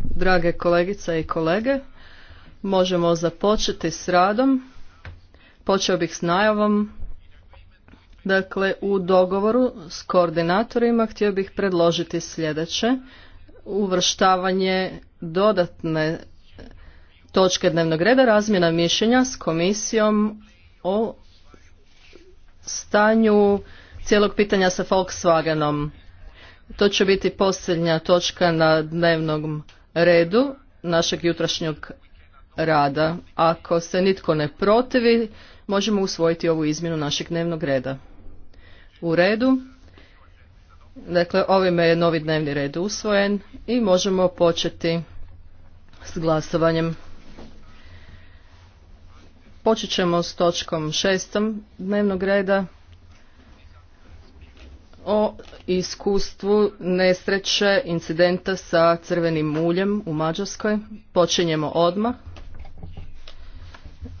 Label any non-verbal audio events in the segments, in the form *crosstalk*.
Drage kolegice i kolege, možemo započeti s radom. Počeo bih s najavom. Dakle, u dogovoru s koordinatorima htio bih predložiti sljedeće uvrštavanje dodatne točke dnevnog reda razmjena mišljenja s komisijom o stanju cijelog pitanja sa Volkswagenom. To će biti posljednja točka na dnevnom redu našeg jutrašnjeg rada. Ako se nitko ne protivi, možemo usvojiti ovu izmjenu našeg dnevnog reda. U redu. Dakle, ovime je novi dnevni red usvojen i možemo početi s glasovanjem. Počet ćemo s točkom šestom dnevnog reda o iskustvu nesreće incidenta sa crvenim muljem u Mađarskoj. Počinjemo odmah.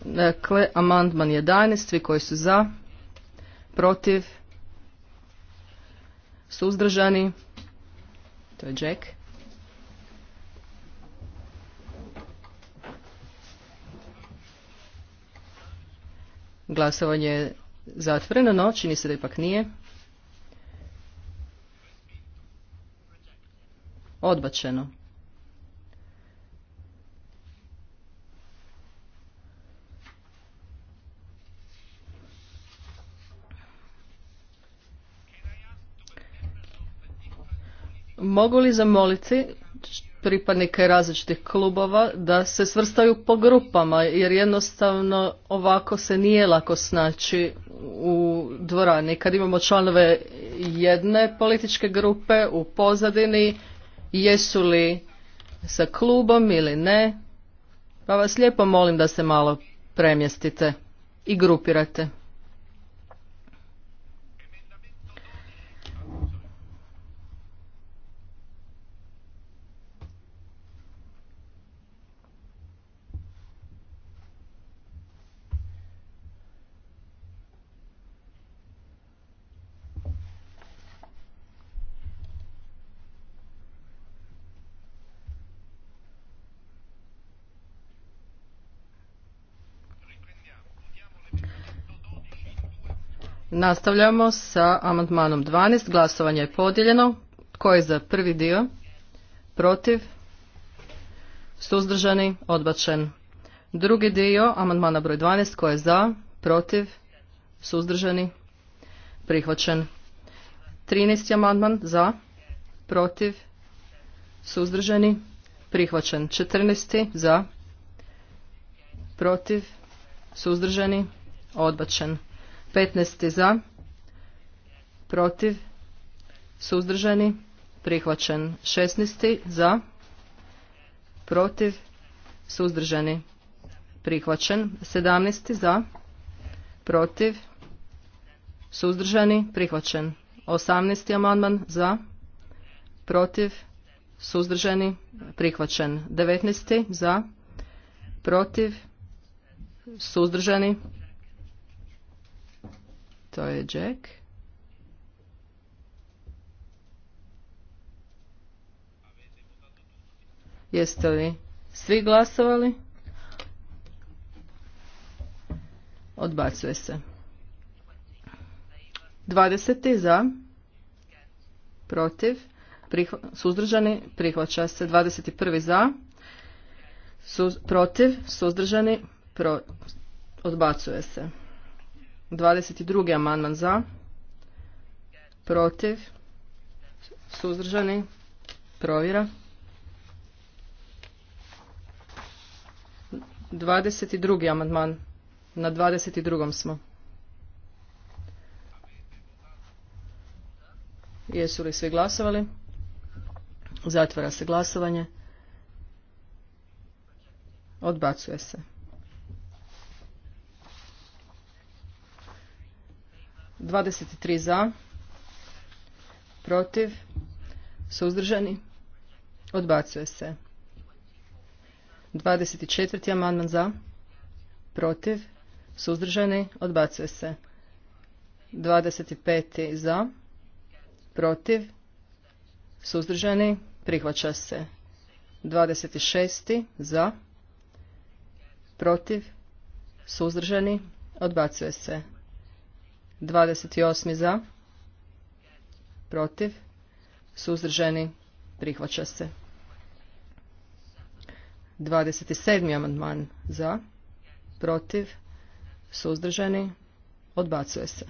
Dakle, amandman 11, svi koji su za, protiv, suzdržani, to je Jack. Glasovanje je zatvoreno, no čini se da ipak nije. Odbačeno. Mogu li zamoliti pripadnike različitih klubova da se svrstaju po grupama jer jednostavno ovako se nije lako snaći u dvorani. Kad imamo članove jedne političke grupe u pozadini, jesu li sa klubom ili ne, pa vas lijepo molim da se malo premjestite i grupirate. Nastavljamo sa amandmanom 12. Glasovanje je podijeljeno. Tko je za prvi dio? Protiv? Suzdržani? Odbačen. Drugi dio, amandmana broj 12. Tko je za? Protiv? Suzdržani? Prihvaćen. 13. amandman za? Protiv? Suzdržani? Prihvaćen. 14. za? Protiv? Suzdržani? Odbačen. 15. za, protiv, suzdržani, prihvaćen. 16. za, protiv, suzdržani, prihvaćen. 17. za, protiv, suzdržani, prihvaćen. 18. amandman za, protiv, suzdržani, prihvaćen. 19. za, protiv, suzdržani, prihvaćen to je Jack. Jeste li svi glasovali? Odbacuje se. 20. za. Protiv. suzdržani. Prihvaća se. 21. za. protiv. Suzdržani. odbacuje se. 22. amandman za, protiv, suzdržani, provjera. 22. amandman, na 22. smo. Jesu li svi glasovali? Zatvara se glasovanje. Odbacuje se. 23 za, protiv, suzdržani, odbacuje se. 24. amandman za, protiv, suzdržani, odbacuje se. 25. za, protiv, suzdržani, prihvaća se. 26. za, protiv, suzdržani, odbacuje se. 28. za, protiv, suzdrženi, prihvaća se. 27. amandman za, protiv, suzdržani, odbacuje se.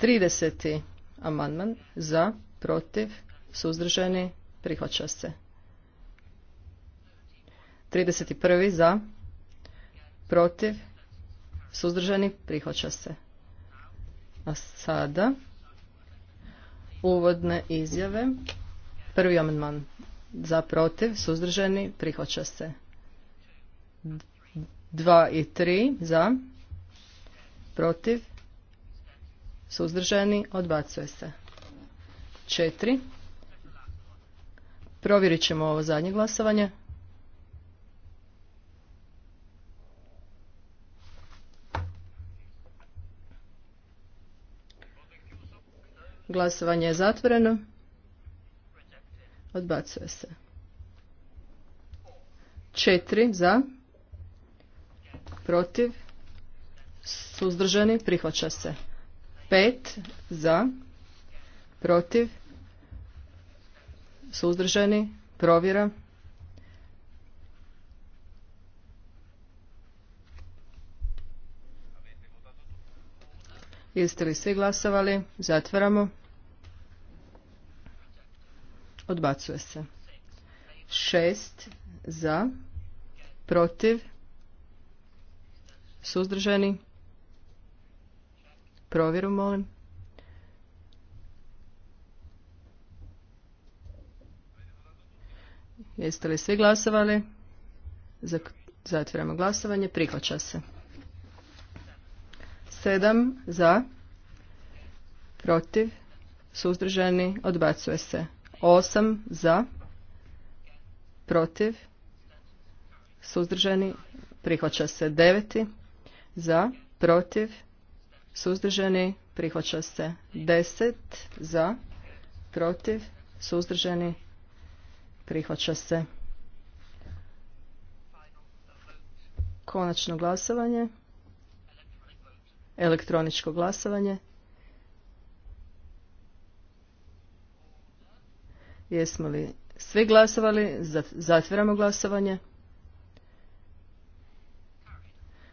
30. amandman za, protiv, suzdrženi, prihvaća se. 31. za, protiv, suzdržani, prihvaća se. A sada uvodne izjave. Prvi amandman za protiv, suzdržani, prihvaća se. Dva i tri za, protiv, suzdržani, odbacuje se. Četiri. Provjerit ćemo ovo zadnje glasovanje. Glasovanje je zatvoreno. Odbacuje se. Četiri za. Protiv. Suzdržani. Prihvaća se. Pet za. Protiv. Suzdržani. Provjera. Jeste li svi glasovali? Zatvaramo. Odbacuje se. Šest za, protiv, suzdržani. Provjeru molim. Jeste li svi glasovali? Zatvaramo glasovanje. Prihvaća se. Sedam za, protiv, suzdržani, odbacuje se. Osam za, protiv, suzdržani, prihvaća se. Deveti za, protiv, suzdržani, prihvaća se. Deset za, protiv, suzdržani, prihvaća se. Konačno glasovanje elektroničko glasovanje. Jesmo li svi glasovali? Zatvaramo glasovanje.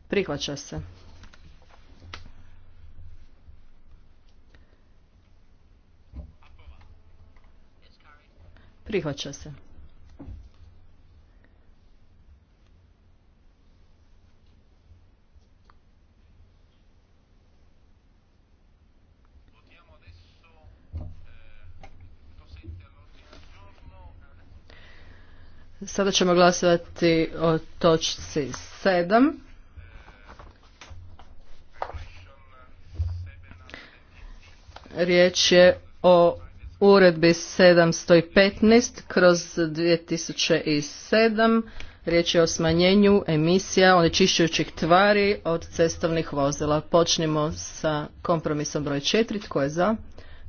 Prihvaća se. Prihvaća se. Sada ćemo glasovati o točci 7. Riječ je o uredbi 715 kroz 2007. Riječ je o smanjenju emisija onečišćujućih tvari od cestovnih vozila. Počnimo sa kompromisom broj 4. Tko je za?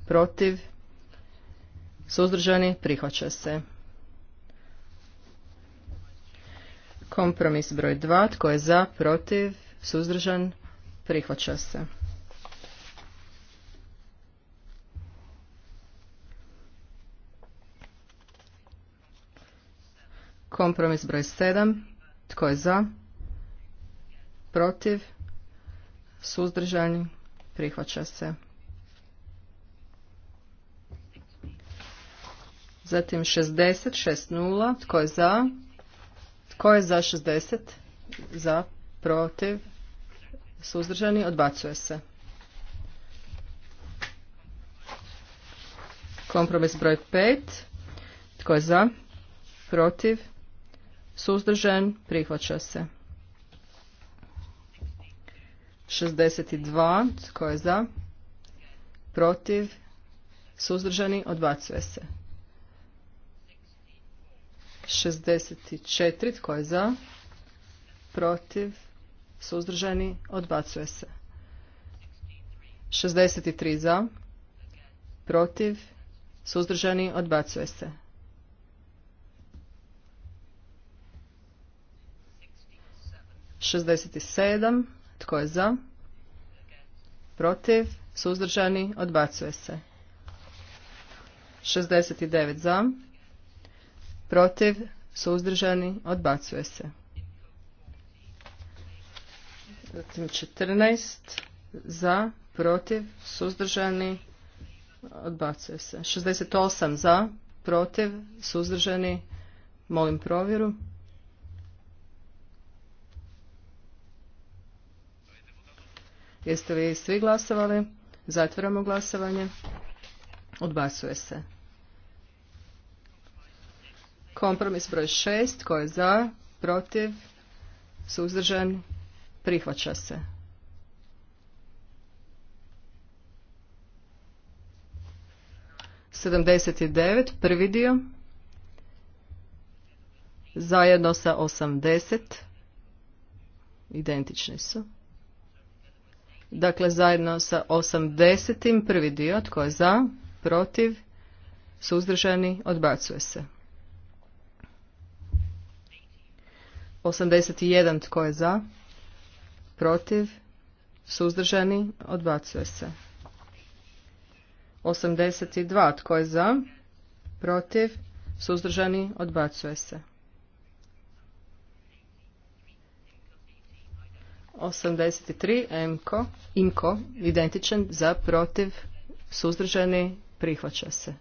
Protiv? Suzdržani? Prihvaća se. Kompromis broj 2. Tko je za, protiv, suzdržan, prihvaća se. Kompromis broj 7. Tko je za? Protiv? suzdržan, Prihvaća se. Zatim 60, 6, 0. Tko je za? Tko je za 60? Za, protiv, suzdržani, odbacuje se. Kompromis broj 5. Tko je za? Protiv? Suzdržan? Prihvaća se. 62. Tko je za? Protiv? Suzdržani? Odbacuje se. 64. Tko je za? Protiv? Suzdržani? Odbacuje se. 63. Za? Protiv? Suzdržani? Odbacuje se. 67. Tko je za? Protiv? Suzdržani? Odbacuje se. 69. Za? protiv, suzdržani, odbacuje se. Zatim 14 za, protiv, suzdržani, odbacuje se. 68 za, protiv, suzdržani, molim provjeru. Jeste li svi glasovali? Zatvaramo glasovanje. Odbacuje se. Kompromis broj šest, Tko je za? Protiv? Suzdržan? Prihvaća se. Sedamdeset devet, prvi dio, zajedno sa osamdeset, identični su. Dakle, zajedno sa osamdesetim, prvi dio, tko je za, protiv, suzdržani, odbacuje se. 81 tko je za, protiv, suzdržani, odbacuje se. 82 tko je za, protiv, suzdržani, odbacuje se. 83 MKO, IMKO, identičan za, protiv, suzdržani, prihvaća se.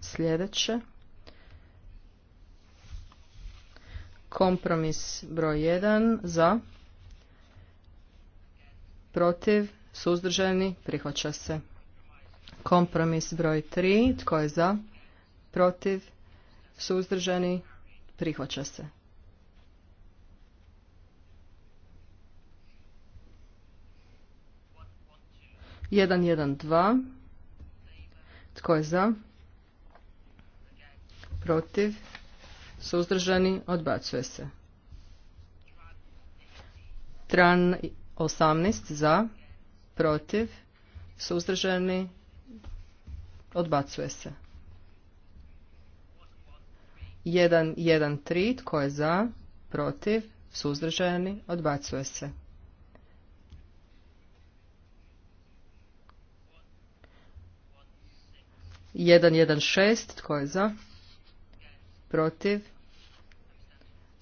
Sljedeće. Kompromis broj 1 za, protiv, suzdržani, prihvaća se. Kompromis broj 3, tko je za, protiv, suzdržani, prihvaća se. Jedan, jedan, dva. Tko je za? Protiv? suzdržani, odbacuje se. Tran 18 za, protiv, suzdržani, odbacuje se. 1.1.3, tko je za, protiv, suzdržani, odbacuje se. 1.1.6, tko je za, protiv,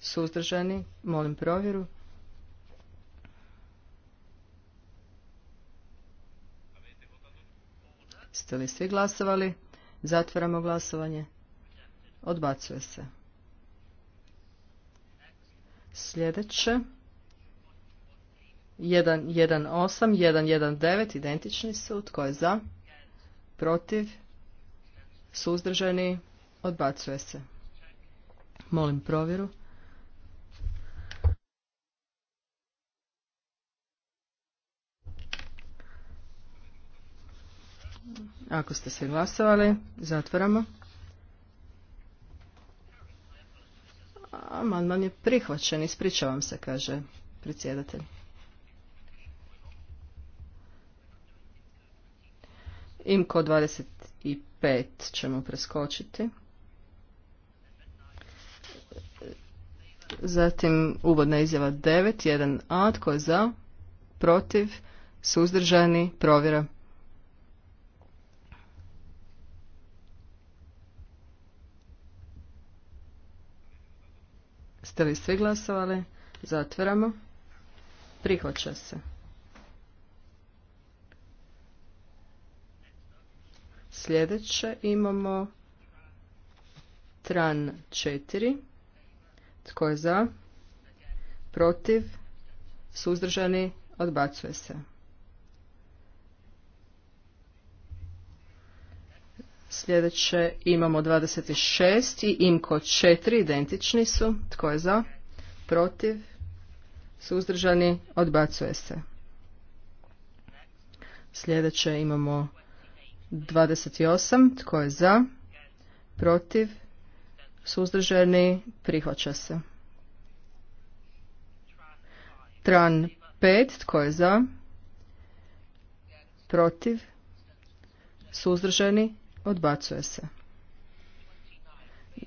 suzdržani, molim provjeru. Ste li svi glasovali? Zatvaramo glasovanje. Odbacuje se. Sljedeće. 118, 119, identični su. Tko je za? Protiv? Suzdržani? Odbacuje se. Molim provjeru. Ako ste se glasovali, zatvaramo. Amandman je prihvaćen, ispričavam se, kaže predsjedatelj. Imko 25 ćemo preskočiti. Zatim uvodna izjava 9, 1a, tko je za, protiv, suzdržani, provjera. Ste li svi glasovali? Zatvaramo. Prihvaća se. Sljedeće imamo tran 4. Tko je za? Protiv? Suzdržani? Odbacuje se. 'Sljedeće imamo 26 i imko 4 identični su. Tko je za? Protiv? Suzdržani? Odbacuje se. Sljedeće imamo 28. Tko je za? Protiv? suzdržani, prihvaća se. Tran 5, tko je za? Protiv, suzdržani, odbacuje se.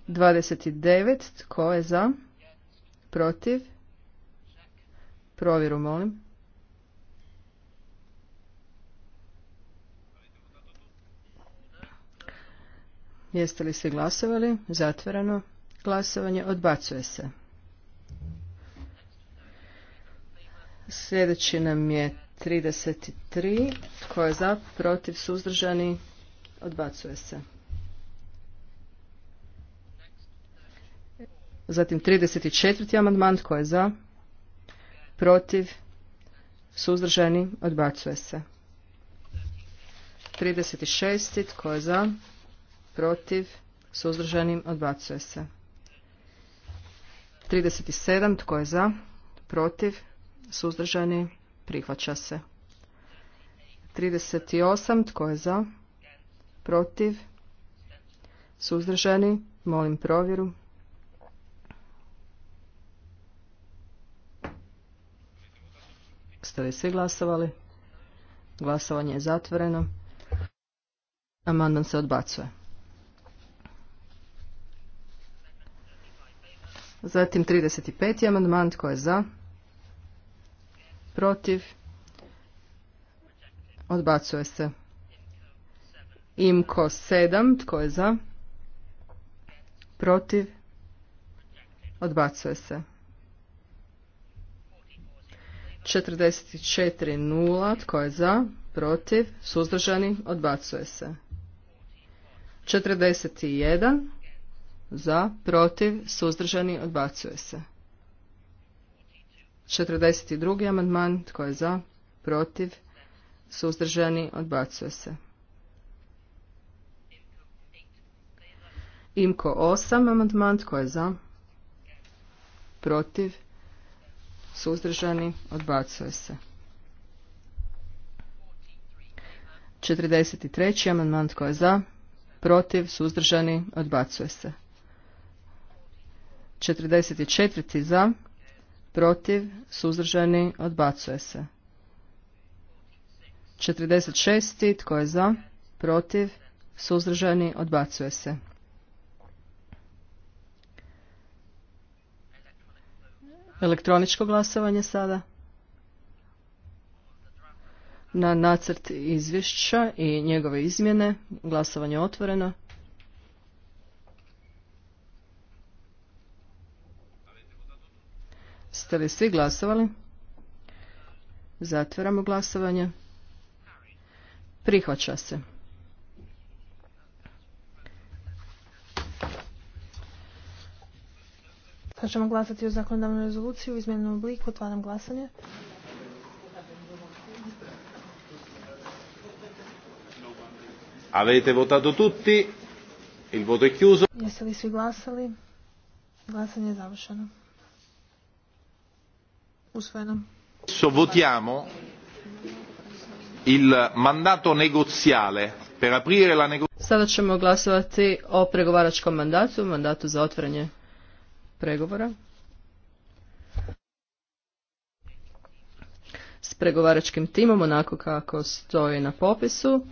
29, tko je za? Protiv, provjeru molim. Jeste li svi glasovali? Zatvoreno. Glasovanje odbacuje se. Sljedeći nam je 33. Tko je za? Protiv? Suzdržani? Odbacuje se. Zatim 34. amandman. Tko je za? Protiv? Suzdržani? Odbacuje se. 36. Tko je za? protiv, suzdržanim, odbacuje se. 37. Tko je za? Protiv, suzdržani, prihvaća se. 38. Tko je za? Protiv, suzdržani, molim provjeru. Ste li svi glasovali? Glasovanje je zatvoreno. Amandman se odbacuje. Zatim 35. amandman, tko je za? Protiv? Odbacuje se. Imko 7, tko je za? Protiv? Odbacuje se. 44 nula, tko je za? Protiv? Suzdržani? Odbacuje se. 41, za, protiv, suzdržani, odbacuje se. 42. amandman, tko je za, protiv, suzdržani, odbacuje se. Imko 8, amandman, tko je za, protiv, suzdržani, odbacuje se. 43. amandman, tko je za, protiv, suzdržani, odbacuje se. 44. za, protiv, suzdržani, odbacuje se. 46. tko je za, protiv, suzdržani, odbacuje se. Elektroničko glasovanje sada. Na nacrt izvješća i njegove izmjene glasovanje otvoreno. Ste li svi glasovali? Zatvaramo glasovanje. Prihvaća se. Sad ćemo glasati o zakonodavnoj rezoluciji u izmjenom obliku. Otvaram glasanje. Avete votato tutti? Il voto è chiuso. Jeste li svi glasali? Glasanje je završeno. Usvojeno. votiamo il mandato negoziale per aprire la nego... Sada ćemo glasovati o pregovaračkom mandatu, mandatu za otvaranje pregovora. S pregovaračkim timom, onako kako stoji na popisu,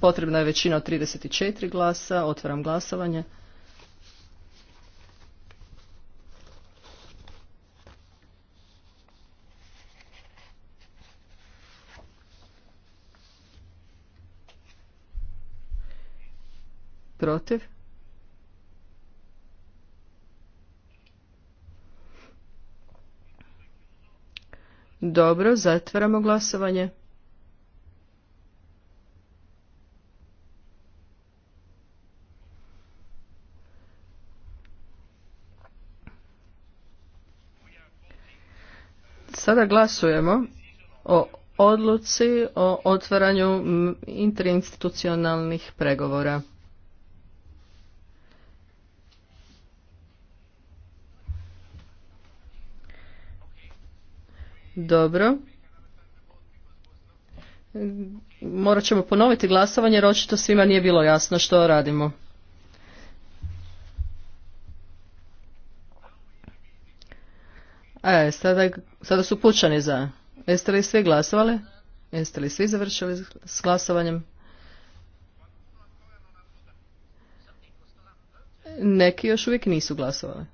potrebna je većina od 34 glasa, otvaram glasovanje. Protiv? Dobro, zatvaramo glasovanje. Sada glasujemo o odluci o otvaranju interinstitucionalnih pregovora. Dobro. Morat ćemo ponoviti glasovanje jer očito svima nije bilo jasno što radimo. E, sada, sada su pučani za. Jeste li svi glasovali? Jeste li svi završili s glasovanjem? Neki još uvijek nisu glasovali.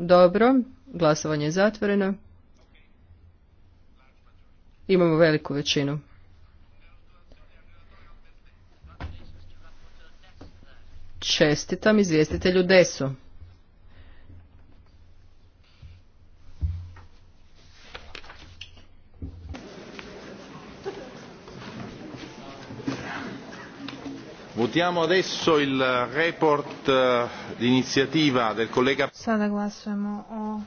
Dobro, glasovanje je zatvoreno. Imamo veliku većinu. Čestitam izvjestitelju Desu. Votiamo adesso il report eh, d'iniziativa del collega... Sada glasujemo o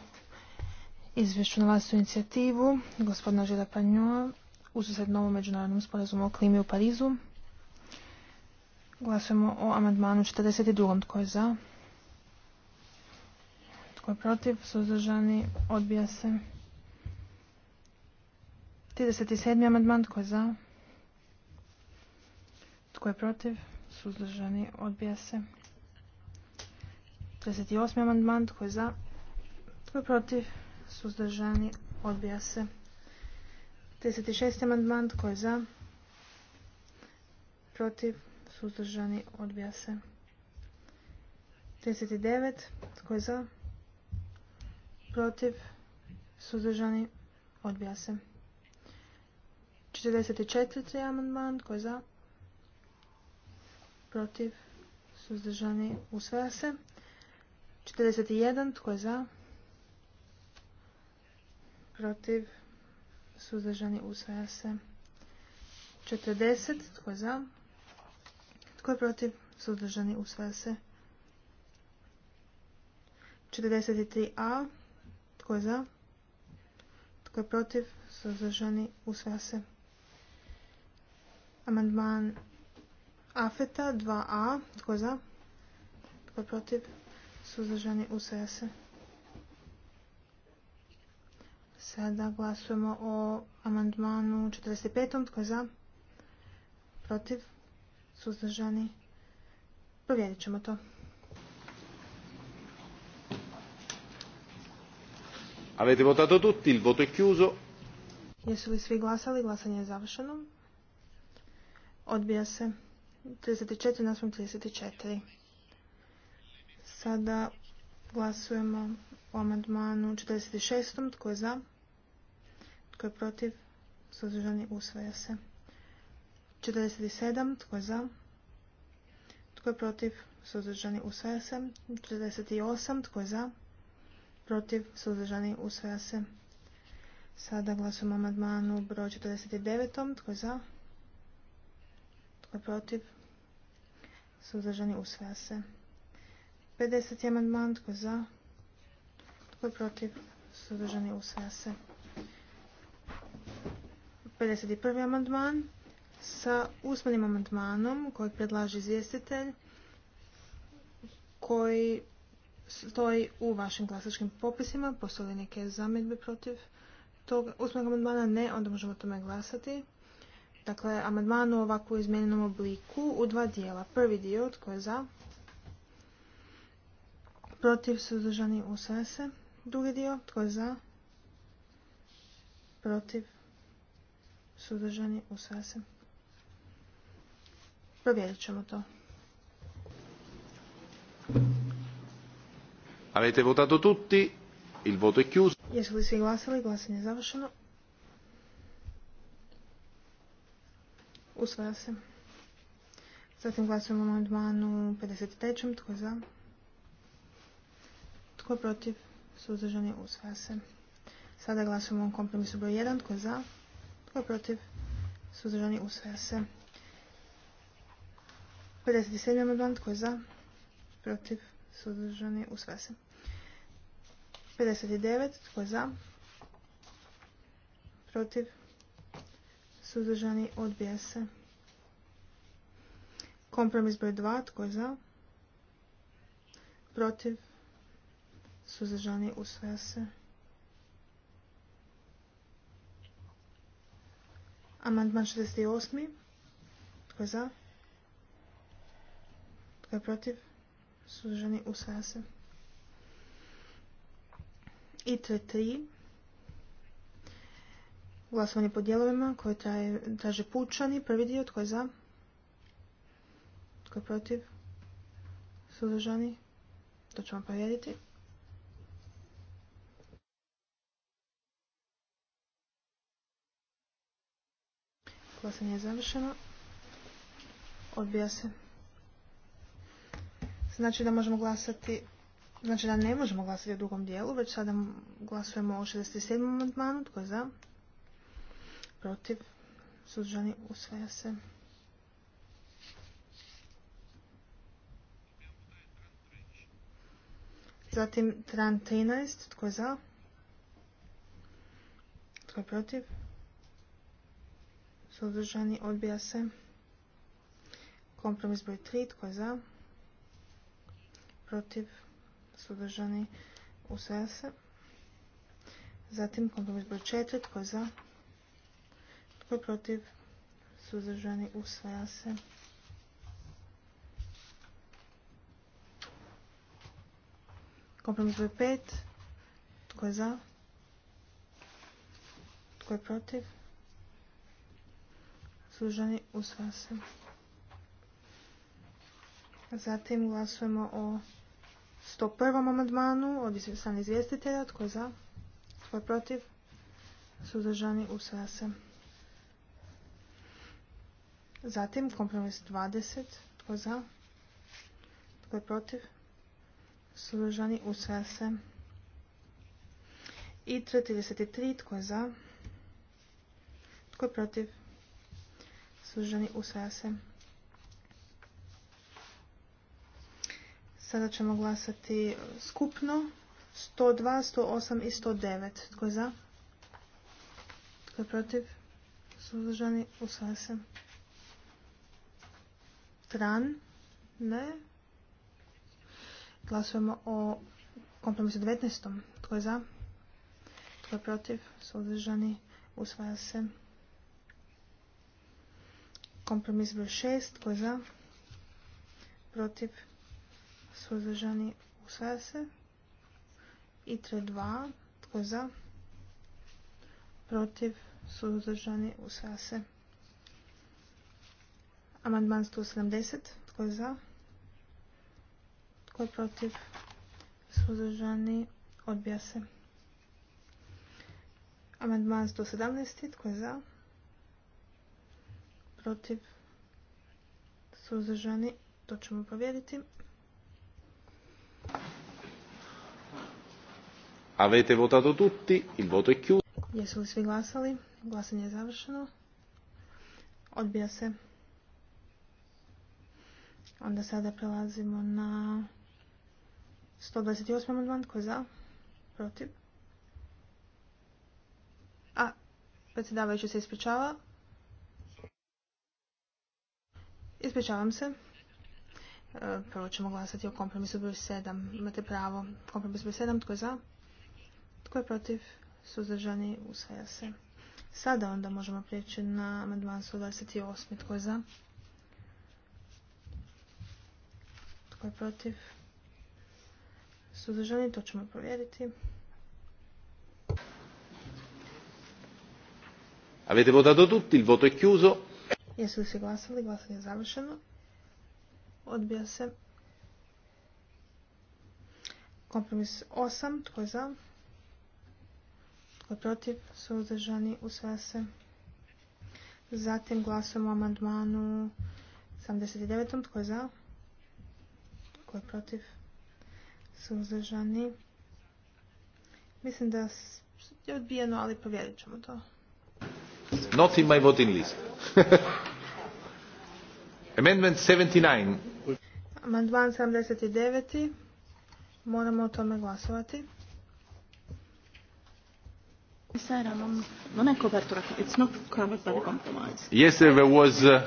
izvješću na vlastnu inicijativu gospodina Žila panjua u novom međunarodnom sporazumu o klimi u Parizu. Glasujemo o amandmanu 42. Tko je za? Tko je protiv? Suzdržani? Odbija se. 37. amandman. Tko je za? Tko je protiv? suzdržani, odbija se. 38. amandman, tko je za, tko je protiv, suzdržani, odbija se. 36. amandman, tko je za, protiv, suzdržani, odbija se. 39. Tko je za? Protiv? Suzdržani? Odbija se. 44. amandman. Tko je za? protiv, suzdržani, usvaja se. 41, tko je za, protiv, suzdržani, usvaja se. 40, tko je za, tko je protiv, suzdržani, usvaja se. 43a, tko je za, tko je protiv, suzdržani, usvaja se. Amandman Afeta 2a. Tko je za? Tko je protiv? Suzdržani u se. Sada glasujemo o amandmanu 45. Tko je za? Protiv? Suzdržani? Provjerit ćemo to. Avete votato tutti, il voto è chiuso. Jesu li svi glasali? Glasanje je završeno. Odbija se. 34 na 34. Sada glasujemo o amandmanu 46. Tko je za? Tko je protiv? Suzdržani usvaja se. 47. Tko je za? Tko je protiv? Suzdržani usvaja se. 48. Tko je za? Protiv? Suzdržani usvaja se. Sada glasujemo o amandmanu broj 49. Tko je za? Tko je protiv? Suzdržani usvaja se. 50. amandman. Tko je za? Tko je protiv? Suzdržani usvaja se. 51. amandman sa usmenim amandmanom koji predlaže izvjestitelj koji stoji u vašim glasačkim popisima. Postoje neke zamjedbe protiv tog usmenog amandmana? Ne, onda možemo o tome glasati. Dakle, amandman u ovako izmijenjenom obliku u dva dijela. Prvi dio, tko je za? Protiv, suzdržani, u se. Drugi dio, tko je za? Protiv, suzdržani, u se. Provjerit ćemo to. Avete votato tutti? Il voto è chiuso. Jesu li svi glasali? Glasanje je završeno. Usvaja se. Zatim glasujemo na odmanu 53. Tko je za? Tko je protiv? Suzdržani usvaja se. Sada glasujemo o kompromisu broj 1. Tko je za? Tko je protiv? Suzdržani usvaja se. 57. odman. Tko je za? Protiv? Suzdržani usvaja se. 59. Tko je za? Protiv? suzdržani, odbija se. Kompromis broj 2, tko je za? Protiv, suzdržani, usvaja se. Amandman 68. Tko je za? Tko je protiv? Suzdržani, usvaja se. I 3. Glasovanje po dijelovima koje traže pučani. Prvi dio, tko je za? Tko je protiv? Suzdržani? To ćemo vam provjeriti. Glasanje je završeno. Odbija se. Znači da možemo glasati, znači da ne možemo glasati u drugom dijelu, već sada glasujemo o 67. amandmanu. Tko je za? protiv, suzdržani, usvaja se. Zatim tran 13, tko je za? Tko je protiv? Suzdržani, odbija se. Kompromis broj 3, tko je za? Protiv, suzdržani, usvaja se. Zatim kompromis broj 4, tko je za? Tko je protiv? Suzdržani usvaja se. Kompromis broj 5. Tko je za? Tko je protiv? Suzdržani usvaja se. Zatim glasujemo o 101. amandmanu od strane izvjestitelja. Tko je za? Tko je protiv? Suzdržani usvaja se. Zatim kompromis 20. Tko za? Tko je protiv? Suzdržani usvaja se. I 33. Tko je za? Tko je protiv? Suzdržani usvaja se. Sada ćemo glasati skupno 102, 108 i 109. Tko je za? Tko je protiv? služeni usvaja se. Stran, Ne. Glasujemo o kompromisu 19. Tko je za? Tko je protiv? Suzdržani? Usvaja se. Kompromis broj 6. Tko je za? Protiv? Suzdržani? Usvaja se. ITRE 2. Tko je za? Protiv? Suzdržani? Usvaja se. Amandman 170. Tko je za? Tko je protiv? Suzdržani? Odbija se. Amandman 117. Tko je za? Protiv? Suzdržani? To ćemo provjeriti. Avete votato tutti, il voto è chiuso. Jesu li svi glasali? Glasanje je završeno. Odbija se. Onda sada prelazimo na 128. amandman. Tko je za? Protiv? A, predsjedavajući se ispričava. Ispričavam se. E, prvo ćemo glasati o kompromisu broj 7. Imate pravo. Kompromis broj 7. Tko je za? Tko je protiv? Suzdržani usvaja se. Sada onda možemo prijeći na amandman 128. Tko je za? Tko je protiv? Suzdržani, to ćemo provjeriti. Avete votato tutti, il voto è chiuso. Jesu li se glasali? Glasanje je završeno. Odbija se. Kompromis 8. Tko je za? Tko je protiv? Suzdržani, usvaja se. Zatim glasujemo o amandmanu 79. Tko je za? Tko je protiv? Suzdržani. Mislim da je odbijeno, ali povjerit ćemo to. Not in my voting list. *laughs* Amendment 79. Amandman 79. Moramo o tome glasovati. Yes, there was... Uh,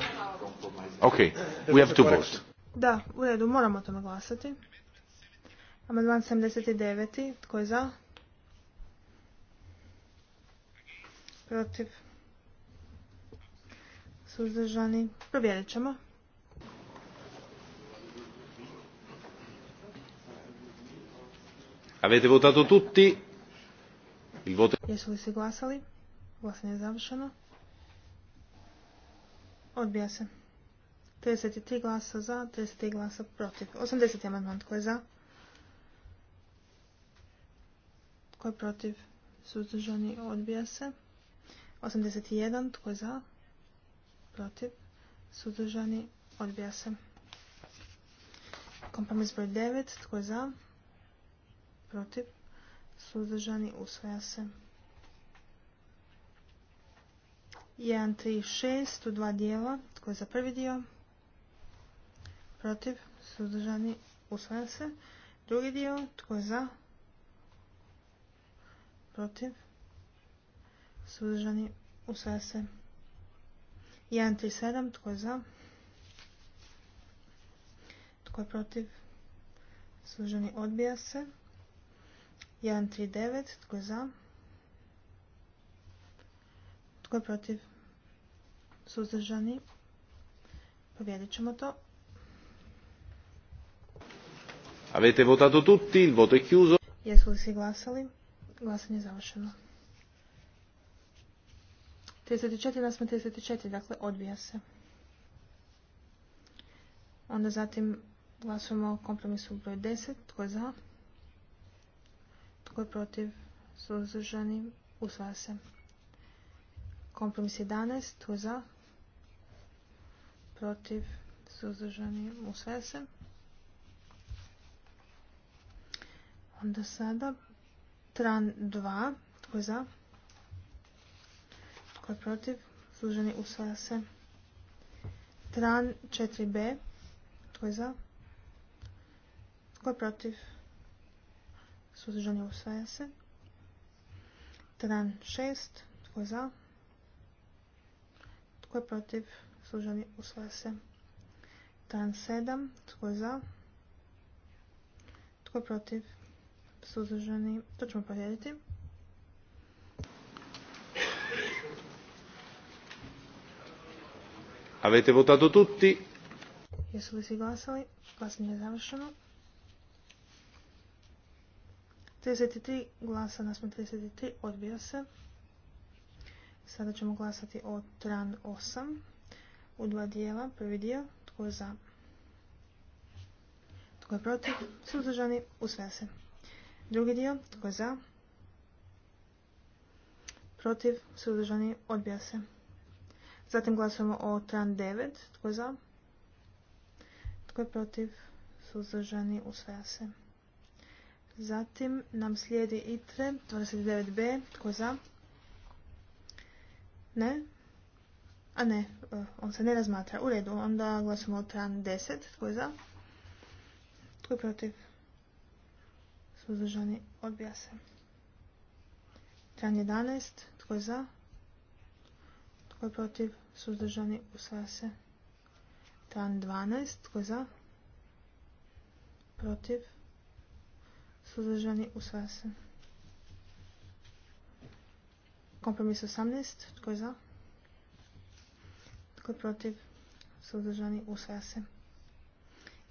okay, we have to vote. Da, u redu, moramo o tome glasati. Amandman 79. Tko je za? Protiv? Suzdržani? Provjerit ćemo. Avete votato tutti? Il Jesu li se glasali? Glasanje je završeno. Odbija se. 33 glasa za, 33 glasa protiv. 80. amandman. Tko je za? Tko je protiv? Suzdržani odbija se. 81. Tko je za? Protiv. Suzdržani odbija se. Kompromis broj 9. Tko je za? Protiv. Suzdržani usvaja se. 1, 3, 6 u dva dijela. Tko je za prvi dio? protiv, suzdržani, usvaja se. Drugi dio, tko je za, protiv, suzdržani, usvaja se. 137, tko je za, tko je protiv, suzdržani, odbija se. 139, tko je za, tko je protiv, suzdržani, Pobjedit ćemo to. Avete votato tutti, il voto è chiuso. Jesu li svi glasali? Glasanje je završeno. 34 nasme 34, dakle odbija se. Onda zatim glasujemo o kompromisu broj 10. Tko je za? Tko je protiv? Suzdržani? Usvaja se. Kompromis 11. Tko je za? Protiv? Suzdržani? Usvaja se. Onda sada tran 2. Tko je za? Tko je protiv? Služeni usvaja se. Tran 4b. Tko je za? Tko je protiv? Služeni usvaja se. Tran 6. Tko je za? Tko je protiv? Služeni usvaja se. Tran 7. Tko je za? Tko je protiv? suzdržani, to ćemo provjeriti. Avete votato tutti? Jesu li svi glasali? Glasanje je završeno. 33 glasa smo 33, odbija se. Sada ćemo glasati o tran 8 u dva dijela. Prvi dio, tko je za? Tko je protiv? Suzdržani, usvaja se. Drugi dio, tko je za? Protiv, suzdržani, odbija se. Zatim glasujemo o tran 9, tko je za? Tko je protiv, suzdržani, usvaja se. Zatim nam slijedi ITRE 29b, tko je za? Ne? A ne, e, on se ne razmatra. U redu, onda glasujemo o tran 10, tko je za? Tko je protiv? Suzdržani odbija se. Tran 11. Tko je za? Tko je protiv? Suzdržani usvaja se. Tran 12. Tko je za? Protiv? Suzdržani usvaja se. Kompromis 18. Tko je za? Tko je protiv? Suzdržani usvaja se.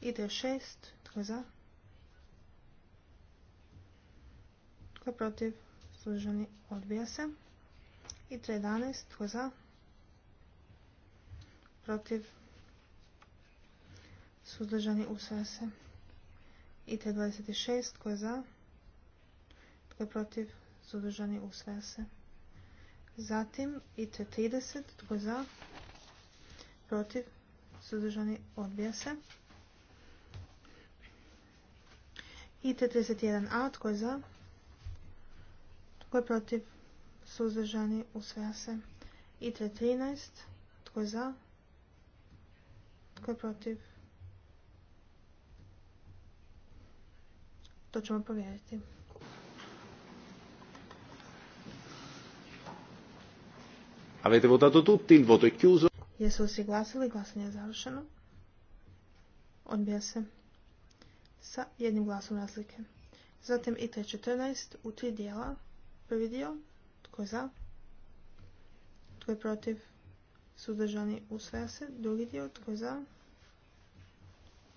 Ide 6. Tko je za? Tko je protiv? Suzdržani odbija se. I 311. Tko je za? Protiv? Suzdržani usvaja se. I 326. Tko je za? Tko je protiv? Suzdržani usvaja se. Zatim i 30. Tko je za? Protiv? Suzdržani odbija se. I 31a. Tko je za? Tko je protiv? Suzdržani usvaja se. I 13. Tko je za? Tko je protiv? To ćemo provjeriti. Avete votato tutti, il voto è chiuso. Jesu svi glasili, glasanje je završeno. Odbija se sa jednim glasom razlike. Zatim i 14 u tri dijela. Prvi dio. Tko je za? Tko je protiv? Suzdržani usvaja se. Drugi dio. Tko je za?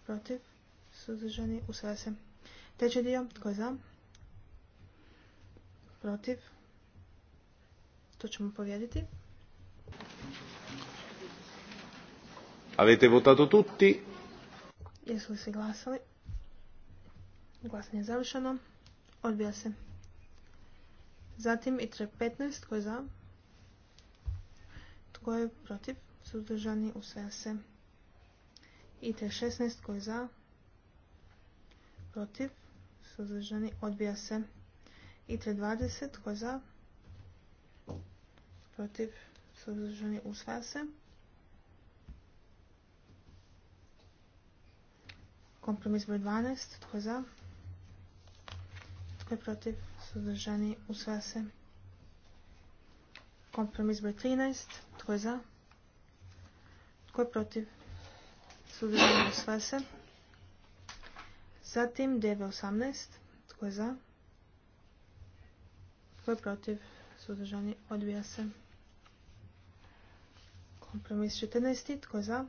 Protiv? Suzdržani usvaja se. Treći dio. Tko je za? Protiv? To ćemo povijediti. Avete votato tutti? Jesu li se glasali? Glasanje je završeno. Odbija se. Zatim i 15 tko je za? Tko je protiv? Suzdržani usvaja se. I 16 tko je za? Protiv? Suzdržani odbija se. I 20 tko je za? Protiv? Suzdržani usvaja se. Kompromis broj 12 tko je za? Tko je protiv? suzdržani, usva se. Kompromis broj 13, tko je za? Tko je protiv? Suzdržani, usva se. Zatim DV18, tko je za? Tko je protiv? Suzdržani, odbija se. Kompromis 14, tko je za?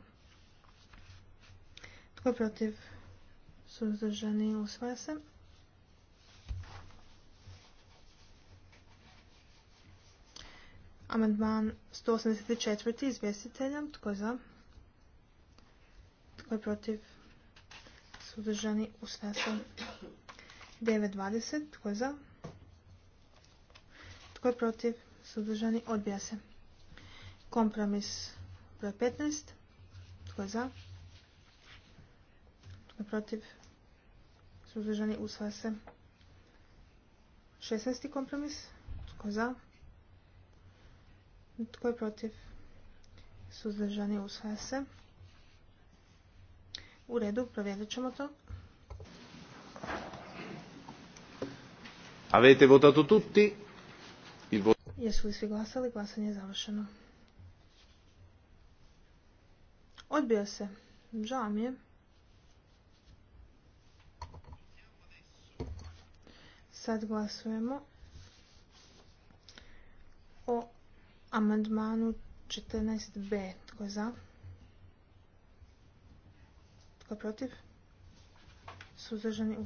Tko je protiv? Suzdržani, usva se. Amandman 184. izvjestitelja. Tko je za? Tko je protiv? Sudržani u se. 9.20. Tko je za? Tko je protiv? Sudržani odbija se. Kompromis broj 15. Tko je za? Tko je protiv? Sudržani u se. 16. kompromis. Tko je za? Tko je protiv? Suzdržani usvaja se. U redu, provjerit ćemo to. Avete votato tutti? Jesu li svi glasali? Glasanje je završeno. Odbija se. Žao mi je. Sad glasujemo o amandmanu 14b. Tko je za? Tko je protiv? Suzdržani u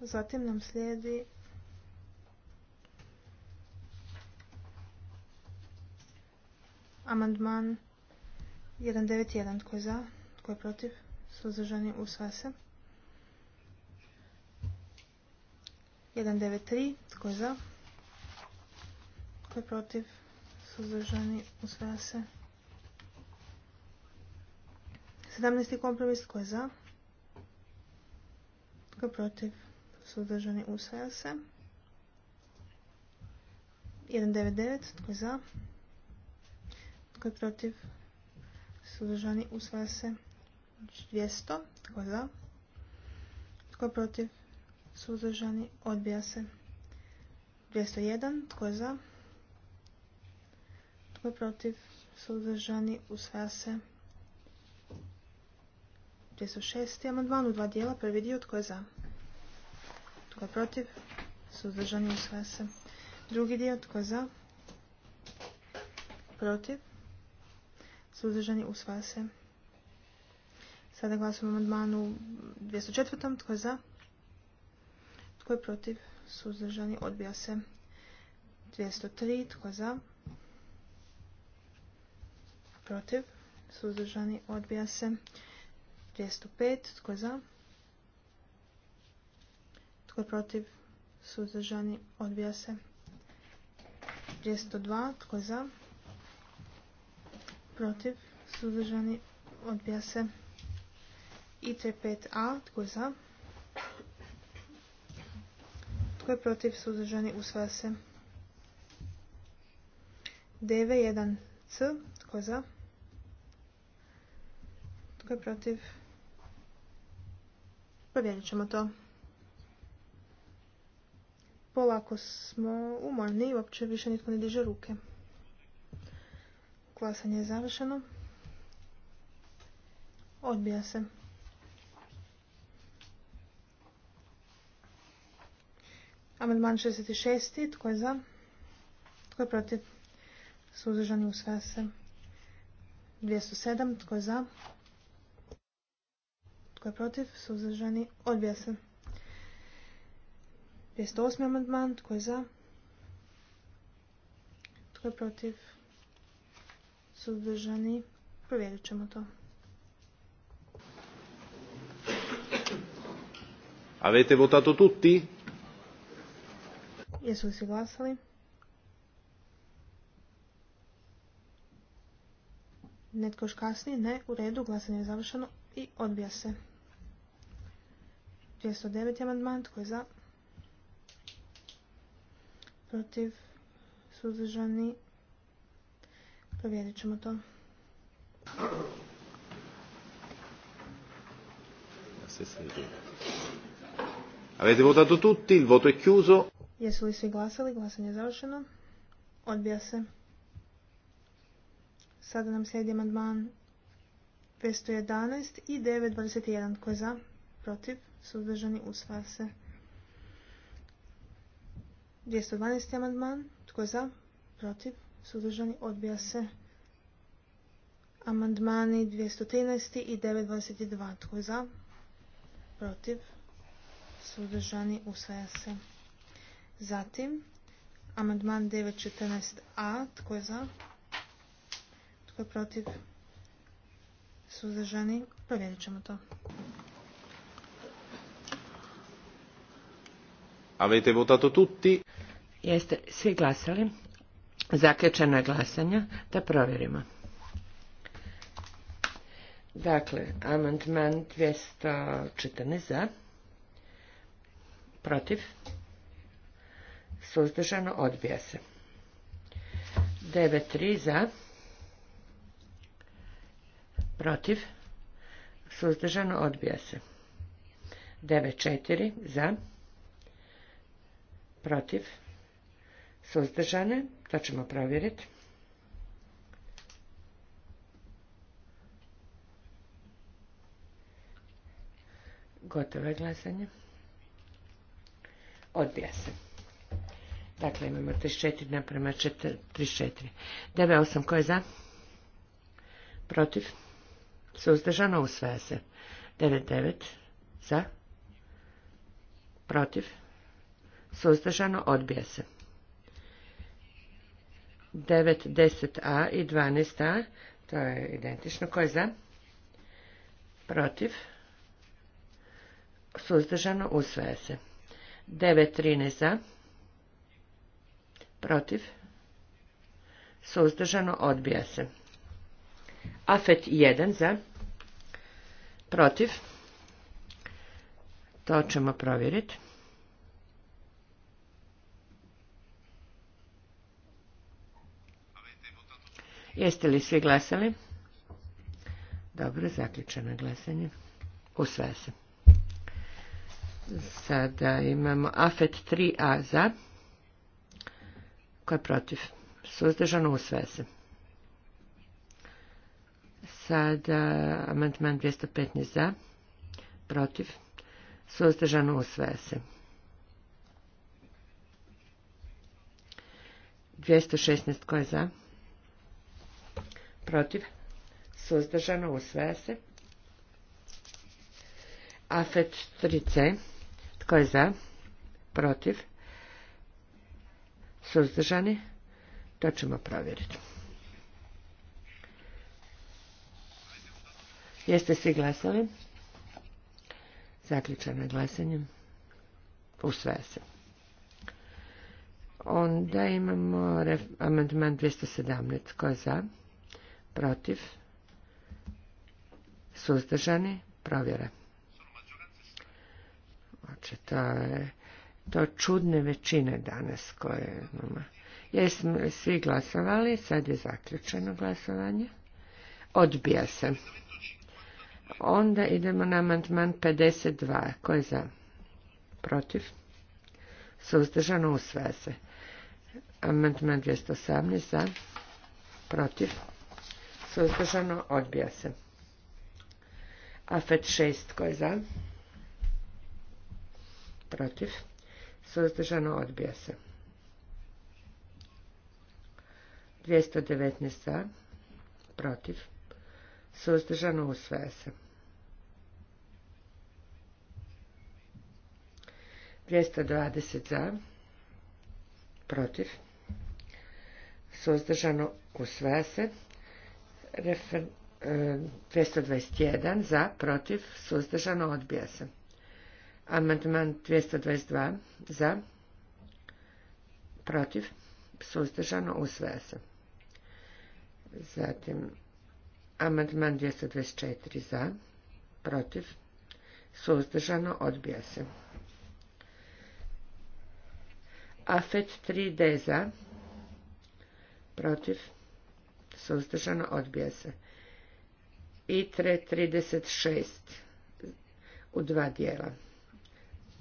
Zatim nam slijedi amandman 191. Tko je za? Tko je protiv? Suzdržani u se. 193. Tko je za? Tko je protiv? Suzdržani usvaja se. 17. kompromis. Tko je za? Tko je protiv? Suzdržani usvaja se. 199. Tko je za? Tko je protiv? Suzdržani usvaja se. 200. Tko je za? Tko protiv? Suzdržani odbija se. 201. Tko je za? protiv? Suzdržani u se. 206. amandman u dva dijela. Prvi dio tko je za? Tko je protiv? Suzdržani u se. Drugi dio tko je za? Protiv? Suzdržani u se. Sada glasujemo amandmanu 204. Tko je za? Tko je protiv? Suzdržani odbija se. 203. Tko je za? protiv, suzdržani, odbija se. 205, tko za? Tko protiv, suzdržani, odbija se. 202, tko za? Protiv, suzdržani, odbija se. IT5A, tko za? Tko je protiv, suzdržani, usvaja se. DV1C, tko za? Tko je protiv? Pobjedit ćemo to. Polako smo umorni i uopće više nitko ne diže ruke. Klasanje je završeno. Odbija se. Amandman 66. Tko je za? Tko je protiv? Suzdržani usvaja se. 207. Tko je za? Tko je protiv? Suzdržani? Odbija se. 208. amandman. Tko je za? Tko je protiv? Suzdržani? Provjerit ćemo to. Avete votato tutti? Jesu li svi glasali? Netko još kasnije? Ne. U redu. Glasanje je završeno i odbija se. 209. amandman, tko je za? Protiv, suzdržani, provjerit ćemo to. Avete votato tutti, il voto è chiuso. Jesu li svi glasali? Glasanje je završeno. Odbija se. Sada nam slijedi amandman 511 i 921 tko je za, protiv, suzdržani, usvaja se. 212. amandman, tko je za, protiv, suzdržani, odbija se. Amandmani 213. i 922, tko je za, protiv, suzdržani, usvaja se. Zatim, amandman 914a, tko je za, tko je protiv, suzdržani, provjerit ćemo to. Avete votato tutti? Jeste svi glasali. Zaključeno je glasanje. Da provjerimo. Dakle, amandman 214 za. Protiv. Suzdržano odbija se. 9.3 za protiv, suzdržano, odbija se. 9.4 za, protiv, suzdržane, to ćemo provjeriti. Gotovo je glasanje. Odbija se. Dakle, imamo 34 naprema 4, 34. 9.8 ko je za? Protiv? Suzdržano usvaja se. 99 za. Protiv. Suzdržano odbija se. 9, 10a i 12a. To je identično. Ko je za? Protiv. Suzdržano usvaja se. 9, 13 za. Protiv. Suzdržano odbija se. Afet 1 za. Protiv. To ćemo provjeriti. Jeste li svi glasali? Dobro, zaključeno glasanje. u se. Sada imamo AFET 3A za. Ko je protiv? Suzdržano u se. Sada amantman 215 za, protiv, suzdržano usvaja se. 216 je za, protiv, suzdržano usvaja se. AFET 3C, tko je za, protiv, suzdržani, to ćemo provjeriti. Jeste svi glasali? Zaključeno je glasanje. Usvaja se. Onda imamo amandman 217. Ko je za? Protiv? Suzdržani? Provjera. Znači, to je to čudne većine danas koje imamo. Jesmo svi glasovali, sad je zaključeno glasovanje. Odbija se. Onda idemo na amandman 52. Ko je za? Protiv? Suzdržano usvaja se. Amandman 218. Za? Protiv? Suzdržano odbija se. Afet 6. Ko je za? Protiv? Suzdržano odbija se. 219. Za? Protiv? suzdržano usvaja se. 220 za, protiv, suzdržano usvaja se, 221 e, za, protiv, suzdržano odbija se. Amandman 222 za, protiv, suzdržano usvaja se. Zatim Amandman 224 za, protiv, suzdržano, odbija se. Afet 3D za, protiv, suzdržano, odbija se. ITRE 36 u dva dijela.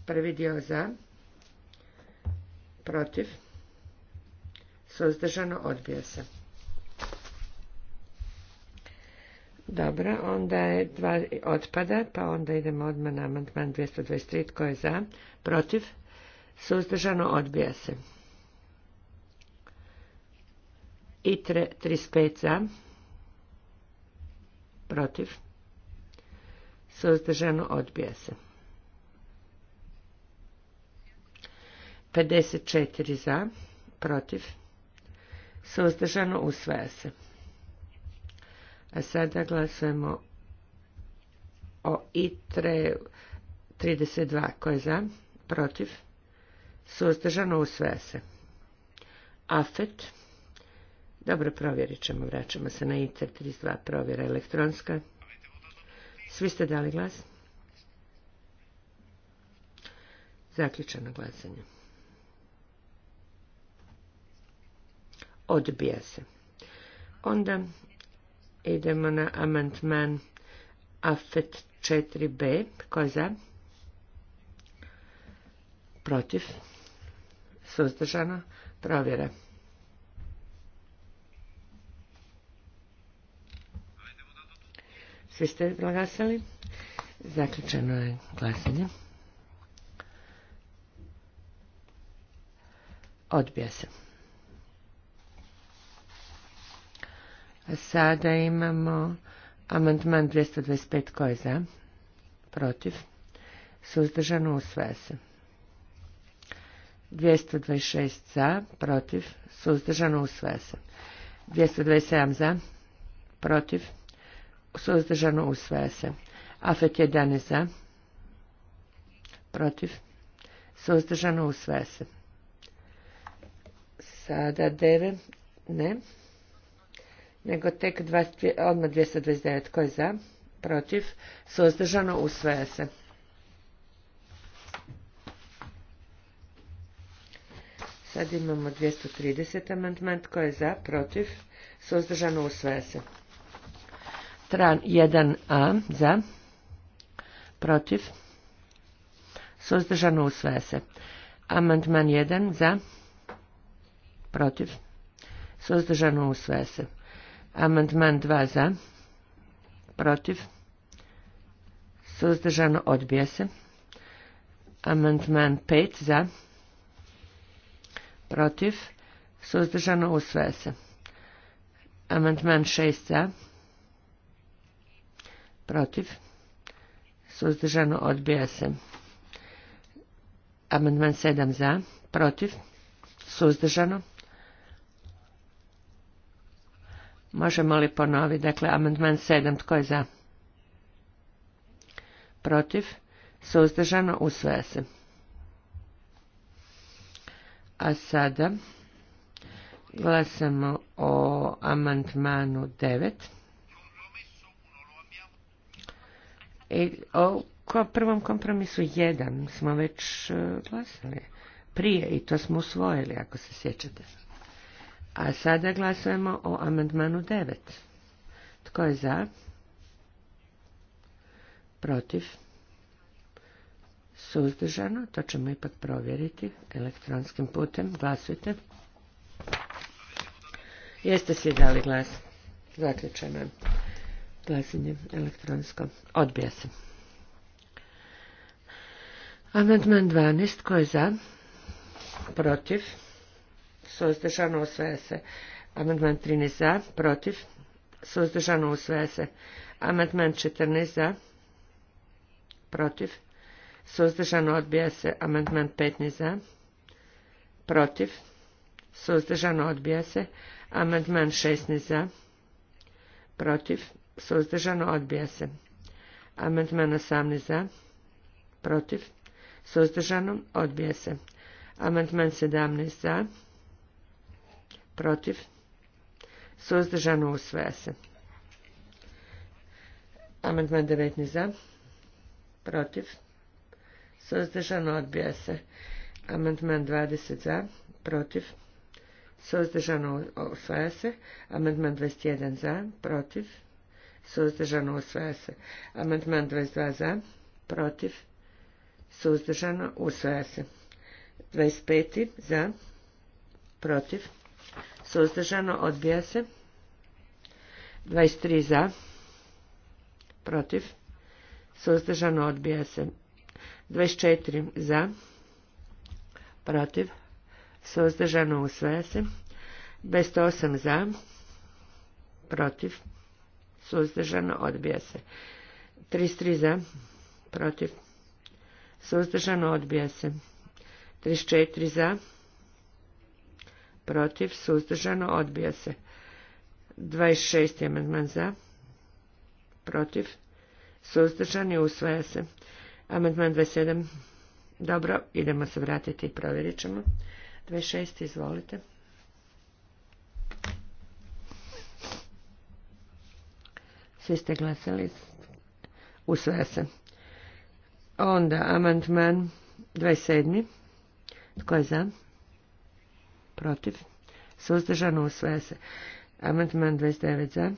Prvi dio za, protiv, suzdržano, odbija se. Dobro, onda je dva otpada, pa onda idemo odmah na amandman 223. Tko je za? Protiv? Suzdržano odbija se. I 35 za. Protiv? Suzdržano odbija se. 54 za. Protiv? Suzdržano usvaja se. A sada glasujemo o ITRE 32. Ko je za? Protiv? Suzdržano usvaja se. AFET. Dobro, provjerit ćemo. Vraćamo se na ITRE 32. Provjera elektronska. Svi ste dali glas? Zaključeno glasanje. Odbija se. Onda Idemo na amantman AFET 4B. Ko je za? Protiv? Suzdržano? Provjera. Svi ste glasali? Zaključeno je glasanje. Odbija se. Sada imamo amandman 225 je za, protiv, suzdržano usvaja se. 226 za, protiv, suzdržano usvaja se. 227 za, protiv, suzdržano usvaja se. Afet 11 za, protiv, suzdržano usvaja se. Sada 9, ne, nego tek odmah 229. koji je za? Protiv? Suzdržano usvaja se. Sad imamo 230 amandman. koji je za? Protiv? Suzdržano usvaja se. Tran 1a za. Protiv? Suzdržano usvaja se. Amandman 1 za. Protiv? Suzdržano usvaja se. Amandman 2 za. Protiv. Suzdržano odbija se. Amandman 5 za. Protiv. Suzdržano usvaja se. Amandman 6 za. Protiv. Suzdržano odbija se. Amandman 7 za. Protiv. Suzdržano. Možemo li ponoviti? Dakle, amandman 7. Tko je za? Protiv? Suzdržano? Usvaja se. A sada glasamo o amandmanu 9. I o prvom kompromisu 1 smo već e, glasali prije i to smo usvojili, ako se sjećate. A sada glasujemo o amandmanu 9. Tko je za? Protiv? Suzdržano? To ćemo ipak provjeriti elektronskim putem. Glasujte. Jeste svi dali glas? Zaključeno je glasanje elektronsko. Odbija se. Amandman 12. Tko je za? Protiv? suzdržano usvaja se. Amandman 13 za, protiv, suzdržano usvaja se. Amandman 14 za, protiv, suzdržano odbija se. Amandman 15 za, protiv, suzdržano odbija se. Amandman 16 za, protiv, suzdržano odbija se. Amandman 18 za, protiv, suzdržano odbija se. Amandman 17 za, protiv, suzdržano usvaja se. Amandman 19 za, protiv, suzdržano odbija se. Amandman 20 za, protiv, suzdržano usvaja se. Amandman 21 za, protiv, suzdržano usvaja se. Amandman 22 za, protiv, suzdržano usvaja se. 25 za, protiv, Suzdržano odbija se. 23 za. Protiv. Suzdržano odbija se. 24 za. Protiv. Suzdržano usvaja se. 208 za. Protiv. Suzdržano odbija se. 33 za. Protiv. Suzdržano odbija se. 34 za protiv, suzdržano, odbija se. 26. amandman za, protiv, i usvaja se. Amandman 27. Dobro, idemo se vratiti i provjerit ćemo. 26. izvolite. Svi ste glasali. Usvaja se. Onda amandman 27. Tko je za? protiv, suzdržano usvaja se. Amandman 29 za,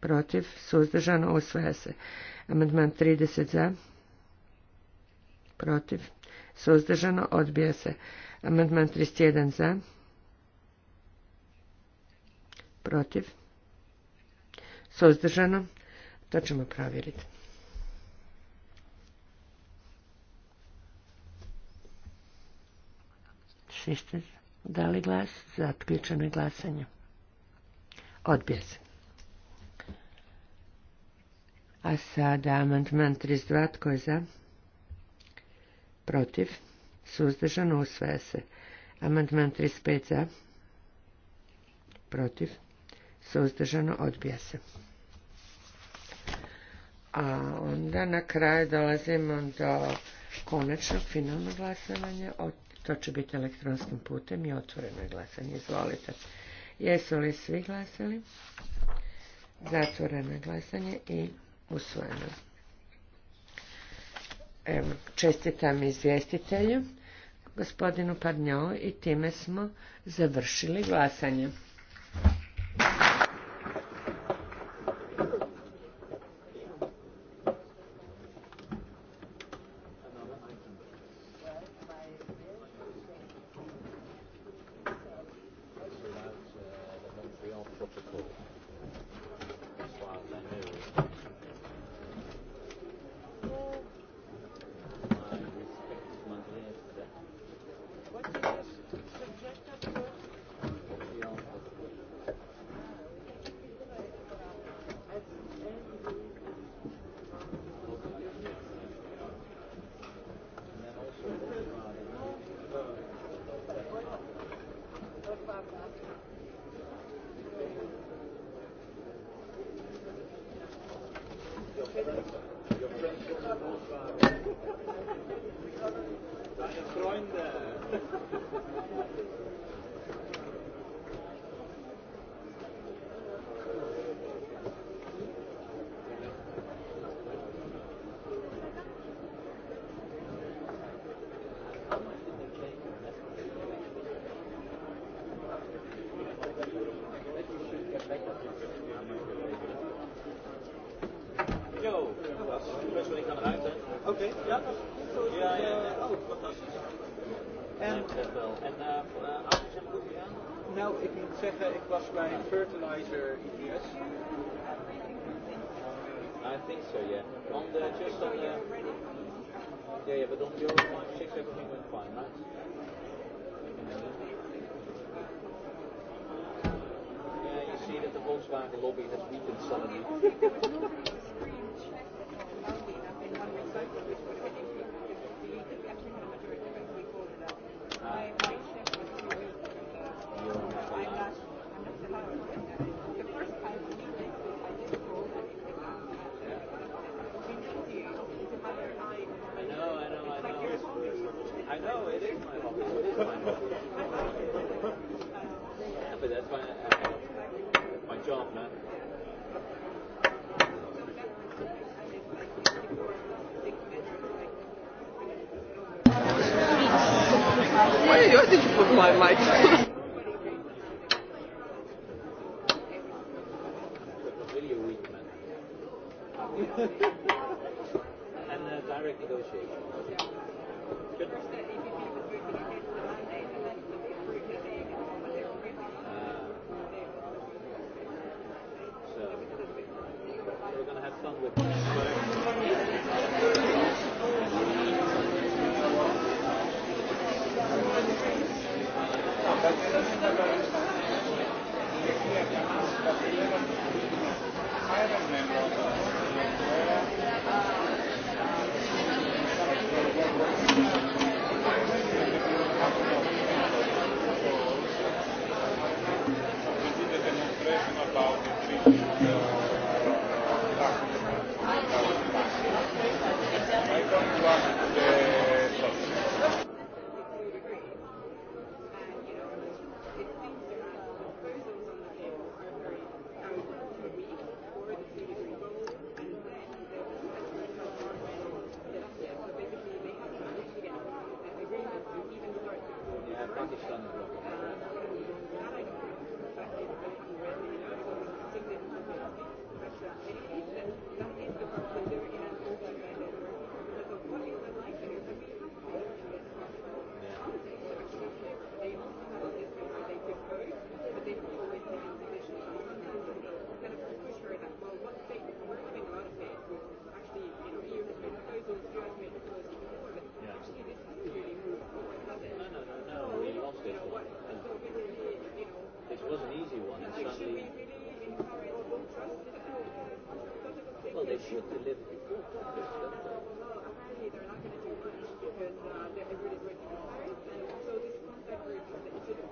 protiv, suzdržano usvaja se. Amandman 30 za, protiv, suzdržano odbija se. Amandman 31 za, protiv, suzdržano, to ćemo provjeriti. Da li glas? za je glasanje. Odbija se. A sada amandman 32. Tko je za? Protiv. Suzdržano usvaja se. Amandman 35. Za. Protiv. Suzdržano odbija se. A onda na kraju dolazimo do konačnog finalnog glasovanja od to će biti elektronskim putem i otvoreno je glasanje. Izvolite. Jesu li svi glasali? Zatvoreno je glasanje i usvojeno. Evo, čestitam izvjestitelju, gospodinu Padnjovu i time smo završili glasanje. da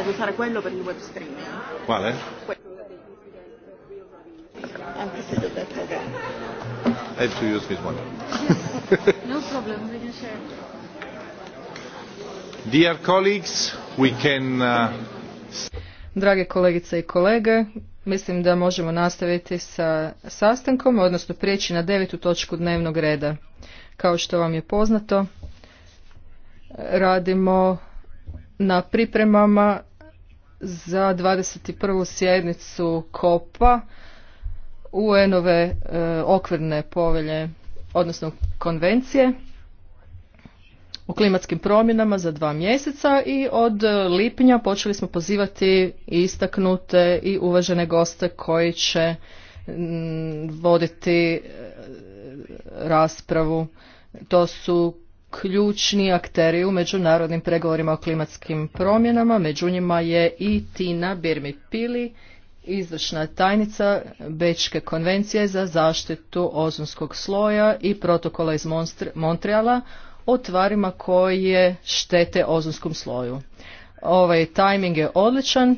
Devo usare quello per il web streaming. Quale? Anche se dov'è I have to use this one. no problem, we can share. Dear colleagues, we can... Uh, Drage kolegice i kolege, mislim da možemo nastaviti sa sastankom, odnosno prijeći na devetu točku dnevnog reda. Kao što vam je poznato, radimo na pripremama za 21. sjednicu Kopa UN-ove e, okvirne povelje, odnosno konvencije o klimatskim promjenama za dva mjeseca i od lipnja počeli smo pozivati istaknute i uvažene goste koji će mm, voditi e, raspravu. To su ključni akteri u međunarodnim pregovorima o klimatskim promjenama, među njima je i Tina Birmi Pili, izvršna tajnica Bečke konvencije za zaštitu ozonskog sloja i protokola iz Montreala o tvarima koje štete ozonskom sloju. Ovaj tajming je odličan,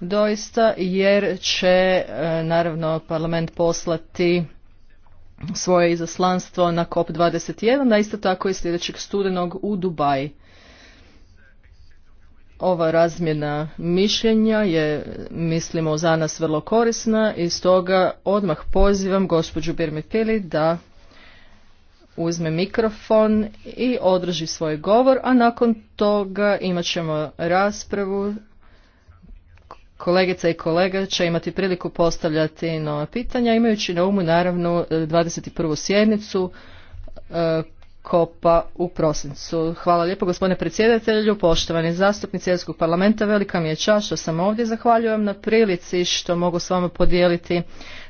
doista, jer će e, naravno parlament poslati svoje izaslanstvo na COP21, a isto tako i sljedećeg studenog u Dubaj. Ova razmjena mišljenja je, mislimo, za nas vrlo korisna i stoga odmah pozivam gospođu Birmipili da uzme mikrofon i održi svoj govor, a nakon toga imat ćemo raspravu kolegica i kolega će imati priliku postavljati nova pitanja, imajući na umu naravno 21. E, sjednicu e, kopa u prosincu. Hvala lijepo gospodine predsjedatelju, poštovani zastupnici Europskog parlamenta, velika mi je čast što sam ovdje. Zahvaljujem na prilici što mogu s vama podijeliti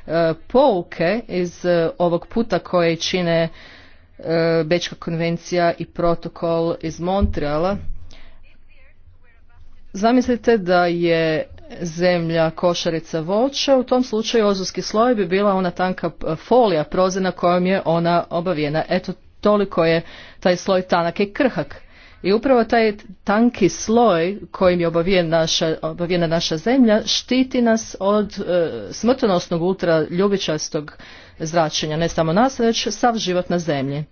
e, pouke iz ovog puta koje čine Bečka konvencija i protokol iz Montreala. Zamislite da je zemlja košarica voća, u tom slučaju ozonski sloj bi bila ona tanka folija prozina kojom je ona obavijena. Eto, toliko je taj sloj tanak i krhak. I upravo taj tanki sloj kojim je obavijen naša, obavijena naša zemlja štiti nas od e, smrtonosnog ultraljubičastog zračenja, ne samo nas, već sav život na zemlji.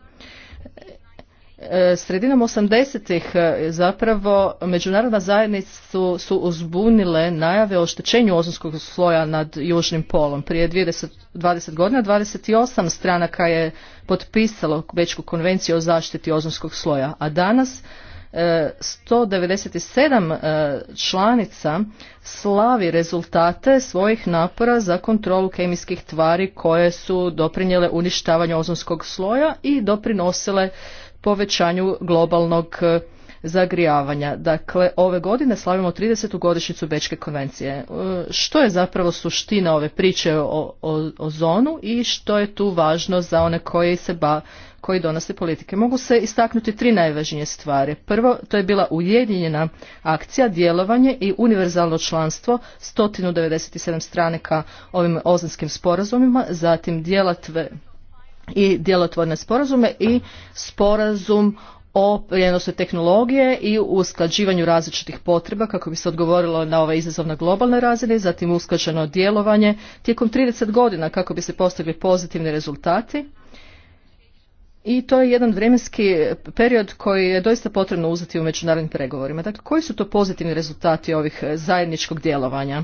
E, sredinom 80-ih e, zapravo međunarodna zajednica su uzbunile najave o oštećenju ozonskog sloja nad južnim polom. Prije 20, 20 godina 28 stranaka je potpisalo Bečku konvenciju o zaštiti ozonskog sloja, a danas 197 e, članica slavi rezultate svojih napora za kontrolu kemijskih tvari koje su doprinjele uništavanju ozonskog sloja i doprinosile povećanju globalnog e, zagrijavanja. Dakle, ove godine slavimo 30. godišnjicu Bečke konvencije. E, što je zapravo suština ove priče o, zonu i što je tu važno za one koji se ba, koji donose politike. Mogu se istaknuti tri najvažnije stvari. Prvo, to je bila ujedinjena akcija, djelovanje i univerzalno članstvo 197 stranika ovim ozanskim sporazumima, zatim djelatve i djelotvorne sporazume i sporazum o prijenosu tehnologije i usklađivanju različitih potreba kako bi se odgovorilo na ove ovaj izazov na globalnoj razini, zatim usklađeno djelovanje tijekom 30 godina kako bi se postigli pozitivni rezultati. I to je jedan vremenski period koji je doista potrebno uzeti u međunarodnim pregovorima. Dakle, koji su to pozitivni rezultati ovih zajedničkog djelovanja?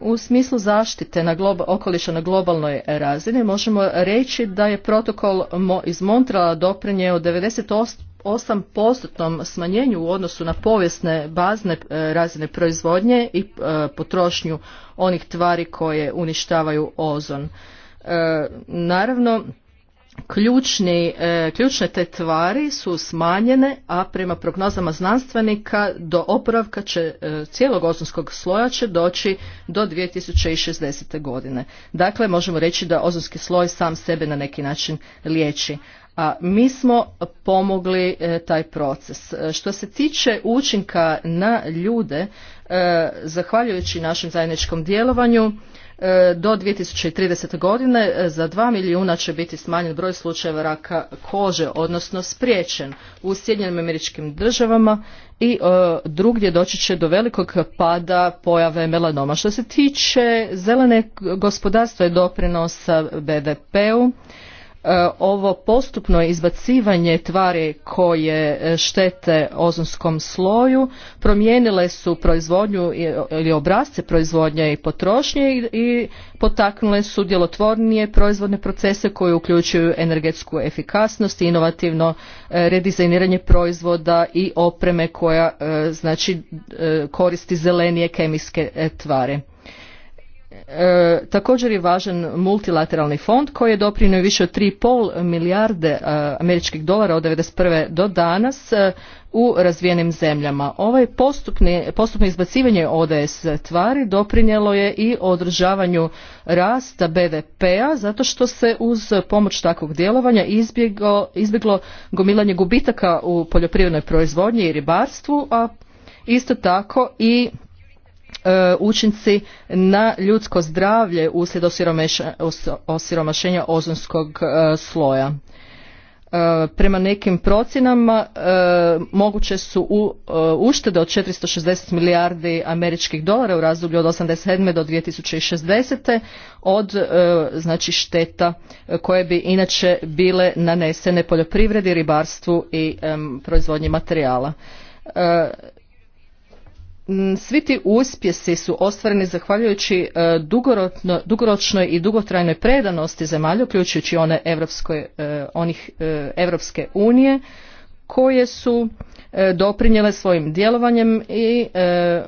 U smislu zaštite na okoliša na globalnoj razini možemo reći da je protokol iz Montrala doprinjeo 98% smanjenju u odnosu na povijesne bazne e, razine proizvodnje i e, potrošnju onih tvari koje uništavaju ozon. E, naravno, ključni, e, ključne te tvari su smanjene, a prema prognozama znanstvenika do oporavka će e, cijelog ozonskog sloja će doći do 2060. godine. Dakle, možemo reći da ozonski sloj sam sebe na neki način liječi. A mi smo pomogli e, taj proces. Što se tiče učinka na ljude, zahvaljujući našem zajedničkom djelovanju, E, do 2030. godine e, za 2 milijuna će biti smanjen broj slučajeva raka kože, odnosno spriječen u Sjedinjenim američkim državama i e, drugdje doći će do velikog pada pojave melanoma. Što se tiče zelene gospodarstva i doprinosa BDP-u, E, ovo postupno izbacivanje tvari koje e, štete ozonskom sloju promijenile su proizvodnju ili obrazce proizvodnje i potrošnje i potaknule su djelotvornije proizvodne procese koji uključuju energetsku efikasnost i inovativno e, redizajniranje proizvoda i opreme koja znači koristi zelenije kemijske tvari. E, također je važan multilateralni fond koji je doprinio više od 3,5 milijarde e, američkih dolara od 1991. do danas e, u razvijenim zemljama. Ovaj postupni, postupno izbacivanje ODS tvari doprinjelo je i održavanju rasta BDP-a zato što se uz pomoć takvog djelovanja izbjeglo, izbjeglo gomilanje gubitaka u poljoprivrednoj proizvodnji i ribarstvu, a isto tako i E, učinci na ljudsko zdravlje uslijed osiromašenja ozonskog e, sloja. E, prema nekim procjenama moguće su uštede od 460 milijardi američkih dolara u razdoblju od 1987. do 2060. od znači, šteta koje bi inače bile nanesene poljoprivredi, ribarstvu i proizvodnji materijala Mm, svi ti uspjesi su ostvareni zahvaljujući e, dugoročnoj i dugotrajnoj predanosti zemalja, uključujući one e, onih e, Evropske unije, koje su doprinjele svojim djelovanjem i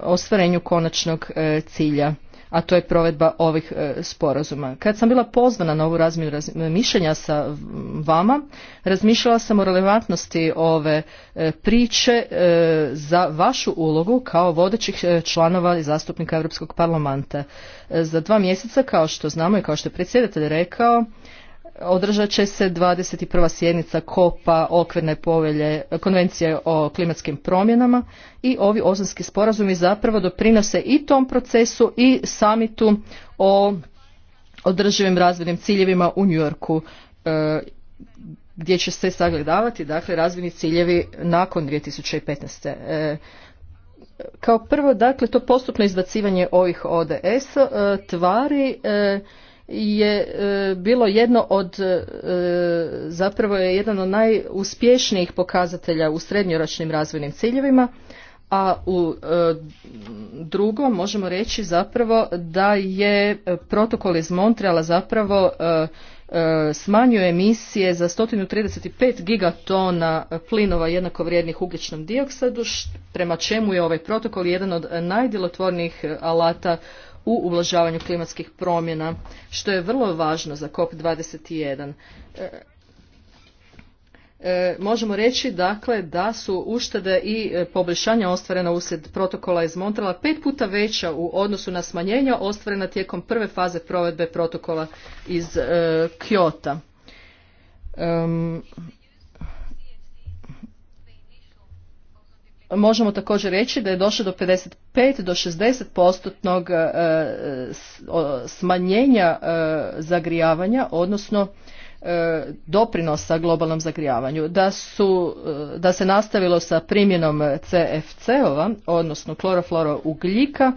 ostvarenju konačnog cilja a to je provedba ovih e, sporazuma. Kad sam bila pozvana na ovu razmjenu mišljenja sa vama, razmišljala sam o relevantnosti ove e, priče e, za vašu ulogu kao vodećih članova i zastupnika Europskog parlamenta. Za dva mjeseca, kao što znamo i kao što je predsjedatelj rekao, održat će se 21. sjednica kopa okvirne povelje konvencije o klimatskim promjenama i ovi ozonski sporazumi zapravo doprinose i tom procesu i samitu o održivim razvojnim ciljevima u New Yorku e, gdje će se sagledavati dakle razvojni ciljevi nakon 2015. E, kao prvo dakle to postupno izbacivanje ovih ODS e, tvari je e, bilo jedno od e, zapravo je jedan od najuspješnijih pokazatelja u srednjoročnim razvojnim ciljevima a u e, drugo možemo reći zapravo da je protokol iz Montreala zapravo smanjio emisije za 135 gigatona plinova jednako vrijednih ugljičnom dioksadu, prema čemu je ovaj protokol jedan od najdjelotvornijih alata u ublažavanju klimatskih promjena, što je vrlo važno za COP21. E, e, možemo reći dakle da su uštede i e, poboljšanja ostvarena uslijed protokola iz Montrela pet puta veća u odnosu na smanjenja ostvarena tijekom prve faze provedbe protokola iz e, možemo također reći da je došlo do 55 do 60 postotnog e, e, smanjenja e, zagrijavanja, odnosno doprinosa globalnom zagrijavanju, da, su, da se nastavilo sa primjenom CFC-ova, odnosno ugljika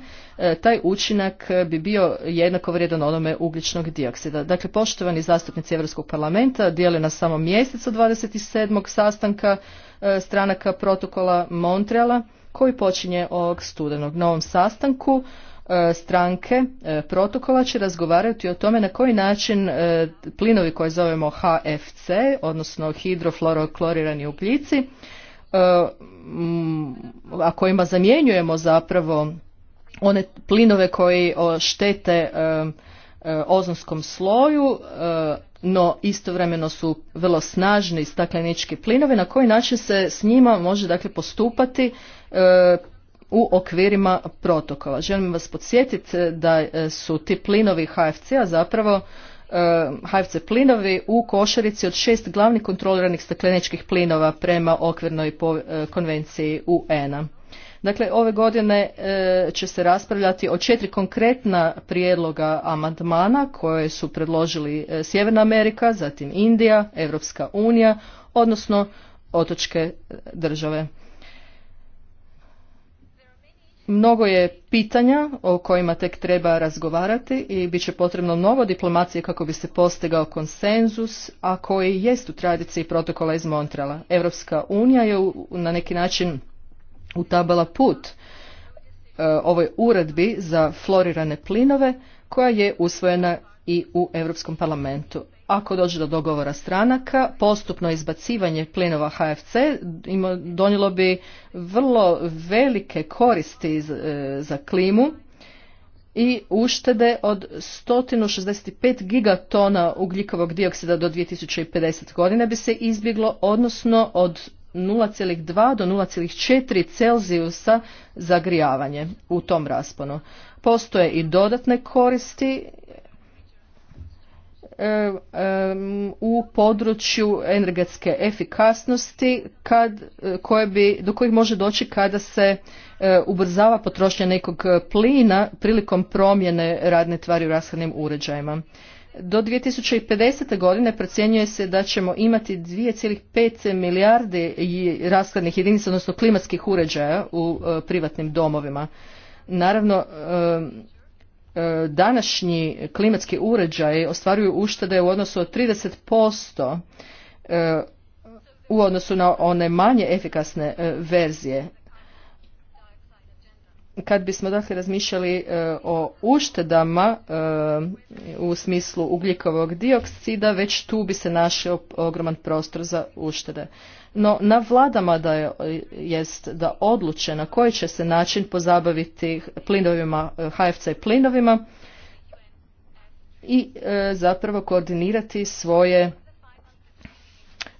taj učinak bi bio jednako vrijedan onome ugljičnog dioksida. Dakle, poštovani zastupnici Europskog parlamenta dijeli na samo mjesec od 27. sastanka E, stranaka protokola Montreala koji počinje ovog studenog. novom ovom sastanku e, stranke e, protokola će razgovarati o tome na koji način plinovi koje zovemo HFC, odnosno hidrofluoroklorirani ugljici, a kojima zamjenjujemo zapravo one plinove koji štete E, ozonskom sloju, e, no istovremeno su vrlo snažni staklenički plinovi, na koji način se s njima može dakle postupati e, u okvirima protokola. Želim vas podsjetiti da su ti plinovi HFC-a zapravo HFC plinovi u košarici od šest glavnih kontroliranih stakleničkih plinova prema okvirnoj konvenciji UN-a. Dakle, ove godine e, će se raspravljati o četiri konkretna prijedloga amandmana koje su predložili e, Sjeverna Amerika, zatim Indija, Europska unija, odnosno otočke e, države. Mnogo je pitanja o kojima tek treba razgovarati i bit će potrebno mnogo diplomacije kako bi se postigao konsenzus, a koji jest u tradiciji protokola iz Montrela. Europska unija je na neki način u tabela put e, ovoj uredbi za florirane plinove koja je usvojena i u Europskom parlamentu. Ako dođe do dogovora stranaka, postupno izbacivanje plinova HFC donijelo bi vrlo velike koristi e, za klimu i uštede od 165 gigatona ugljikovog dioksida do 2050. godine bi se izbjeglo, odnosno od 0,2 do 0,4 Celzijusa zagrijavanje u tom rasponu. Postoje i dodatne koristi e, u području energetske efikasnosti kad, koje bi, do kojih može doći kada se e, ubrzava potrošnja nekog plina prilikom promjene radne tvari u rashladnim uređajima. Do 2050. godine procjenjuje se da ćemo imati 2,5 milijarde raskladnih jedinica, odnosno klimatskih uređaja u e, privatnim domovima. Naravno, e, e, današnji klimatski uređaj ostvaruju uštede u odnosu od 30% u odnosu na one manje efikasne verzije kad bismo dakle razmišljali e, o uštedama e, u smislu ugljikovog dioksida, već tu bi se našao ogroman prostor za uštede. No na vladama da je, jest da odluče na koji će se način pozabaviti plinovima, e, HFC plinovima i zapravo koordinirati svoje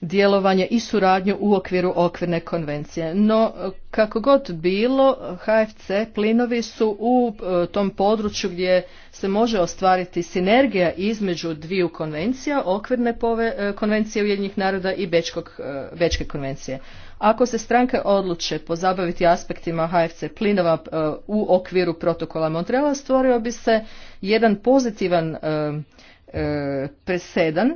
djelovanje i suradnju u okviru okvirne konvencije. No, kako god bilo, HFC plinovi su u e, tom području gdje se može ostvariti sinergija između dviju konvencija, okvirne e, konvencije Ujedinjih naroda i Bečkog, e, Bečke konvencije. Ako se stranke odluče pozabaviti aspektima HFC plinova u okviru protokola Montreala, stvorio bi se jedan pozitivan presedan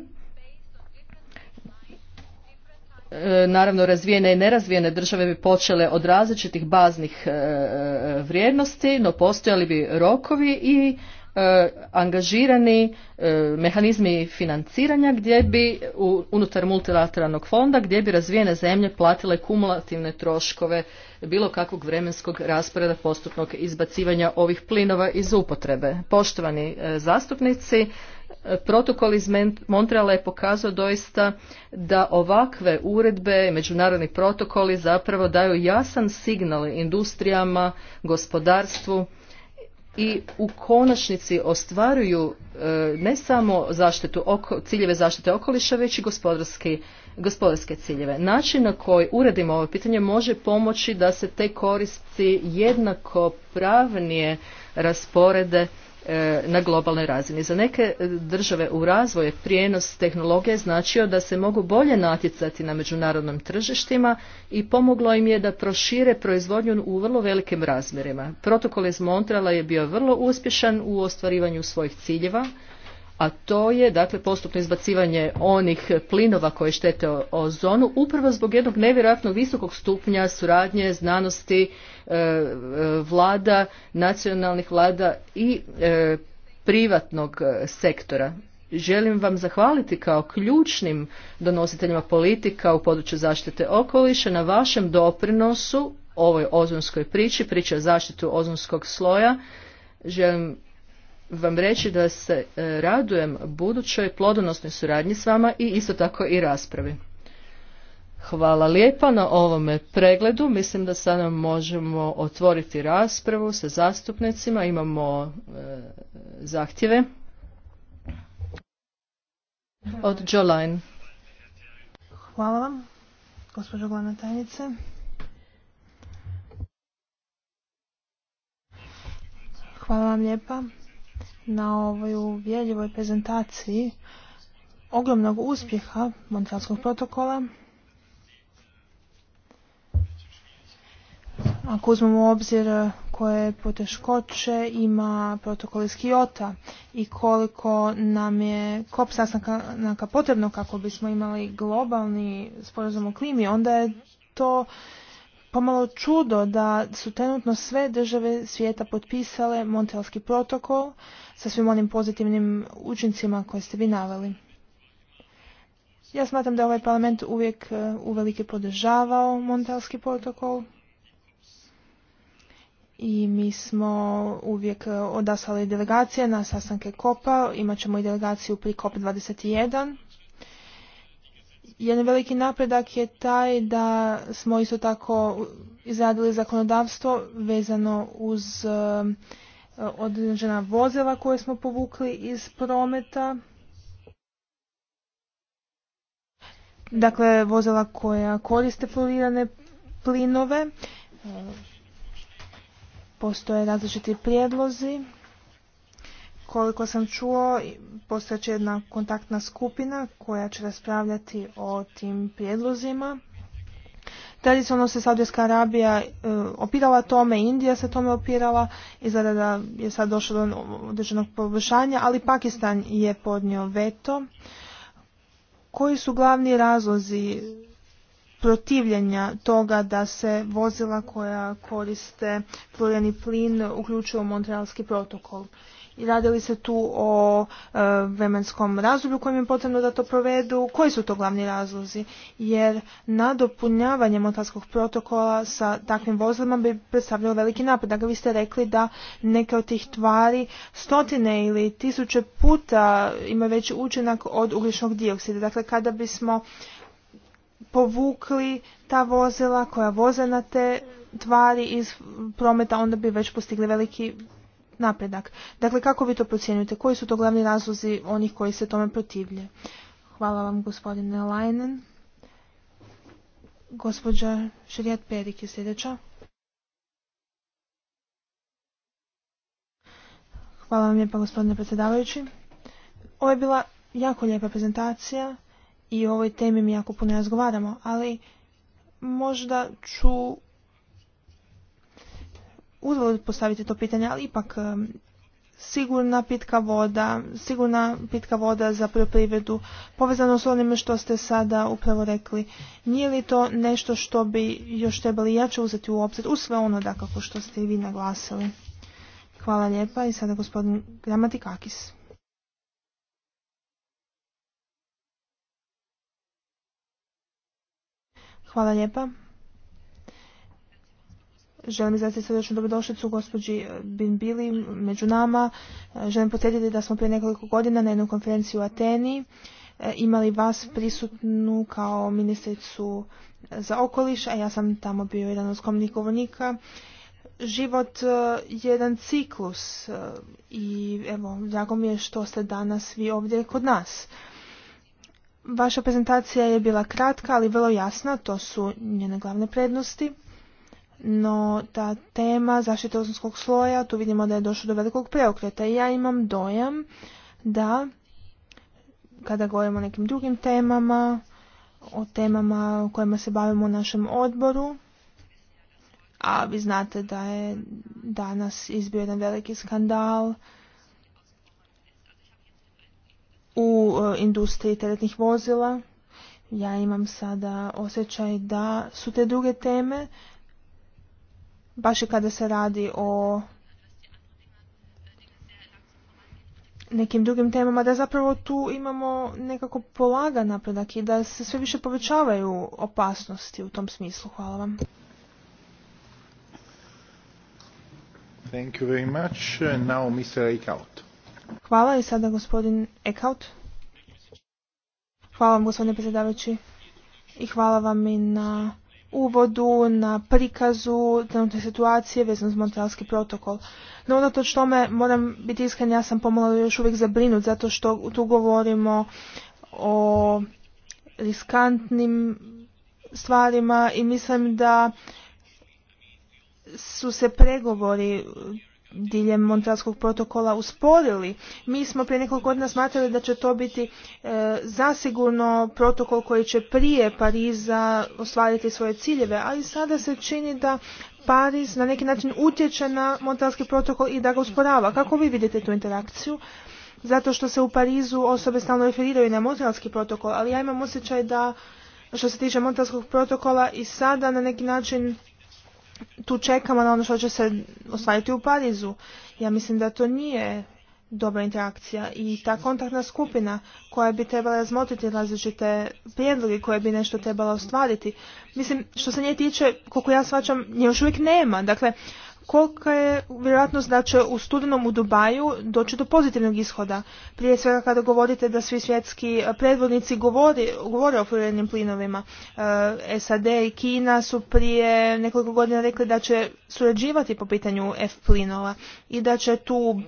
E, naravno razvijene i nerazvijene države bi počele od različitih baznih e, vrijednosti, no postojali bi rokovi i e, angažirani mehanizmi financiranja gdje bi unutar multilateralnog fonda gdje bi razvijene zemlje platile kumulativne troškove bilo kakvog vremenskog rasporeda postupnog izbacivanja ovih plinova iz upotrebe. Poštovani zastupnici, Protokol iz Montreala je pokazao doista da ovakve uredbe, međunarodni protokoli zapravo daju jasan signal industrijama, gospodarstvu i u konačnici ostvaruju e, ne samo zaštitu, ciljeve zaštite okoliša, već i gospodarske ciljeve. Način na koji uredimo ovo pitanje može pomoći da se te koristi jednako pravnije rasporede E, na globalnoj razini. Za neke e, države u razvoju prijenos tehnologije značio da se mogu bolje natjecati na međunarodnim tržištima i pomoglo im je da prošire proizvodnju u vrlo velikim razmjerima. Protokol iz Montreala je bio vrlo uspješan u ostvarivanju svojih ciljeva a to je dakle postupno izbacivanje onih plinova koji štete ozonu upravo zbog jednog nevjerojatno visokog stupnja suradnje znanosti e, e, vlada nacionalnih vlada i e, privatnog sektora želim vam zahvaliti kao ključnim donositeljima politika u području zaštite okoliša na vašem doprinosu ovoj ozonskoj priči priča o zaštitu ozonskog sloja želim vam reći da se e, radujem budućoj plodonosnoj suradnji s vama i isto tako i raspravi. Hvala lijepa na ovome pregledu. Mislim da sada možemo otvoriti raspravu sa zastupnicima. Imamo e, zahtjeve. Od Hvala vam, gospođo glavna tajnice. Hvala vam lijepa na ovoj uvjerljivoj prezentaciji ogromnog uspjeha Montrealskog protokola. Ako uzmemo u obzir koje poteškoće ima protokol iz Kijota i koliko nam je kop sastanaka potrebno kako bismo imali globalni sporazum o klimi, onda je to pomalo čudo da su trenutno sve države svijeta potpisale Montrealski protokol sa svim onim pozitivnim učincima koje ste vi naveli. Ja smatram da je ovaj parlament uvijek e, uvelike podržavao Montrealski protokol i mi smo uvijek e, odaslali delegacije na sastanke COP-a, imat ćemo i delegaciju pri COP21 jedan veliki napredak je taj da smo isto tako izradili zakonodavstvo vezano uz eh, određena vozila koje smo povukli iz prometa. Dakle, vozila koja koriste fluorirane plinove. Postoje različiti prijedlozi koliko sam čuo, postojeće jedna kontaktna skupina koja će raspravljati o tim prijedlozima. Tradicionalno se Saudijska Arabija e, opirala tome, Indija se tome opirala i zarada je sad došlo do određenog poboljšanja, ali Pakistan je podnio veto. Koji su glavni razlozi protivljenja toga da se vozila koja koriste plurjeni plin uključuju u Montrealski protokol? i radi li se tu o e, vremenskom razdoblju kojem je potrebno da to provedu, koji su to glavni razlozi, jer nadopunjavanje Motarskog protokola sa takvim vozilima bi predstavljalo veliki napad. Dakle, vi ste rekli da neke od tih tvari stotine ili tisuće puta ima veći učinak od ugljičnog dioksida. Dakle, kada bismo povukli ta vozila koja voze na te tvari iz prometa, onda bi već postigli veliki napredak. Dakle, kako vi to procjenjujete? Koji su to glavni razlozi onih koji se tome protivlje? Hvala vam gospodine Lajnen. Gospođa Širijat Perik je sljedeća. Hvala vam lijepa gospodine predsjedavajući. Ovo je bila jako lijepa prezentacija i o ovoj temi mi jako puno razgovaramo, ali možda ću uzvod postaviti to pitanje, ali ipak sigurna pitka voda, sigurna pitka voda za poljoprivredu, povezano s onime što ste sada upravo rekli. Nije li to nešto što bi još trebali jače uzeti u obzir, u sve ono kako što ste i vi naglasili? Hvala lijepa i sada gospodin Gramatikakis. Hvala lijepa. Želim izraziti srdečnu dobrodošlicu gospođi eh, Binbili među nama. Eh, želim podsjetiti da smo prije nekoliko godina na jednu konferenciju u Ateni eh, imali vas prisutnu kao ministricu za okoliš, a ja sam tamo bio jedan od skomnih Život je jedan ciklus i evo, drago mi je što ste danas vi ovdje kod nas. Vaša prezentacija je bila kratka, ali vrlo jasna, to su njene glavne prednosti. No, ta tema zaštite ozonskog sloja, tu vidimo da je došlo do velikog preokreta i ja imam dojam da kada govorimo o nekim drugim temama, o temama o kojima se bavimo u našem odboru, a vi znate da je danas izbio jedan veliki skandal u e, industriji teretnih vozila. Ja imam sada osjećaj da su te druge teme baš i kada se radi o nekim drugim temama, da zapravo tu imamo nekako polagan napredak i da se sve više povećavaju opasnosti u tom smislu. Hvala vam. Hvala i sada gospodin Eckhout. Hvala vam gospodine predsjedavajući i hvala vam i na uvodu, na prikazu trenutne situacije vezano s Montrealski protokol. No unatoč tome moram biti iskren, ja sam pomalo još uvijek zabrinut zato što tu govorimo o riskantnim stvarima i mislim da su se pregovori diljem Montralskog protokola usporili. Mi smo prije nekoliko godina smatrali da će to biti e, zasigurno protokol koji će prije Pariza ostvariti svoje ciljeve, ali sada se čini da Pariz na neki način utječe na Montrealski protokol i da ga usporava. Kako vi vidite tu interakciju? Zato što se u Parizu osobe stalno referiraju na Montrealski protokol, ali ja imam osjećaj da što se tiče Montrealskog protokola i sada na neki način tu čekamo na ono što će se ostvariti u Parizu. Ja mislim da to nije dobra interakcija i ta kontaktna skupina koja bi trebala razmotriti različite prijedloge koje bi nešto trebala ostvariti. Mislim, što se nje tiče, koliko ja svačam, nje još uvijek nema. Dakle, kolika je vjerojatnost da znači, će u studenom u Dubaju doći do pozitivnog ishoda? Prije svega kada govorite da svi svjetski predvodnici govore o fluoridnim plinovima. E, SAD i Kina su prije nekoliko godina rekli da će surađivati po pitanju F plinova i da će tu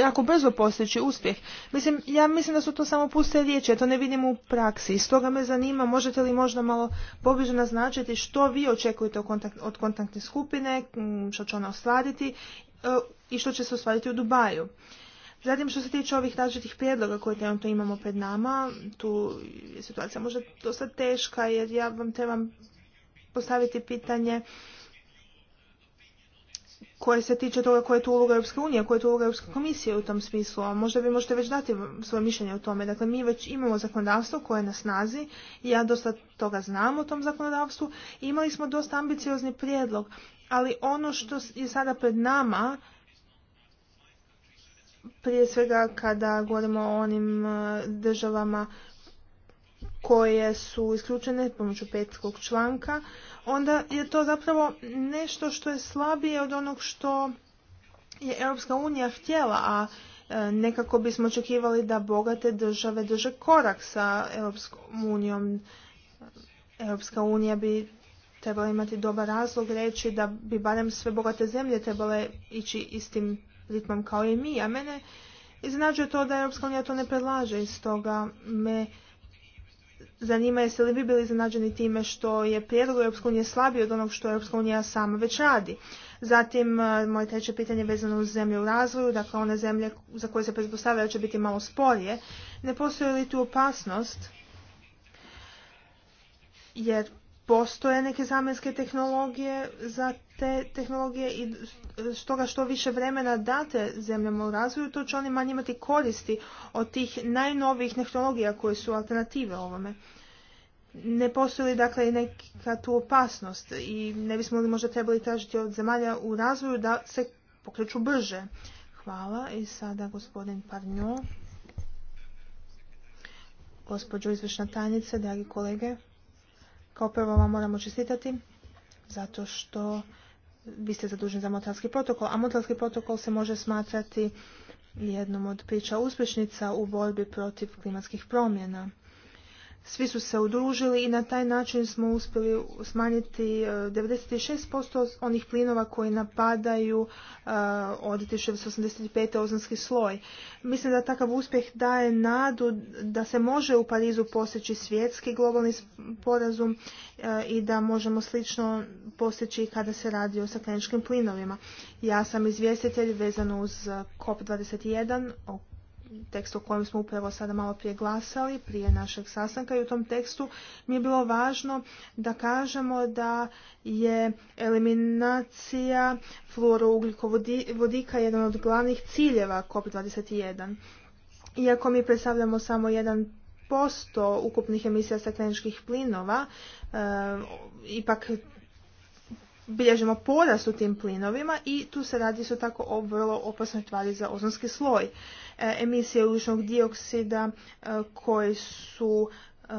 jako brzo postići uspjeh. Mislim, ja mislim da su to samo puste riječi, to ne vidim u praksi. Stoga me zanima, možete li možda malo pobliže naznačiti što vi očekujete od kontaktne skupine, što će ona ostvariti e, i što će se ostvariti u Dubaju. Zatim što se tiče ovih različitih prijedloga koje trenutno imamo pred nama, tu je situacija možda dosta teška jer ja vam trebam postaviti pitanje koje se tiče toga koja je tu uloga Europske unije, koja je tu uloga Europske komisije u tom smislu, a možda vi možete već dati svoje mišljenje o tome. Dakle, mi već imamo zakonodavstvo koje je na snazi, i ja dosta toga znam o tom zakonodavstvu, imali smo dosta ambiciozni prijedlog, ali ono što je sada pred nama, prije svega kada govorimo o onim e, državama koje su isključene pomoću petskog članka, onda je to zapravo nešto što je slabije od onog što je Europska unija htjela, a e, nekako bismo očekivali da bogate države drže korak sa Europskom unijom. Europska unija bi trebali imati dobar razlog reći da bi barem sve bogate zemlje trebale ići istim ritmom kao i mi, a mene iznenađuje to da Europska unija to ne predlaže i stoga me zanima jeste li bi bili iznenađeni time što je prijedlog Europske unije slabiji od onog što Europska unija sama već radi. Zatim, eh, moje treće pitanje vezano uz zemlje u razvoju, dakle one zemlje za koje se pretpostavlja će biti malo sporije. Ne postoji li tu opasnost jer postoje neke zamjenske tehnologije za te tehnologije i stoga što više vremena date zemljama u razvoju, to će oni manje imati koristi od tih najnovijih tehnologija koje su alternative ovome. Ne postoji li dakle i neka tu opasnost i ne bismo li možda trebali tražiti od zemalja u razvoju da se pokreću brže. Hvala i sada gospodin Parnjo. Gospođo izvršna tajnice, dragi kolege. Kao prvo vam moramo čestitati zato što vi ste zaduženi za motelski protokol, a motelski protokol se može smatrati jednom od priča uspješnica u borbi protiv klimatskih promjena svi su se udružili i na taj način smo uspjeli smanjiti 96% e, onih plinova koji napadaju e, od 1985. ozonski sloj. Mislim da takav uspjeh daje nadu da se može u Parizu postići svjetski globalni porazum e, i da možemo slično postići kada se radi o sakleničkim plinovima. Ja sam izvjestitelj vezano uz COP21 o tekst o kojem smo upravo sada malo prije glasali, prije našeg sastanka i u tom tekstu mi je bilo važno da kažemo da je eliminacija fluorougljikovodika jedan od glavnih ciljeva COP21. Iako mi predstavljamo samo jedan posto ukupnih emisija stakleničkih plinova, e, ipak bilježimo porast u tim plinovima i tu se radi su tako o vrlo opasnoj tvari za ozonski sloj. E, emisije uličnog dioksida e, koji su e,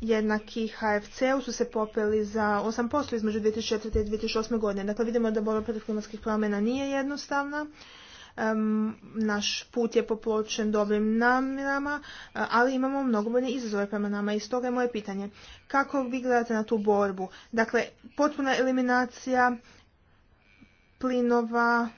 jednaki HFC-u su se popeli za 8% između 2004. i 2008. godine. Dakle, vidimo da borba protiv klimatskih promjena nije jednostavna naš put je popločen dobrim namjerama, e, ali imamo mnogobrojne izazove prema nama i stoga je moje pitanje. Kako vi gledate na tu borbu? Dakle, potpuna eliminacija plinova,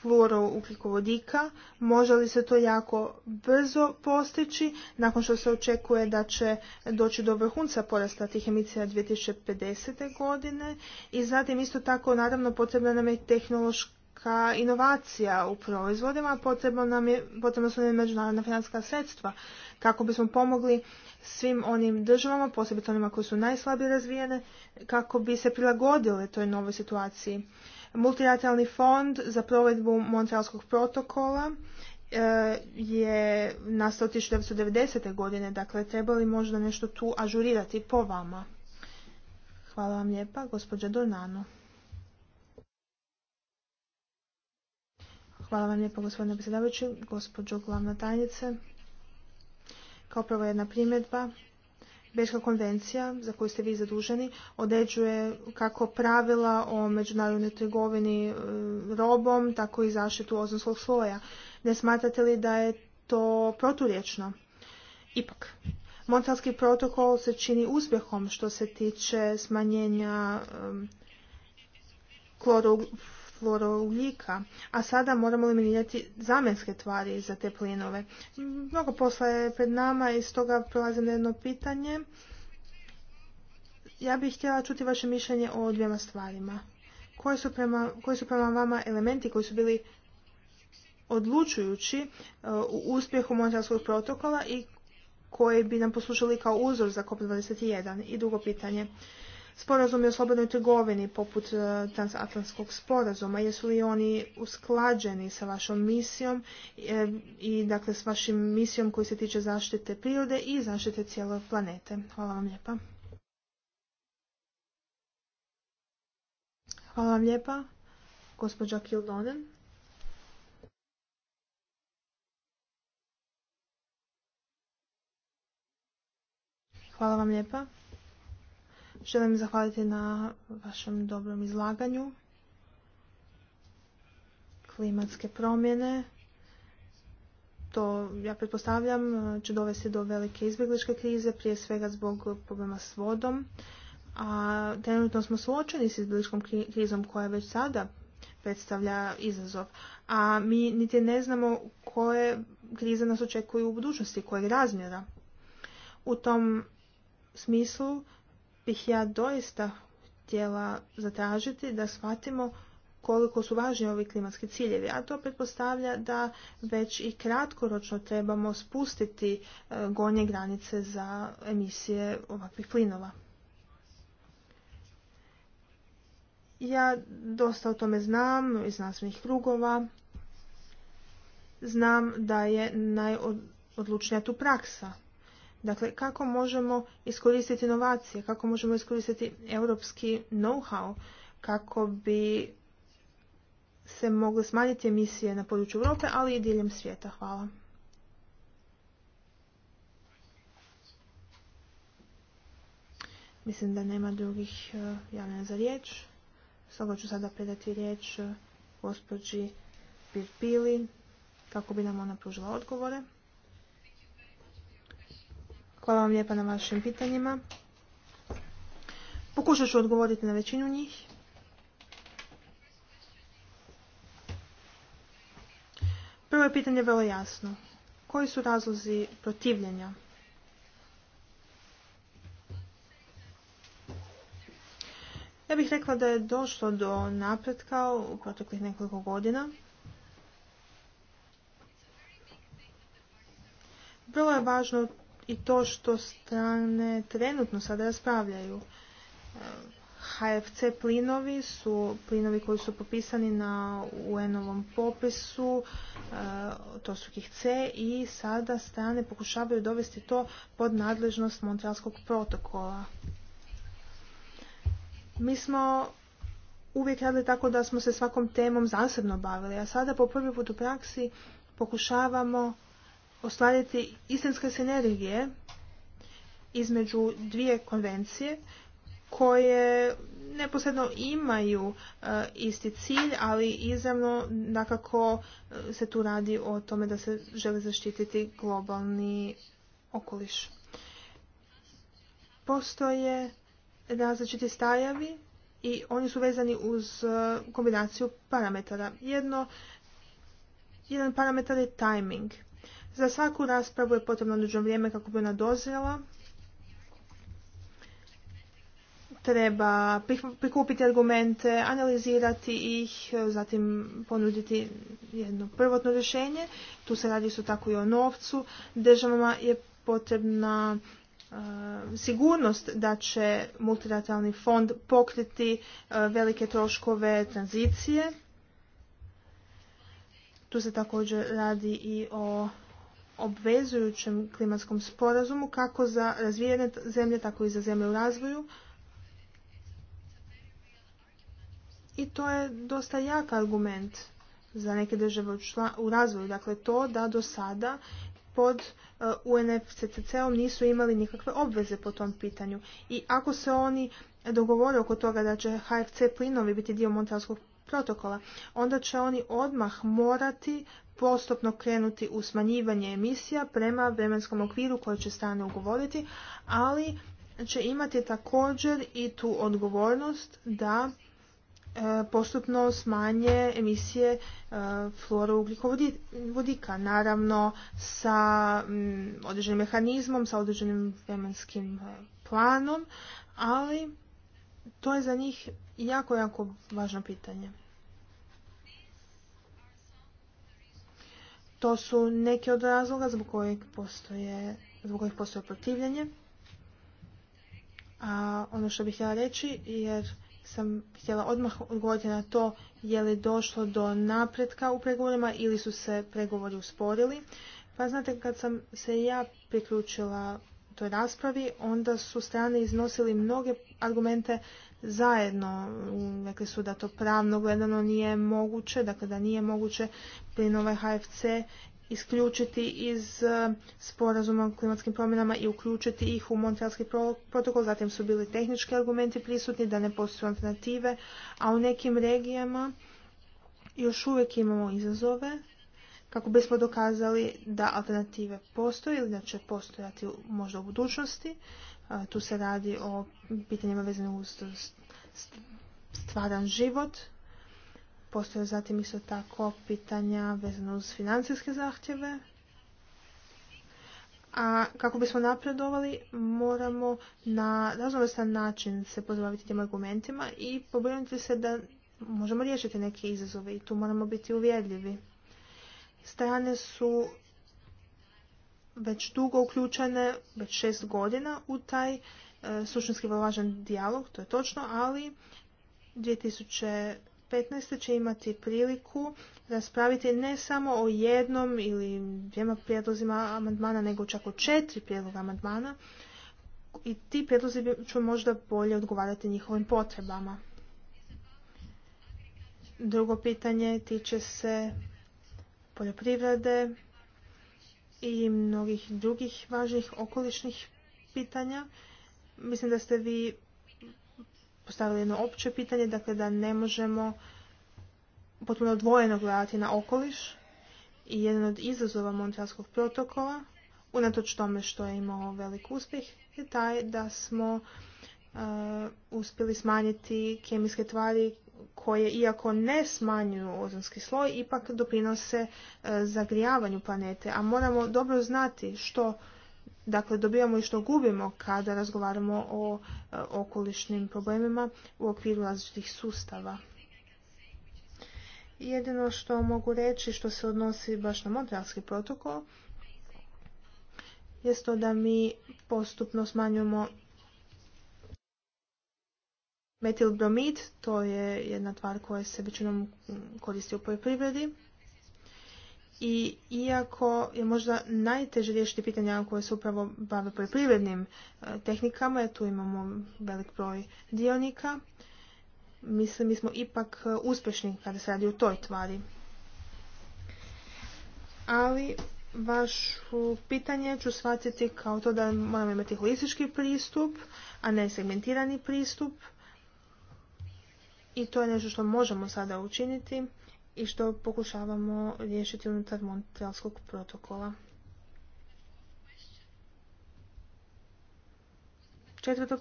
fluorouglikovodika. Može li se to jako brzo postići nakon što se očekuje da će doći do vrhunca porasta tih emisija 2050. godine i zatim isto tako naravno potrebna nam je tehnološka ka inovacija u proizvodima, potrebno, nam je, potrebno su nam međunarodna financijska sredstva kako bismo pomogli svim onim državama, posebno onima koje su najslabije razvijene, kako bi se prilagodile toj novoj situaciji. Multilateralni fond za provedbu Montrealskog protokola e, je nastao 1990. godine, dakle trebali možda nešto tu ažurirati po vama? Hvala vam lijepa, gospođa Dornano. Hvala vam lijepo gospodine predsjedavajući, gospođo glavna tajnice. Kao prvo jedna primjedba. Bečka konvencija za koju ste vi zaduženi određuje kako pravila o međunarodnoj trgovini e, robom, tako i zaštitu ozonskog sloja. Ne smatrate li da je to proturječno? Ipak, Montalski protokol se čini uspjehom što se tiče smanjenja um, fluorougljika, a sada moramo eliminirati zamenske tvari za te plinove. Mnogo posla je pred nama i stoga prelazim na jedno pitanje. Ja bih htjela čuti vaše mišljenje o dvijema stvarima. Koji su prema, vama elementi koji su bili odlučujući e, u uspjehu monetarskog protokola i koji bi nam poslušali kao uzor za COP21? I drugo pitanje sporazumi o slobodnoj trgovini poput e, transatlantskog sporazuma, jesu li oni usklađeni sa vašom misijom e, i dakle s vašim misijom koji se tiče zaštite prirode i zaštite cijele planete. Hvala vam lijepa. Hvala vam lijepa, gospođa Kildonen. Hvala vam lijepa. Želim zahvaliti na vašem dobrom izlaganju. Klimatske promjene, to ja pretpostavljam će dovesti do velike izbjegličke krize, prije svega zbog problema s vodom. A trenutno smo suočeni s izbjegličkom krizom koja već sada predstavlja izazov. A mi niti ne znamo koje krize nas očekuju u budućnosti, kojeg razmjera. U tom smislu bih ja doista htjela zatražiti da shvatimo koliko su važni ovi klimatski ciljevi, a to pretpostavlja da već i kratkoročno trebamo spustiti e, gonje granice za emisije ovakvih plinova. Ja dosta o tome znam iz znanstvenih krugova. Znam da je najodlučnija tu praksa. Dakle, kako možemo iskoristiti inovacije, kako možemo iskoristiti europski know-how, kako bi se mogle smanjiti emisije na području Europe, ali i diljem svijeta. Hvala. Mislim da nema drugih e, javljena za riječ. Stoga ću sada predati riječ e, gospođi Pirpili kako bi nam ona pružila odgovore. Hvala vam lijepa na vašim pitanjima. Pokušat ću odgovoriti na većinu njih. Prvo je pitanje vrlo jasno. Koji su razlozi protivljenja? Ja bih rekla da je došlo do napretka u proteklih nekoliko godina. Vrlo je važno i to što strane trenutno sada raspravljaju. E, HFC plinovi su plinovi koji su popisani na UN-ovom popisu, e, to su C i sada strane pokušavaju dovesti to pod nadležnost Montrealskog protokola. Mi smo uvijek radili tako da smo se svakom temom zasebno bavili, a sada po prvi put u praksi pokušavamo ostvariti istinske sinergije između dvije konvencije koje neposredno imaju e, isti cilj, ali izravno nakako e, se tu radi o tome da se želi zaštititi globalni okoliš. Postoje različiti stajavi i oni su vezani uz e, kombinaciju parametara. Jedno, jedan parametar je timing – za svaku raspravu je potrebno određeno vrijeme kako bi ona dozrela. Treba prikupiti argumente, analizirati ih, e, zatim ponuditi jedno prvotno rješenje. Tu se radi su tako i o novcu. Državama je potrebna e, sigurnost da će multilateralni fond pokriti e, velike troškove tranzicije. Tu se također radi i o obvezujućem klimatskom sporazumu kako za razvijene zemlje, tako i za zemlje u razvoju. I to je dosta jak argument za neke države u razvoju. Dakle, to da do sada pod UNFCCC-om uh, nisu imali nikakve obveze po tom pitanju. I ako se oni dogovore oko toga da će HFC plinovi biti dio Montalskog protokola, onda će oni odmah morati postupno krenuti u smanjivanje emisija prema vremenskom okviru koje će strane ugovoriti, ali će imati također i tu odgovornost da e, postupno smanje emisije e, ugljikovodika. naravno sa mm, određenim mehanizmom, sa određenim vremenskim e, planom, ali to je za njih jako, jako važno pitanje. To su neke od razloga zbog kojih postoje, zbog kojih postoje A ono što bih htjela reći, jer sam htjela odmah odgovoriti na to je li došlo do napretka u pregovorima ili su se pregovori usporili. Pa znate, kad sam se ja priključila toj raspravi, onda su strane iznosili mnoge argumente zajedno. Rekli su da to pravno gledano nije moguće, dakle da nije moguće plinove ovaj HFC isključiti iz e, sporazuma o klimatskim promjenama i uključiti ih u Montrealski protokol. Zatim su bili tehnički argumenti prisutni da ne postoje alternative, a u nekim regijama još uvijek imamo izazove kako bismo dokazali da alternative postoje ili da će postojati možda u budućnosti. Tu se radi o pitanjima vezanim uz stvaran život. Postoje zatim isto tako pitanja vezano uz financijske zahtjeve. A kako bismo napredovali, moramo na raznovrstan način se pozbaviti tim argumentima i pobrinuti se da možemo riješiti neke izazove i tu moramo biti uvjerljivi strane su već dugo uključene, već šest godina u taj e, suštinski važan dijalog, to je točno, ali 2015. će imati priliku raspraviti ne samo o jednom ili dvijema prijedlozima amandmana, nego čak o četiri prijedloga amandmana i ti prijedlozi će možda bolje odgovarati njihovim potrebama. Drugo pitanje tiče se poljoprivrede i mnogih drugih važnih okolišnih pitanja. Mislim da ste vi postavili jedno opće pitanje, dakle da ne možemo potpuno odvojeno gledati na okoliš i jedan od izazova Montrealskog protokola, unatoč tome što je imao velik uspjeh, je taj da smo uh, uspjeli smanjiti kemijske tvari koje iako ne smanjuju ozonski sloj, ipak doprinose e, zagrijavanju planete. A moramo dobro znati što dakle, dobijamo i što gubimo kada razgovaramo o e, okolišnim problemima u okviru različitih sustava. Jedino što mogu reći što se odnosi baš na Montrealski protokol jest to da mi postupno smanjujemo Metilbromid, to je jedna tvar koja se većinom koristi u poljoprivredi. I iako je možda najteže riješiti pitanja koje se upravo bave poljoprivrednim e, tehnikama, jer tu imamo velik broj dionika, mislim mi smo ipak e, uspješni kada se radi o toj tvari. Ali vašu pitanje ću shvatiti kao to da moramo imati holistički pristup, a ne segmentirani pristup i to je nešto što možemo sada učiniti i što pokušavamo riješiti unutar Montrealskog protokola. Četvrto,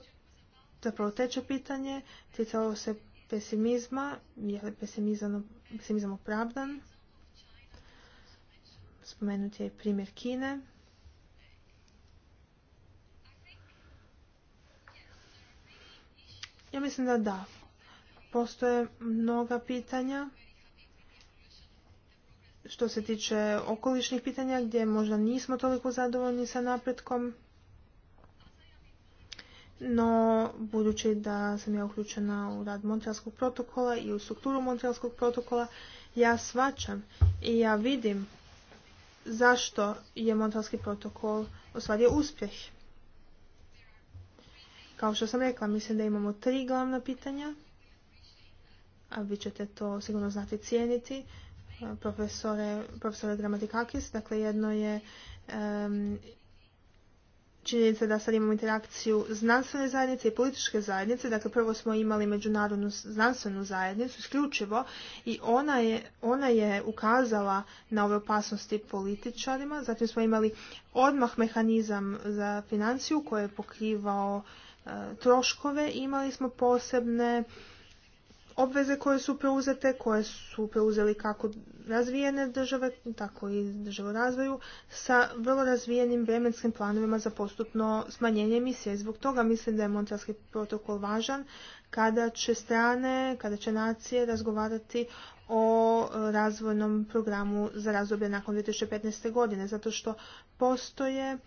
zapravo teče pitanje, ticalo se pesimizma, je li pesimizam, opravdan? Spomenut je primjer Kine. Ja mislim da da, postoje mnoga pitanja što se tiče okolišnih pitanja gdje možda nismo toliko zadovoljni sa napretkom. No, budući da sam ja uključena u rad Montrealskog protokola i u strukturu Montrealskog protokola, ja svačam i ja vidim zašto je Montrealski protokol osvadio uspjeh. Kao što sam rekla, mislim da imamo tri glavna pitanja – a vi ćete to sigurno znati cijeniti, e, profesore, profesore Dakle, jedno je um, činjenica da sad imamo interakciju znanstvene zajednice i političke zajednice. Dakle, prvo smo imali međunarodnu znanstvenu zajednicu, isključivo, i ona je, ona je ukazala na ove opasnosti političarima. Zatim smo imali odmah mehanizam za financiju koji je pokrivao e, troškove. Imali smo posebne obveze koje su preuzete, koje su preuzeli kako razvijene države, tako i države u razvoju, sa vrlo razvijenim vremenskim planovima za postupno smanjenje emisije. Zbog toga mislim da je Montarski protokol važan kada će strane, kada će nacije razgovarati o e, razvojnom programu za razdoblje nakon 2015. godine, zato što postoje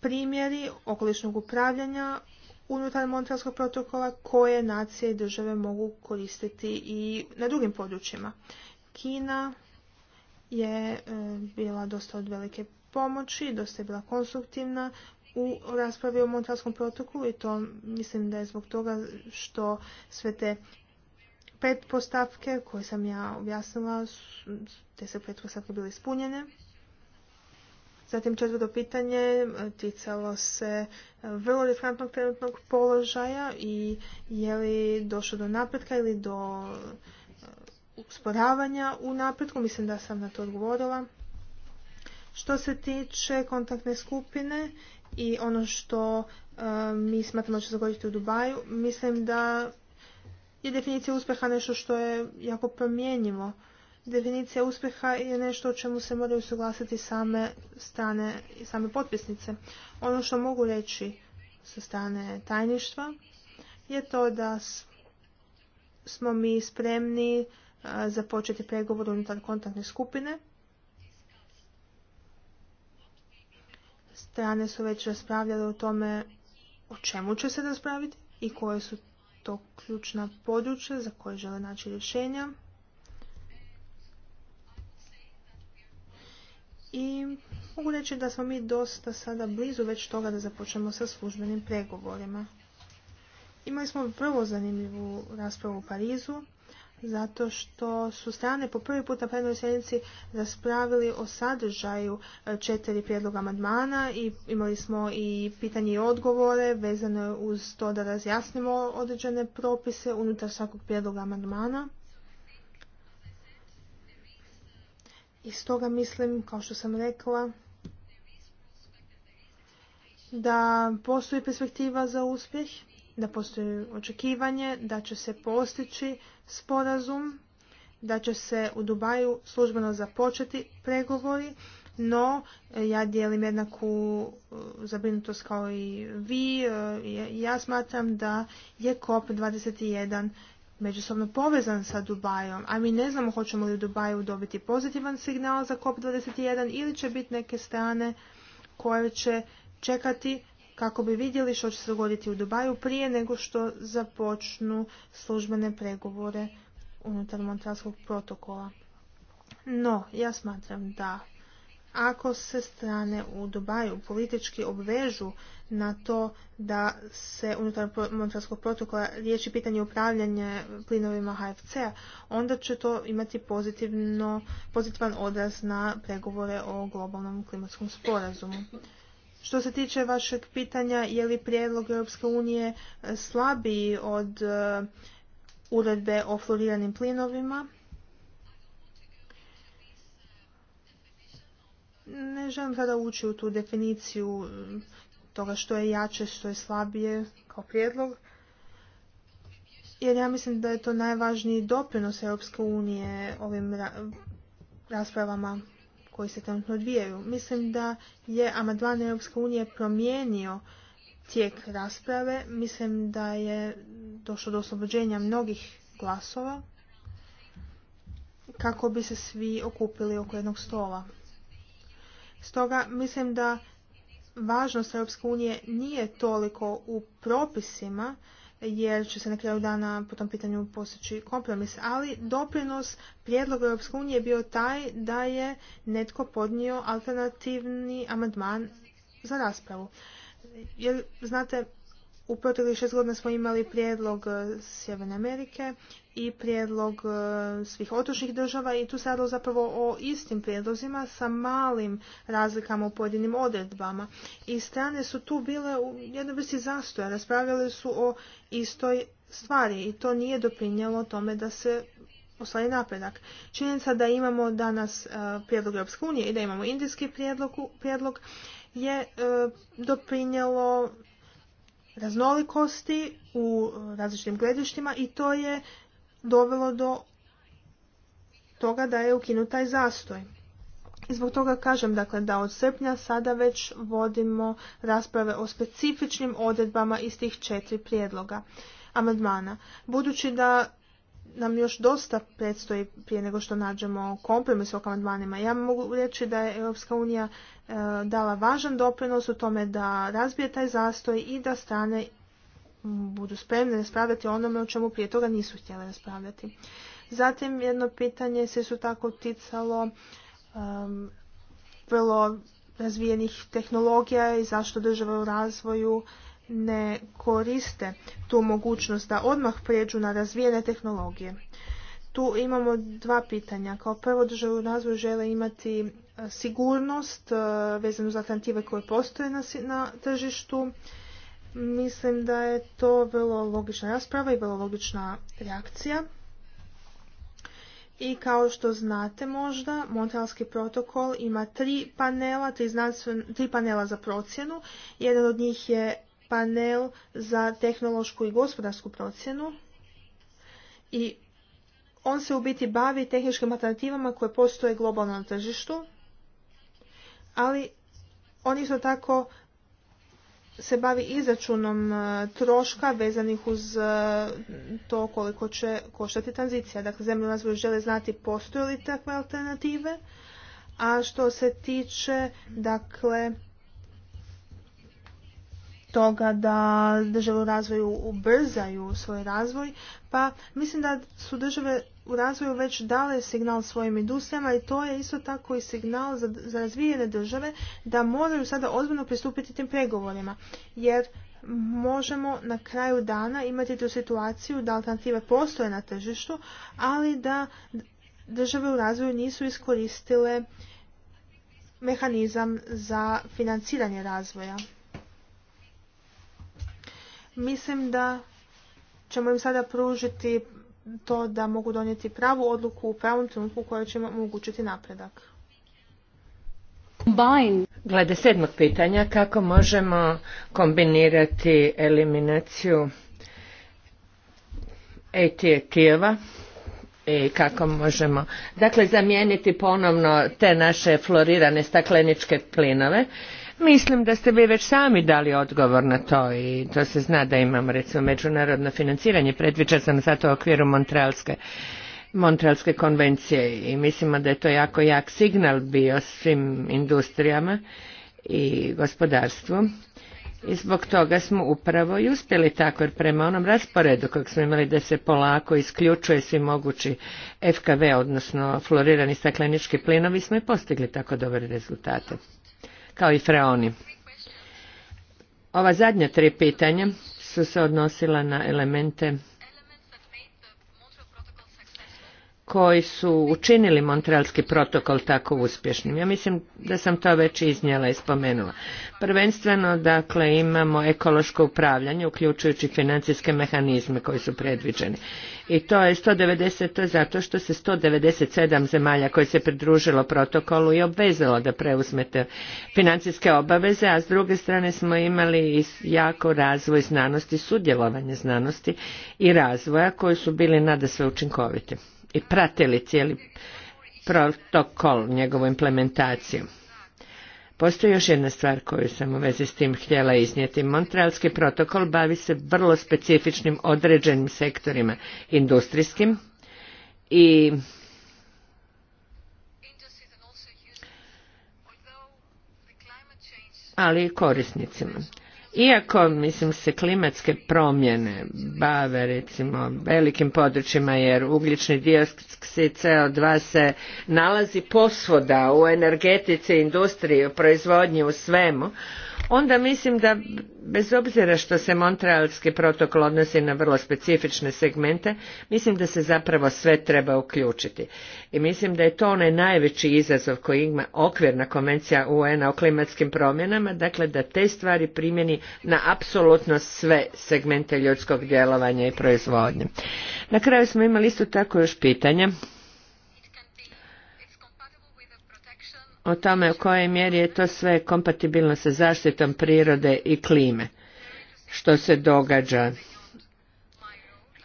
primjeri okolišnog upravljanja unutar Montrealskog protokola koje nacije i države mogu koristiti i na drugim područjima. Kina je e, bila dosta od velike pomoći, dosta je bila konstruktivna u raspravi o Montrealskom protokolu i to mislim da je zbog toga što sve te pretpostavke koje sam ja objasnila, te se pretpostavke bile ispunjene. Zatim četvrto pitanje e, ticalo se e, vrlo riskantnog trenutnog položaja i je li došlo do napretka ili do e, usporavanja u napretku. Mislim da sam na to odgovorila. Što se tiče kontaktne skupine i ono što mi smatramo će se dogoditi u Dubaju, mislim da je definicija uspjeha nešto što je jako promjenjivo definicija uspjeha je nešto o čemu se moraju suglasiti same strane i same potpisnice. Ono što mogu reći sa strane tajništva je to da smo mi spremni e, započeti pregovor unutar kontaktne skupine. Strane su već raspravljale o tome o čemu će se raspraviti i koje su to ključna područja za koje žele naći rješenja. i mogu reći da smo mi dosta sada blizu već toga da započnemo sa službenim pregovorima. Imali smo prvo zanimljivu raspravu u Parizu, zato što su strane po prvi puta na sjednici raspravili o sadržaju e, četiri prijedloga amandmana i imali smo i pitanje i odgovore vezane uz to da razjasnimo određene propise unutar svakog prijedloga amandmana. I stoga mislim, kao što sam rekla, da postoji perspektiva za uspjeh, da postoji očekivanje da će se postići sporazum, da će se u Dubaju službeno započeti pregovori, no ja dijelim jednaku e, zabrinutost kao i vi. E, ja smatram da je COP21 međusobno povezan sa Dubajom, a mi ne znamo hoćemo li u Dubaju dobiti pozitivan signal za COP21 ili će biti neke strane koje će čekati kako bi vidjeli što će se dogoditi u Dubaju prije nego što započnu službene pregovore unutar Montralskog protokola. No, ja smatram da ako se strane u Dubaju politički obvežu na to da se unutar Montrealskog protokola riječi pitanje upravljanja plinovima hfc onda će to imati pozitivno, pozitivan odraz na pregovore o globalnom klimatskom sporazumu. Što se tiče vašeg pitanja, je li prijedlog Europske unije slabiji od eh, uredbe o floriranim plinovima? Ne želim sada ući u tu definiciju toga što je jače, što je slabije kao prijedlog, jer ja mislim da je to najvažniji doprinos Europske unije ovim raspravama koji se trenutno odvijaju. Mislim da je amandman Europske unije promijenio tijek rasprave. Mislim da je došlo do oslobođenja mnogih glasova kako bi se svi okupili oko jednog stola. Stoga mislim da važnost Europske unije nije toliko u propisima, jer će se na kraju dana po tom pitanju postići kompromis, ali doprinos prijedloga Europske unije je bio taj da je netko podnio alternativni amandman za raspravu. Jer, znate, u proteklih šest godina smo imali prijedlog e, Sjeverne Amerike i prijedlog e, svih otočnih država i tu se radilo zapravo o istim prijedlozima sa malim razlikama u pojedinim odredbama. I strane su tu bile u jednom vrsti zastoja, raspravljale su o istoj stvari i to nije doprinjelo tome da se ostvari napredak. Činjenica da imamo danas e, prijedlog Europske unije i da imamo indijski prijedlog, prijedlog je doprinjelo raznolikosti u različitim gledištima i to je dovelo do toga da je ukinut taj zastoj. I zbog toga kažem dakle, da od srpnja sada već vodimo rasprave o specifičnim odredbama iz tih četiri prijedloga amandmana. Budući da nam još dosta predstoji prije nego što nađemo kompromis o amandmanima. Ja mogu reći da je Europska unija e, dala važan doprinos u tome da razbije taj zastoj i da strane budu spremne raspravljati onome o čemu prije toga nisu htjele raspravljati. Zatim jedno pitanje se su tako ticalo vrlo razvijenih tehnologija i zašto država u razvoju ne koriste tu mogućnost da odmah prijeđu na razvijene tehnologije. Tu imamo dva pitanja. Kao prvo države u razvoju žele imati e, sigurnost e, vezanu za alternative koje postoje na, tržištu. Mislim da je to vrlo logična rasprava i vrlo logična reakcija. I kao što znate možda, Montrealski protokol ima tri panela, tri, tri panela za procjenu. Jedan od njih je panel za tehnološku i gospodarsku procjenu i on se u biti bavi tehničkim alternativama koje postoje globalno na tržištu, ali on isto tako se bavi izračunom e, troška vezanih uz e, to koliko će koštati tranzicija. Dakle, zemlje u razvoju žele znati postoje li takve alternative, a što se tiče dakle toga da države u razvoju ubrzaju svoj razvoj, pa mislim da su države u razvoju već dale signal svojim industrijama i to je isto tako i signal za, razvijene države da moraju sada ozbiljno pristupiti tim pregovorima. Jer možemo na kraju dana imati tu situaciju da alternative postoje na tržištu, ali da države u razvoju nisu iskoristile mehanizam za financiranje razvoja. Mislim da ćemo im sada pružiti to da mogu donijeti pravu odluku u pravom trenutku koja će im omogućiti napredak. Glede sedmog pitanja, kako možemo kombinirati eliminaciju ET Kijeva i kako možemo dakle zamijeniti ponovno te naše florirane stakleničke plinove Mislim da ste vi već sami dali odgovor na to i to se zna da imamo recimo međunarodno financiranje, predviđa sam zato u okviru Montrealske Montrealske konvencije i mislimo da je to jako jak signal bio svim industrijama i gospodarstvu i zbog toga smo upravo i uspjeli tako jer prema onom rasporedu kojeg smo imali da se polako isključuje svi mogući FKV odnosno fluorirani staklenički plinovi smo i postigli tako dobre rezultate kao i freoni. Ova zadnja tri pitanja su se odnosila na elemente koji su učinili Montrealski protokol tako uspješnim. Ja mislim da sam to već iznijela i spomenula. Prvenstveno, dakle, imamo ekološko upravljanje, uključujući financijske mehanizme koji su predviđeni. I to je 190, zato što se 197 zemalja koje se pridružilo protokolu i obvezalo da preuzmete financijske obaveze, a s druge strane smo imali i jako razvoj znanosti, sudjelovanje znanosti i razvoja koji su bili nada sve učinkoviti i pratili cijeli protokol, njegovu implementaciju. Postoji još jedna stvar koju sam u vezi s tim htjela iznijeti. Montrealski protokol bavi se vrlo specifičnim određenim sektorima industrijskim i ali i korisnicima. Iako, mislim se, klimatske promjene bave, recimo, velikim područjima, jer ugljični dioksid CO2 se nalazi posvoda u energetici, industriji, u proizvodnji, u svemu, onda mislim da bez obzira što se Montrealski protokol odnosi na vrlo specifične segmente, mislim da se zapravo sve treba uključiti. I mislim da je to onaj najveći izazov koji ima okvirna konvencija UN-a o klimatskim promjenama, dakle da te stvari primjeni na apsolutno sve segmente ljudskog djelovanja i proizvodnje. Na kraju smo imali isto tako još pitanja. o tome u kojoj mjeri je to sve kompatibilno sa zaštitom prirode i klime što se događa.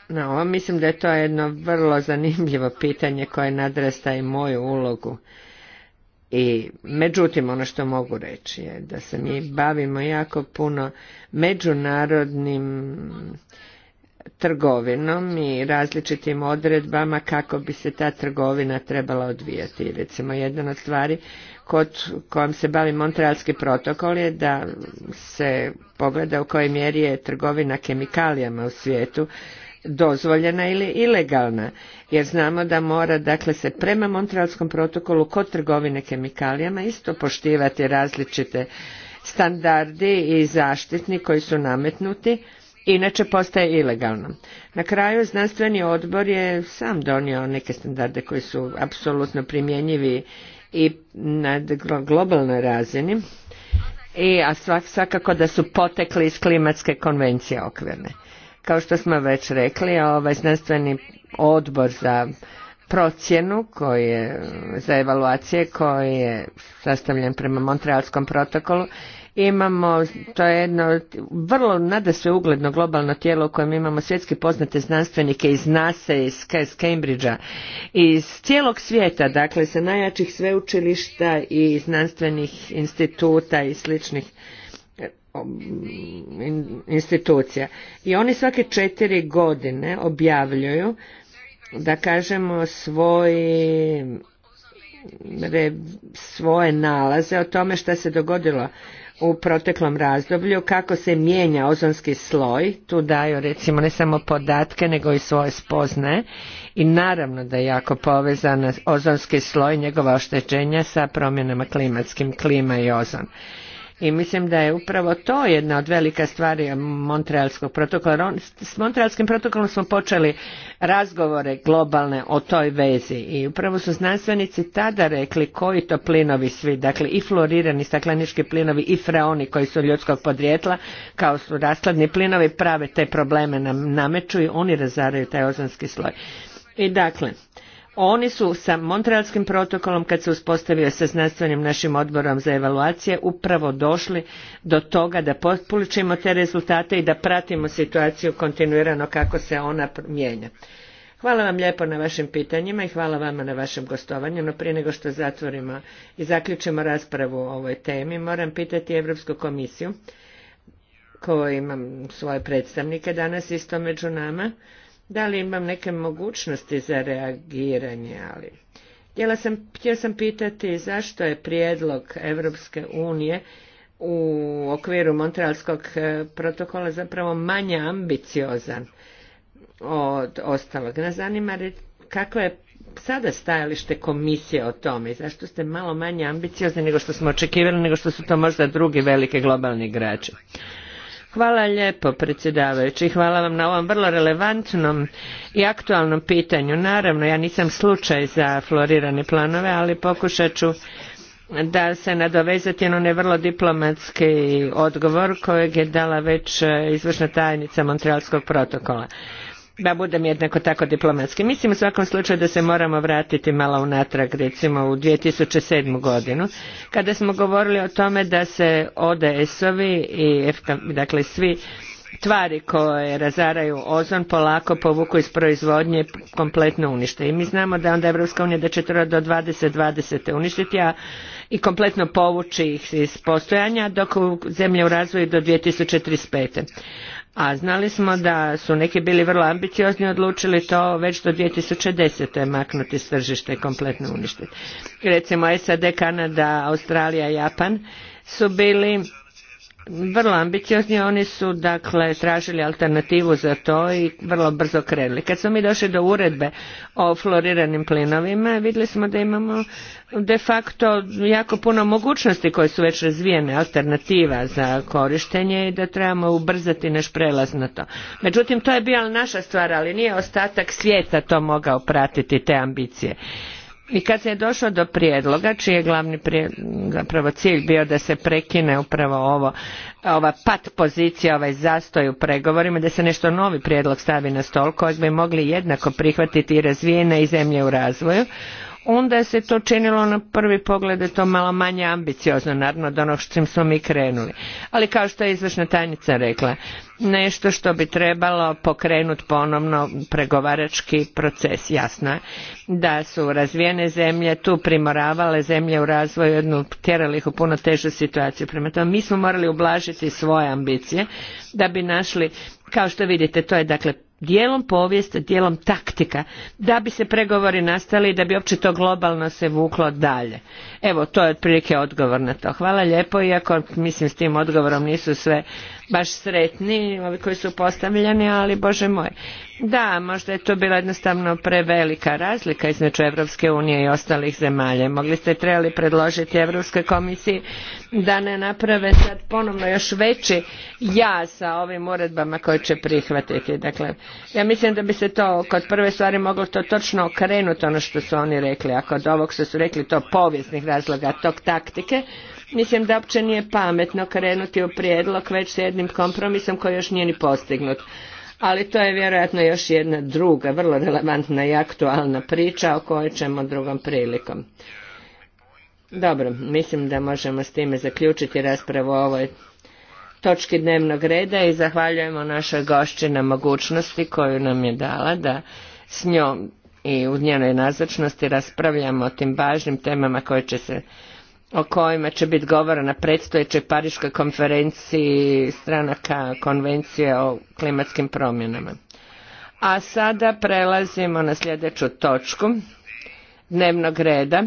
No, mislim da je to jedno vrlo zanimljivo pitanje koje nadrasta i moju ulogu. I međutim, ono što mogu reći je da se mi bavimo jako puno međunarodnim trgovinom i različitim odredbama kako bi se ta trgovina trebala odvijati. Recimo jedna od stvari kod kojom se bavi Montrealski protokol je da se pogleda u kojoj mjeri je trgovina kemikalijama u svijetu dozvoljena ili ilegalna, jer znamo da mora dakle se prema Montrealskom protokolu kod trgovine kemikalijama isto poštivati različite standardi i zaštitni koji su nametnuti inače postaje ilegalno. Na kraju znanstveni odbor je sam donio neke standarde koji su apsolutno primjenjivi i na globalnoj razini, a svakako da su potekli iz klimatske konvencije okvirne. Kao što smo već rekli, ovaj znanstveni odbor za procjenu je, za evaluacije koji je sastavljen prema Montrealskom protokolu imamo, to je jedno vrlo nada sve ugledno globalno tijelo u kojem imamo svjetski poznate znanstvenike iz NASA, iz, Cambridgea, iz cijelog svijeta, dakle sa najjačih sveučilišta i znanstvenih instituta i sličnih e, institucija. I oni svake četiri godine objavljuju, da kažemo, svoj svoje nalaze o tome što se dogodilo u proteklom razdoblju, kako se mijenja ozonski sloj, tu daju recimo ne samo podatke nego i svoje spoznaje i naravno da je jako povezan ozonski sloj njegova oštećenja sa promjenama klimatskim klima i ozon. I mislim da je upravo to jedna od velika stvari Montrealskog protokola. S Montrealskim protokolom smo počeli razgovore globalne o toj vezi i upravo su znanstvenici tada rekli koji to plinovi svi, dakle i florirani staklenički plinovi i freoni koji su ljudskog podrijetla, kao su raskladni plinovi, prave te probleme nam nameću i oni razaraju taj ozonski sloj. I dakle, oni su sa Montrealskim protokolom, kad se uspostavio sa znanstvenim našim odborom za evaluacije, upravo došli do toga da potpuličimo te rezultate i da pratimo situaciju kontinuirano kako se ona mijenja. Hvala vam lijepo na vašim pitanjima i hvala vama na vašem gostovanju, no prije nego što zatvorimo i zaključimo raspravu o ovoj temi, moram pitati Europsku komisiju, koju imam svoje predstavnike danas isto među nama, da li imam neke mogućnosti za reagiranje, ali htjela sam, htjela sam pitati zašto je prijedlog Europske unije u okviru Montrealskog e, protokola zapravo manje ambiciozan od ostalog. na zanima kako je sada stajalište komisije o tome i zašto ste malo manje ambiciozni nego što smo očekivali, nego što su to možda drugi velike globalni igrači. Hvala lijepo predsjedavajući, hvala vam na ovom vrlo relevantnom i aktualnom pitanju. Naravno, ja nisam slučaj za florirane planove, ali pokušat ću da se nadovezati na onaj vrlo diplomatski odgovor kojeg je dala već izvršna tajnica Montrealskog protokola da budem jednako tako diplomatski. Mislim u svakom slučaju da se moramo vratiti malo unatrag, recimo u 2007. godinu, kada smo govorili o tome da se ODS-ovi i dakle svi tvari koje razaraju ozon polako povuku iz proizvodnje kompletno unište. I mi znamo da onda Evropska unija da će to do 2020. uništiti a i kompletno povući ih iz postojanja dok zemlje u razvoju do 2035 a znali smo da su neki bili vrlo ambiciozni odlučili to već do 2010. maknuti s i kompletno uništiti. Recimo SAD, Kanada, Australija, Japan su bili vrlo ambiciozni, oni su dakle tražili alternativu za to i vrlo brzo krenuli. Kad smo mi došli do uredbe o floriranim plinovima, vidjeli smo da imamo de facto jako puno mogućnosti koje su već razvijene, alternativa za korištenje i da trebamo ubrzati naš prelaz na to. Međutim, to je bila naša stvar, ali nije ostatak svijeta to mogao pratiti, te ambicije. I kad je došlo do prijedloga, čiji je glavni zapravo cilj bio da se prekine upravo ovo, ova pat pozicija, ovaj zastoj u pregovorima, da se nešto novi prijedlog stavi na stol kojeg bi mogli jednako prihvatiti i razvijene i zemlje u razvoju, onda se to činilo na prvi pogled da je to malo manje ambiciozno naravno od onog s čim smo mi krenuli. Ali kao što je izvršna tajnica rekla, nešto što bi trebalo pokrenuti ponovno pregovarački proces. Jasno je da su razvijene zemlje tu primoravale zemlje u razvoju, jednu, tjerali ih u puno težu situaciju. Prema tome mi smo morali ublažiti svoje ambicije da bi našli, kao što vidite, to je dakle dijelom povijest, dijelom taktika, da bi se pregovori nastali i da bi opće to globalno se vuklo dalje. Evo, to je otprilike odgovor na to. Hvala lijepo, iako mislim s tim odgovorom nisu sve baš sretni, ovi koji su postavljeni, ali bože moj. Da, možda je to bila jednostavno prevelika razlika između Evropske unije i ostalih zemalja. Mogli ste trebali predložiti Evropskoj komisiji da ne naprave sad ponovno još veći ja sa ovim uredbama koje će prihvatiti. Dakle, ja mislim da bi se to kod prve stvari moglo to točno okrenuti ono što su oni rekli, a kod ovog što su rekli to povijesnih razloga, tog taktike, mislim da uopće nije pametno krenuti u prijedlog već s jednim kompromisom koji još nije ni postignut. Ali to je vjerojatno još jedna druga, vrlo relevantna i aktualna priča o kojoj ćemo drugom prilikom. Dobro, mislim da možemo s time zaključiti raspravu o ovoj točki dnevnog reda i zahvaljujemo našoj gošći na mogućnosti koju nam je dala da s njom i u njenoj nazočnosti raspravljamo o tim važnim temama koje će se o kojima će biti govora na predstojećoj Pariškoj konferenciji stranaka konvencije o klimatskim promjenama. A sada prelazimo na sljedeću točku dnevnog reda.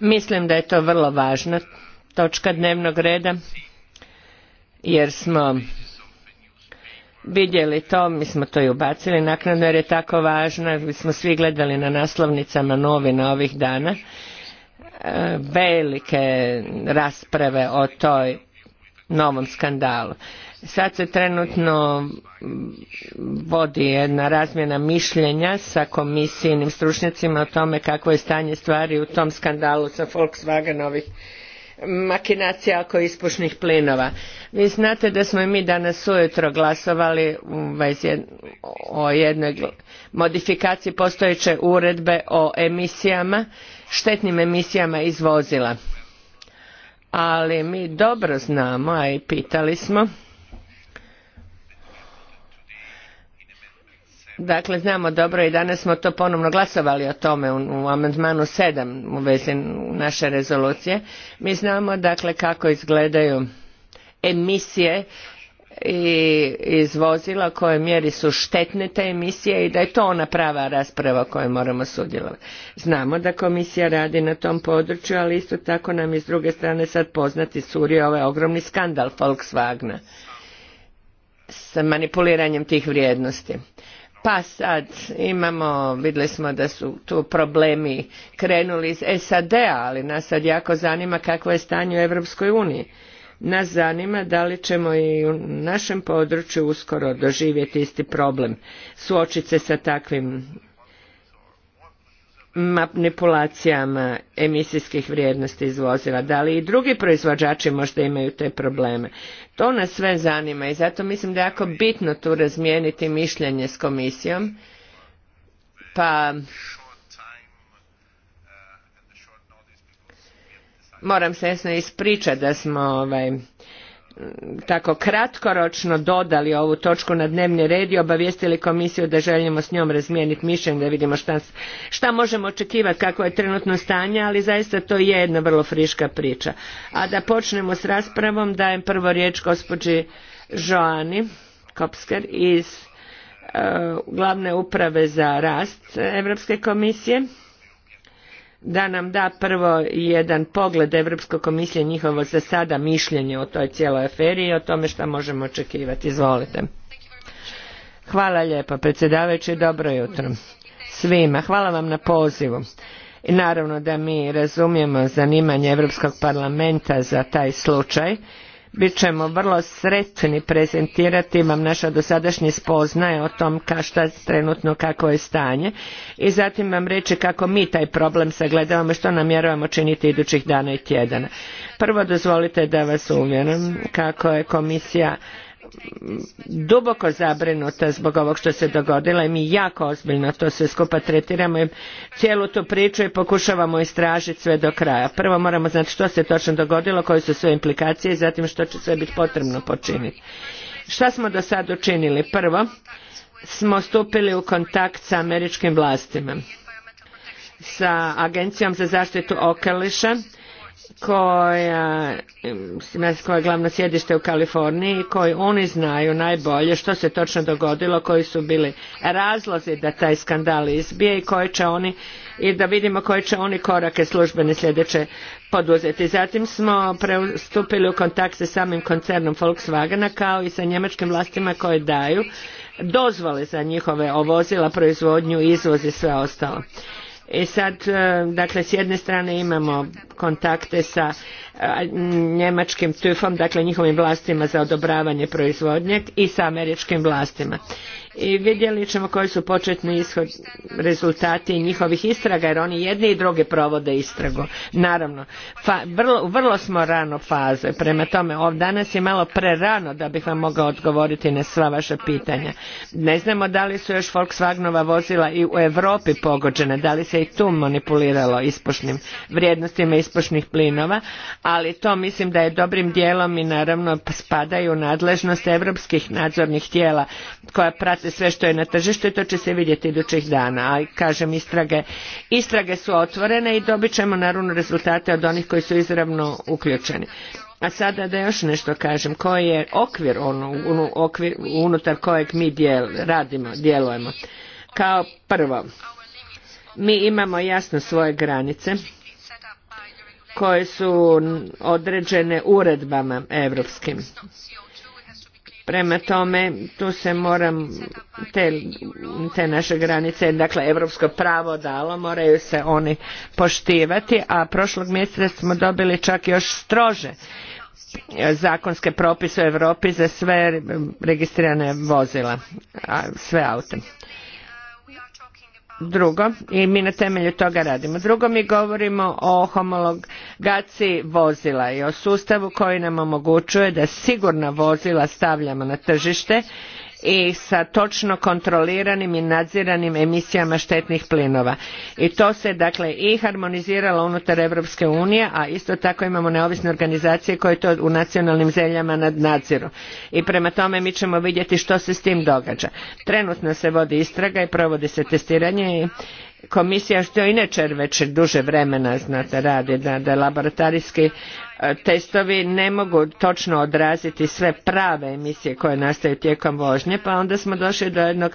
Mislim da je to vrlo važna točka dnevnog reda jer smo vidjeli to, mi smo to i ubacili naknadno jer je tako važno, jer smo svi gledali na naslovnicama novina ovih dana e, velike rasprave o toj novom skandalu. Sad se trenutno vodi jedna razmjena mišljenja sa komisijnim stručnjacima o tome kakvo je stanje stvari u tom skandalu sa Volkswagenovih makinacija oko ispušnih plinova. Vi znate da smo i mi danas ujutro glasovali o jednoj modifikaciji postojeće uredbe o emisijama, štetnim emisijama iz vozila. Ali mi dobro znamo, a i pitali smo, Dakle, znamo dobro i danas smo to ponovno glasovali o tome u, amandmanu 7 u vezi naše rezolucije. Mi znamo dakle kako izgledaju emisije i iz vozila u kojoj mjeri su štetne te emisije i da je to ona prava rasprava o kojoj moramo sudjelovati. Znamo da komisija radi na tom području, ali isto tako nam je s druge strane sad poznati curio ovaj ogromni skandal Volkswagena sa manipuliranjem tih vrijednosti pa sad imamo, vidjeli smo da su tu problemi krenuli iz SAD-a, ali nas sad jako zanima kakvo je stanje u Europskoj uniji. Nas zanima da li ćemo i u našem području uskoro doživjeti isti problem, suočiti se sa takvim manipulacijama emisijskih vrijednosti izvozila, da li i drugi proizvođači možda imaju te probleme. To nas sve zanima i zato mislim da je jako bitno tu razmijeniti mišljenje s komisijom, pa moram se jasno ispričati da smo ovaj, tako kratkoročno dodali ovu točku na dnevni red i obavijestili komisiju da želimo s njom razmijeniti mišljenje da vidimo šta, možemo očekivati kako je trenutno stanje ali zaista to je jedna vrlo friška priča a da počnemo s raspravom dajem prvo riječ gospođi Joani Kopsker iz e, glavne uprave za rast Europske komisije da nam da prvo jedan pogled Europske komisije njihovo za sada mišljenje o toj cijeloj aferi i o tome što možemo očekivati. Izvolite. Hvala lijepo predsjedavajući, dobro jutro svima. Hvala vam na pozivu. I naravno da mi razumijemo zanimanje Europskog parlamenta za taj slučaj bit ćemo vrlo sretni prezentirati vam naša dosadašnje spoznaje o tom ka šta trenutno kako je stanje i zatim vam reći kako mi taj problem sagledavamo i što namjeravamo činiti idućih dana i tjedana. Prvo dozvolite da vas uvjerim kako je komisija duboko zabrinuta zbog ovog što se dogodilo i mi jako ozbiljno to sve skupa tretiramo i cijelu tu priču i pokušavamo istražiti sve do kraja. Prvo moramo znati što se točno dogodilo, koje su sve implikacije i zatim što će sve biti potrebno počiniti. Šta smo do sad učinili? Prvo, smo stupili u kontakt sa američkim vlastima, sa Agencijom za zaštitu okoliša koja, koja je glavno sjedište u Kaliforniji koji oni znaju najbolje što se točno dogodilo, koji su bili razlozi da taj skandal izbije i koje će oni i da vidimo koje će oni korake službene sljedeće poduzeti. Zatim smo preustupili u kontakt sa samim koncernom Volkswagena kao i sa njemačkim vlastima koje daju dozvole za njihove ovozila, proizvodnju, izvoz i sve ostalo. I e sad, e, dakle, s jedne strane imamo kontakte sa e, njemačkim tüv dakle njihovim vlastima za odobravanje proizvodnje i sa američkim vlastima i vidjeli ćemo koji su početni ishod, rezultati njihovih istraga jer oni jedni i drugi provode istragu. Naravno, vrlo, vrlo smo rano faze, prema tome ov, danas je malo prerano da bih vam mogao odgovoriti na sva vaša pitanja. Ne znamo da li su još Volkswagenova vozila i u Europi pogođena, da li se i tu manipuliralo ispušnim vrijednostima ispušnih plinova, ali to mislim da je dobrim dijelom i naravno spadaju nadležnost europskih nadzornih tijela koja prate sve što je na tržištu i to će se vidjeti idućih dana. A kažem, istrage, istrage su otvorene i dobit ćemo naravno rezultate od onih koji su izravno uključeni. A sada da još nešto kažem, koji je okvir, ono, okvir unutar kojeg mi djel, radimo, djelujemo. Kao prvo, mi imamo jasno svoje granice koje su određene uredbama europskim Prema tome, tu se moram, te, naše granice, dakle, evropsko pravo dalo, moraju se oni poštivati, a prošlog mjeseca smo dobili čak još strože zakonske propise u Europi za sve registrirane vozila, sve aute drugo i mi na temelju toga radimo. Drugo mi govorimo o homologaciji vozila i o sustavu koji nam omogućuje da sigurna vozila stavljamo na tržište i sa točno kontroliranim i nadziranim emisijama štetnih plinova. I to se dakle i harmoniziralo unutar Europske unije, a isto tako imamo neovisne organizacije koje to u nacionalnim zemljama nadziru. I prema tome mi ćemo vidjeti što se s tim događa. Trenutno se vodi istraga i provodi se testiranje i komisija što inače već duže vremena znate radi da, da laboratorijski e, testovi ne mogu točno odraziti sve prave emisije koje nastaju tijekom vožnje pa onda smo došli do jednog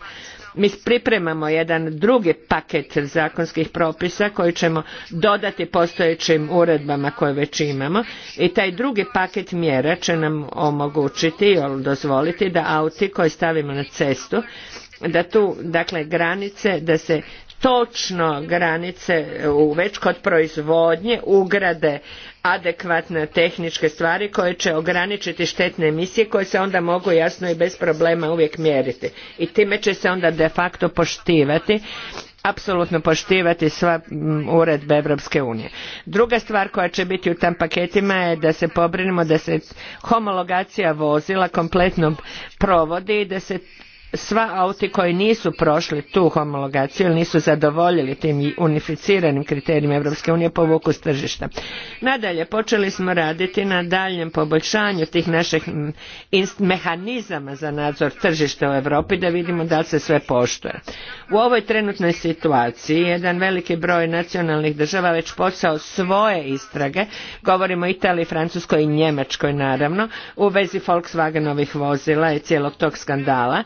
mi pripremamo jedan drugi paket zakonskih propisa koji ćemo dodati postojećim uredbama koje već imamo i taj drugi paket mjera će nam omogućiti i dozvoliti da auti koje stavimo na cestu da tu dakle granice da se točno granice u, već kod proizvodnje ugrade adekvatne tehničke stvari koje će ograničiti štetne emisije koje se onda mogu jasno i bez problema uvijek mjeriti i time će se onda de facto poštivati apsolutno poštivati sva uredbe Europske unije. Druga stvar koja će biti u tam paketima je da se pobrinimo da se homologacija vozila kompletno provodi i da se sva auti koji nisu prošli tu homologaciju ili nisu zadovoljili tim unificiranim kriterijima Europske unije povuku s tržišta. Nadalje, počeli smo raditi na daljem poboljšanju tih naših mehanizama za nadzor tržišta u Europi da vidimo da li se sve poštuje. U ovoj trenutnoj situaciji jedan veliki broj nacionalnih država već posao svoje istrage, govorimo o Italiji, Francuskoj i Njemačkoj naravno, u vezi Volkswagenovih vozila i cijelog tog skandala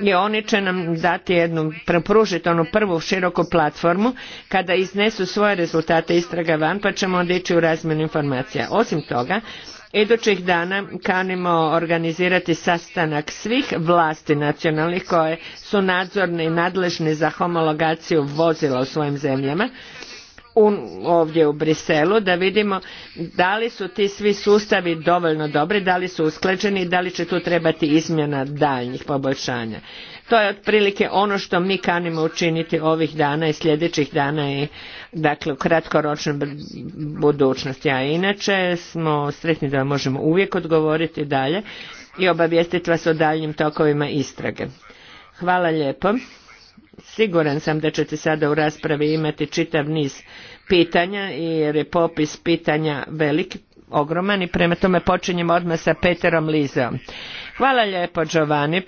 i oni će nam dati jednu, pružiti onu prvu široku platformu kada iznesu svoje rezultate istraga van pa ćemo onda ići u razmjenu informacija. Osim toga, Idućih dana kanimo organizirati sastanak svih vlasti nacionalnih koje su nadzorne i nadležne za homologaciju vozila u svojim zemljama ovdje u Briselu da vidimo da li su ti svi sustavi dovoljno dobri, da li su usklađeni i da li će tu trebati izmjena daljnjih poboljšanja. To je otprilike ono što mi kanimo učiniti ovih dana i sljedećih dana i dakle u kratkoročnoj budućnosti. A inače smo sretni da možemo uvijek odgovoriti dalje i obavijestiti vas o daljnjim tokovima istrage. Hvala lijepo siguran sam da ćete sada u raspravi imati čitav niz pitanja jer je popis pitanja velik, ogroman i prema tome počinjemo odmah sa Peterom Lizom. Hvala lijepo Giovanni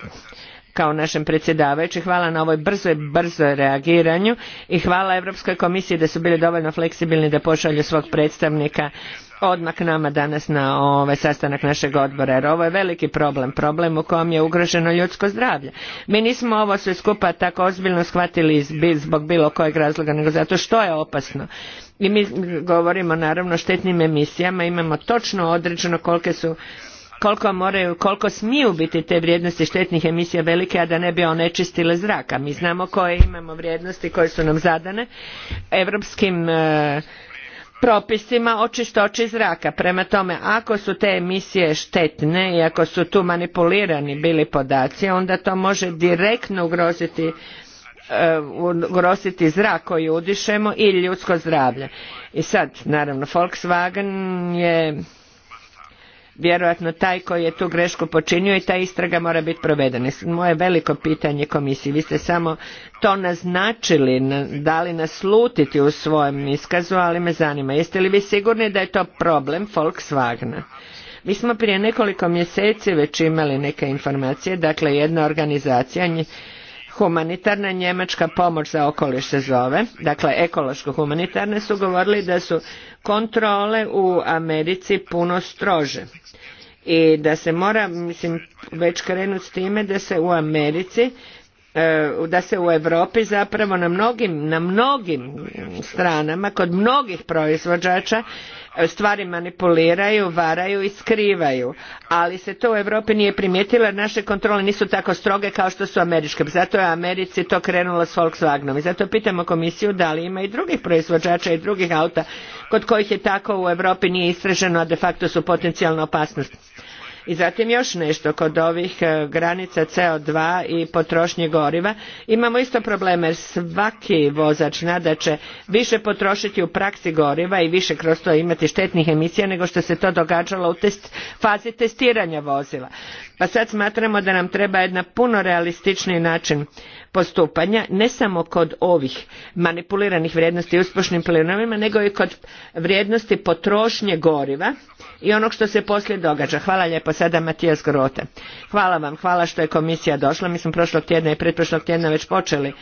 kao našem predsjedavajući. Hvala na ovoj brzoj, brzoj reagiranju i hvala Europskoj komisiji da su bili dovoljno fleksibilni da pošalju svog predstavnika odmah nama danas na ovaj sastanak našeg odbora jer ovo je veliki problem, problem u kojem je ugroženo ljudsko zdravlje. Mi nismo ovo sve skupa tako ozbiljno shvatili zbog bilo kojeg razloga nego zato što je opasno. I mi govorimo naravno o štetnim emisijama, imamo točno određeno kolike su koliko moraju, koliko smiju biti te vrijednosti štetnih emisija velike, a da ne bi onečistile zraka. Mi znamo koje imamo vrijednosti koje su nam zadane europskim e, propisima o čistoći zraka. Prema tome, ako su te emisije štetne i ako su tu manipulirani bili podaci, onda to može direktno ugroziti e, ugrositi zrak koji udišemo i ljudsko zdravlje. I sad, naravno, Volkswagen je vjerojatno taj koji je tu grešku počinio i ta istraga mora biti provedena. Moje veliko pitanje komisiji, vi ste samo to naznačili, dali naslutiti u svojem iskazu, ali me zanima, jeste li vi sigurni da je to problem Volkswagena? Mi smo prije nekoliko mjeseci već imali neke informacije, dakle jedna organizacija humanitarna njemačka pomoć za okoliš se zove, dakle ekološko humanitarne su govorili da su kontrole u Americi puno strože i da se mora mislim već krenuti s time da se u Americi e, da se u Europi zapravo na mnogim, na mnogim stranama kod mnogih proizvođača E, stvari manipuliraju, varaju i skrivaju. Ali se to u Europi nije primijetilo jer naše kontrole nisu tako stroge kao što su američke. Zato je Americi to krenulo s Volkswagenom. I zato pitamo komisiju da li ima i drugih proizvođača i drugih auta kod kojih je tako u Europi nije istraženo, a de facto su potencijalna opasnost i zatim još nešto kod ovih e, granica CO2 i potrošnje goriva. Imamo isto probleme. Svaki vozač nada će više potrošiti u praksi goriva i više kroz to imati štetnih emisija nego što se to događalo u test, fazi testiranja vozila. Pa sad smatramo da nam treba jedna puno realističniji način postupanja, ne samo kod ovih manipuliranih vrijednosti uspošnim plinovima, nego i kod vrijednosti potrošnje goriva i onog što se poslije događa. Hvala lijepo sada Matijas Grote. Hvala vam, hvala što je komisija došla. Mi smo prošlog tjedna i pretprošlog tjedna već počeli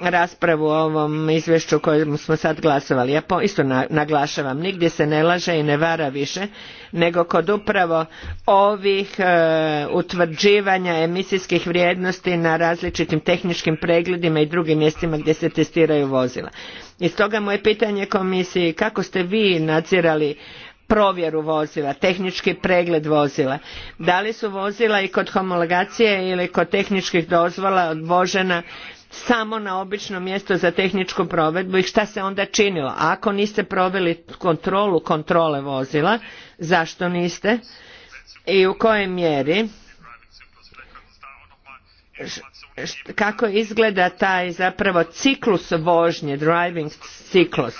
raspravu o ovom izvješću kojem smo sad glasovali. Ja isto naglašavam, nigdje se ne laže i ne vara više nego kod upravo ovih e, utvrđivanja emisijskih vrijednosti na različitim tehničkim pregledima i drugim mjestima gdje se testiraju vozila. I stoga moje pitanje komisiji kako ste vi nadzirali provjeru vozila, tehnički pregled vozila. Da li su vozila i kod homologacije ili kod tehničkih dozvola odvožena samo na obično mjesto za tehničku provedbu i šta se onda činilo. ako niste proveli kontrolu kontrole vozila, zašto niste i u kojoj mjeri, kako izgleda taj zapravo ciklus vožnje, driving ciklus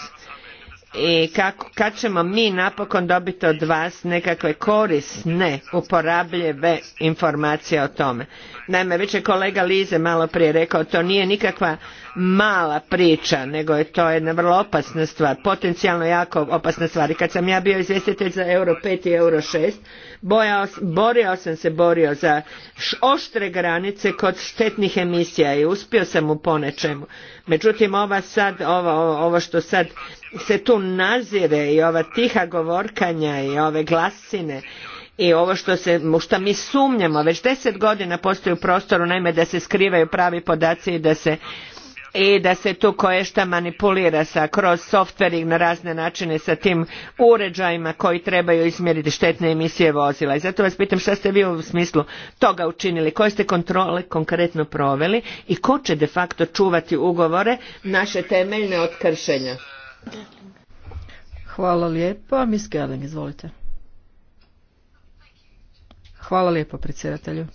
i kako, kad ćemo mi napokon dobiti od vas nekakve korisne, uporabljive informacije o tome. Naime, već je kolega Lize malo prije rekao, to nije nikakva mala priča, nego je to jedna vrlo opasna stvar, potencijalno jako opasna stvar. I kad sam ja bio izvjestitelj za Euro 5 i Euro 6, bojao, borio sam se borio za oštre granice kod štetnih emisija i uspio sam u ponečemu. Međutim, ova sad, ovo, ovo što sad se tu nazire i ova tiha govorkanja i ove glasine i ovo što se, što mi sumnjamo, već deset godina postoji u prostoru, naime da se skrivaju pravi podaci i da se i da se tu koješta manipulira sa kroz software na razne načine sa tim uređajima koji trebaju izmjeriti štetne emisije vozila. I zato vas pitam šta ste vi u smislu toga učinili, koje ste kontrole konkretno proveli i ko će de facto čuvati ugovore naše temeljne od Hvala lijepa. Miss Gerling, izvolite. Hvala lijepo predsjedatelju.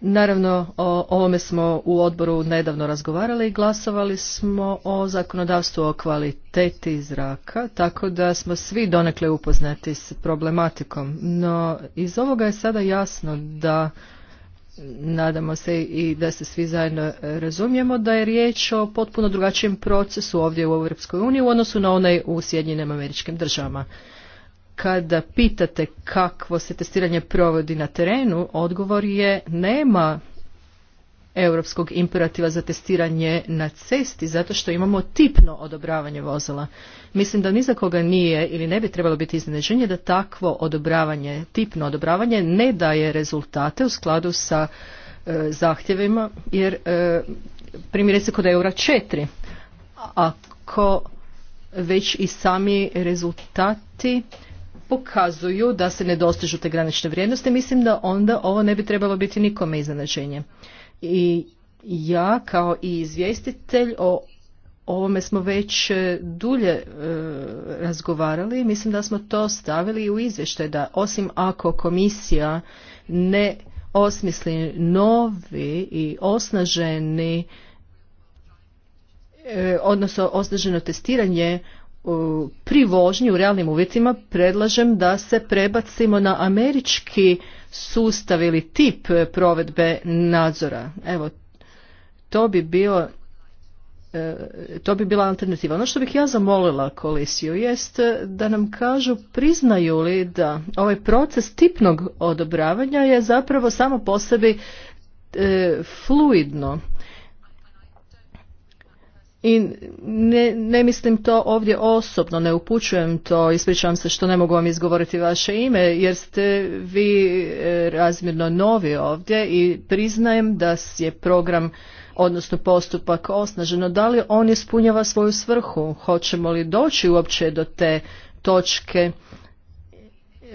Naravno, o ovome smo u odboru nedavno razgovarali i glasovali smo o zakonodavstvu o kvaliteti zraka, tako da smo svi donekle upoznati s problematikom. No, iz ovoga je sada jasno da nadamo se i da se svi zajedno e, razumijemo da je riječ o potpuno drugačijem procesu ovdje u Europskoj uniji u odnosu na onaj u Sjedinjenim američkim državama. Kada pitate kakvo se testiranje provodi na terenu, odgovor je nema europskog imperativa za testiranje na cesti zato što imamo tipno odobravanje vozila. Mislim da ni za koga nije ili ne bi trebalo biti iznenađenje da takvo odobravanje, tipno odobravanje ne daje rezultate u skladu sa e, zahtjevima jer e, primjerice kod eura 4 ako već i sami rezultati pokazuju da se ne dostižu te granične vrijednosti, mislim da onda ovo ne bi trebalo biti nikome iznenađenje. I ja kao i izvjestitelj o ovome smo već e, dulje e, razgovarali. Mislim da smo to stavili u izvještaj da osim ako komisija ne osmisli novi i osnaženi e, odnosno osnaženo testiranje pri vožnji u realnim uvjetima predlažem da se prebacimo na američki sustav ili tip provedbe nadzora. Evo, to bi bio e, to bi bila alternativa. Ono što bih ja zamolila kolisiju jest da nam kažu priznaju li da ovaj proces tipnog odobravanja je zapravo samo po sebi e, fluidno i ne, ne mislim to ovdje osobno, ne upućujem to, ispričavam se što ne mogu vam izgovoriti vaše ime jer ste vi e, razmjerno novi ovdje i priznajem da je program odnosno postupak osnaženo, da li on ispunjava svoju svrhu, hoćemo li doći uopće do te točke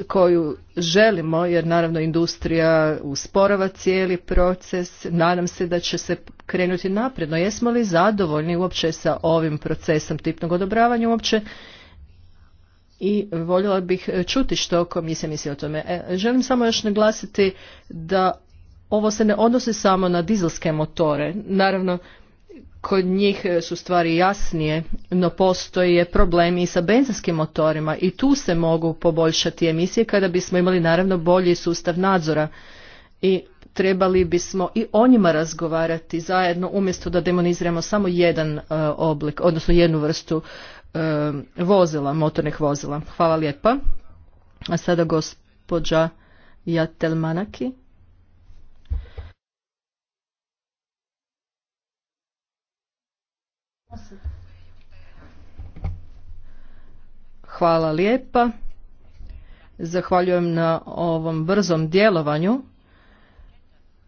koju želimo, jer naravno industrija usporava cijeli proces, nadam se da će se krenuti napredno. Jesmo li zadovoljni uopće sa ovim procesom tipnog odobravanja uopće? i voljela bih čuti što komisija misli o tome. E, želim samo još naglasiti da ovo se ne odnosi samo na dizelske motore. Naravno, kod njih e, su stvari jasnije, no postoje problemi i sa benzinskim motorima i tu se mogu poboljšati emisije kada bismo imali naravno bolji sustav nadzora i trebali bismo i o njima razgovarati zajedno umjesto da demoniziramo samo jedan e, oblik, odnosno jednu vrstu e, vozila, motornih vozila. Hvala lijepa. A sada gospođa Jatelmanaki. Hvala lijepa. Zahvaljujem na ovom brzom djelovanju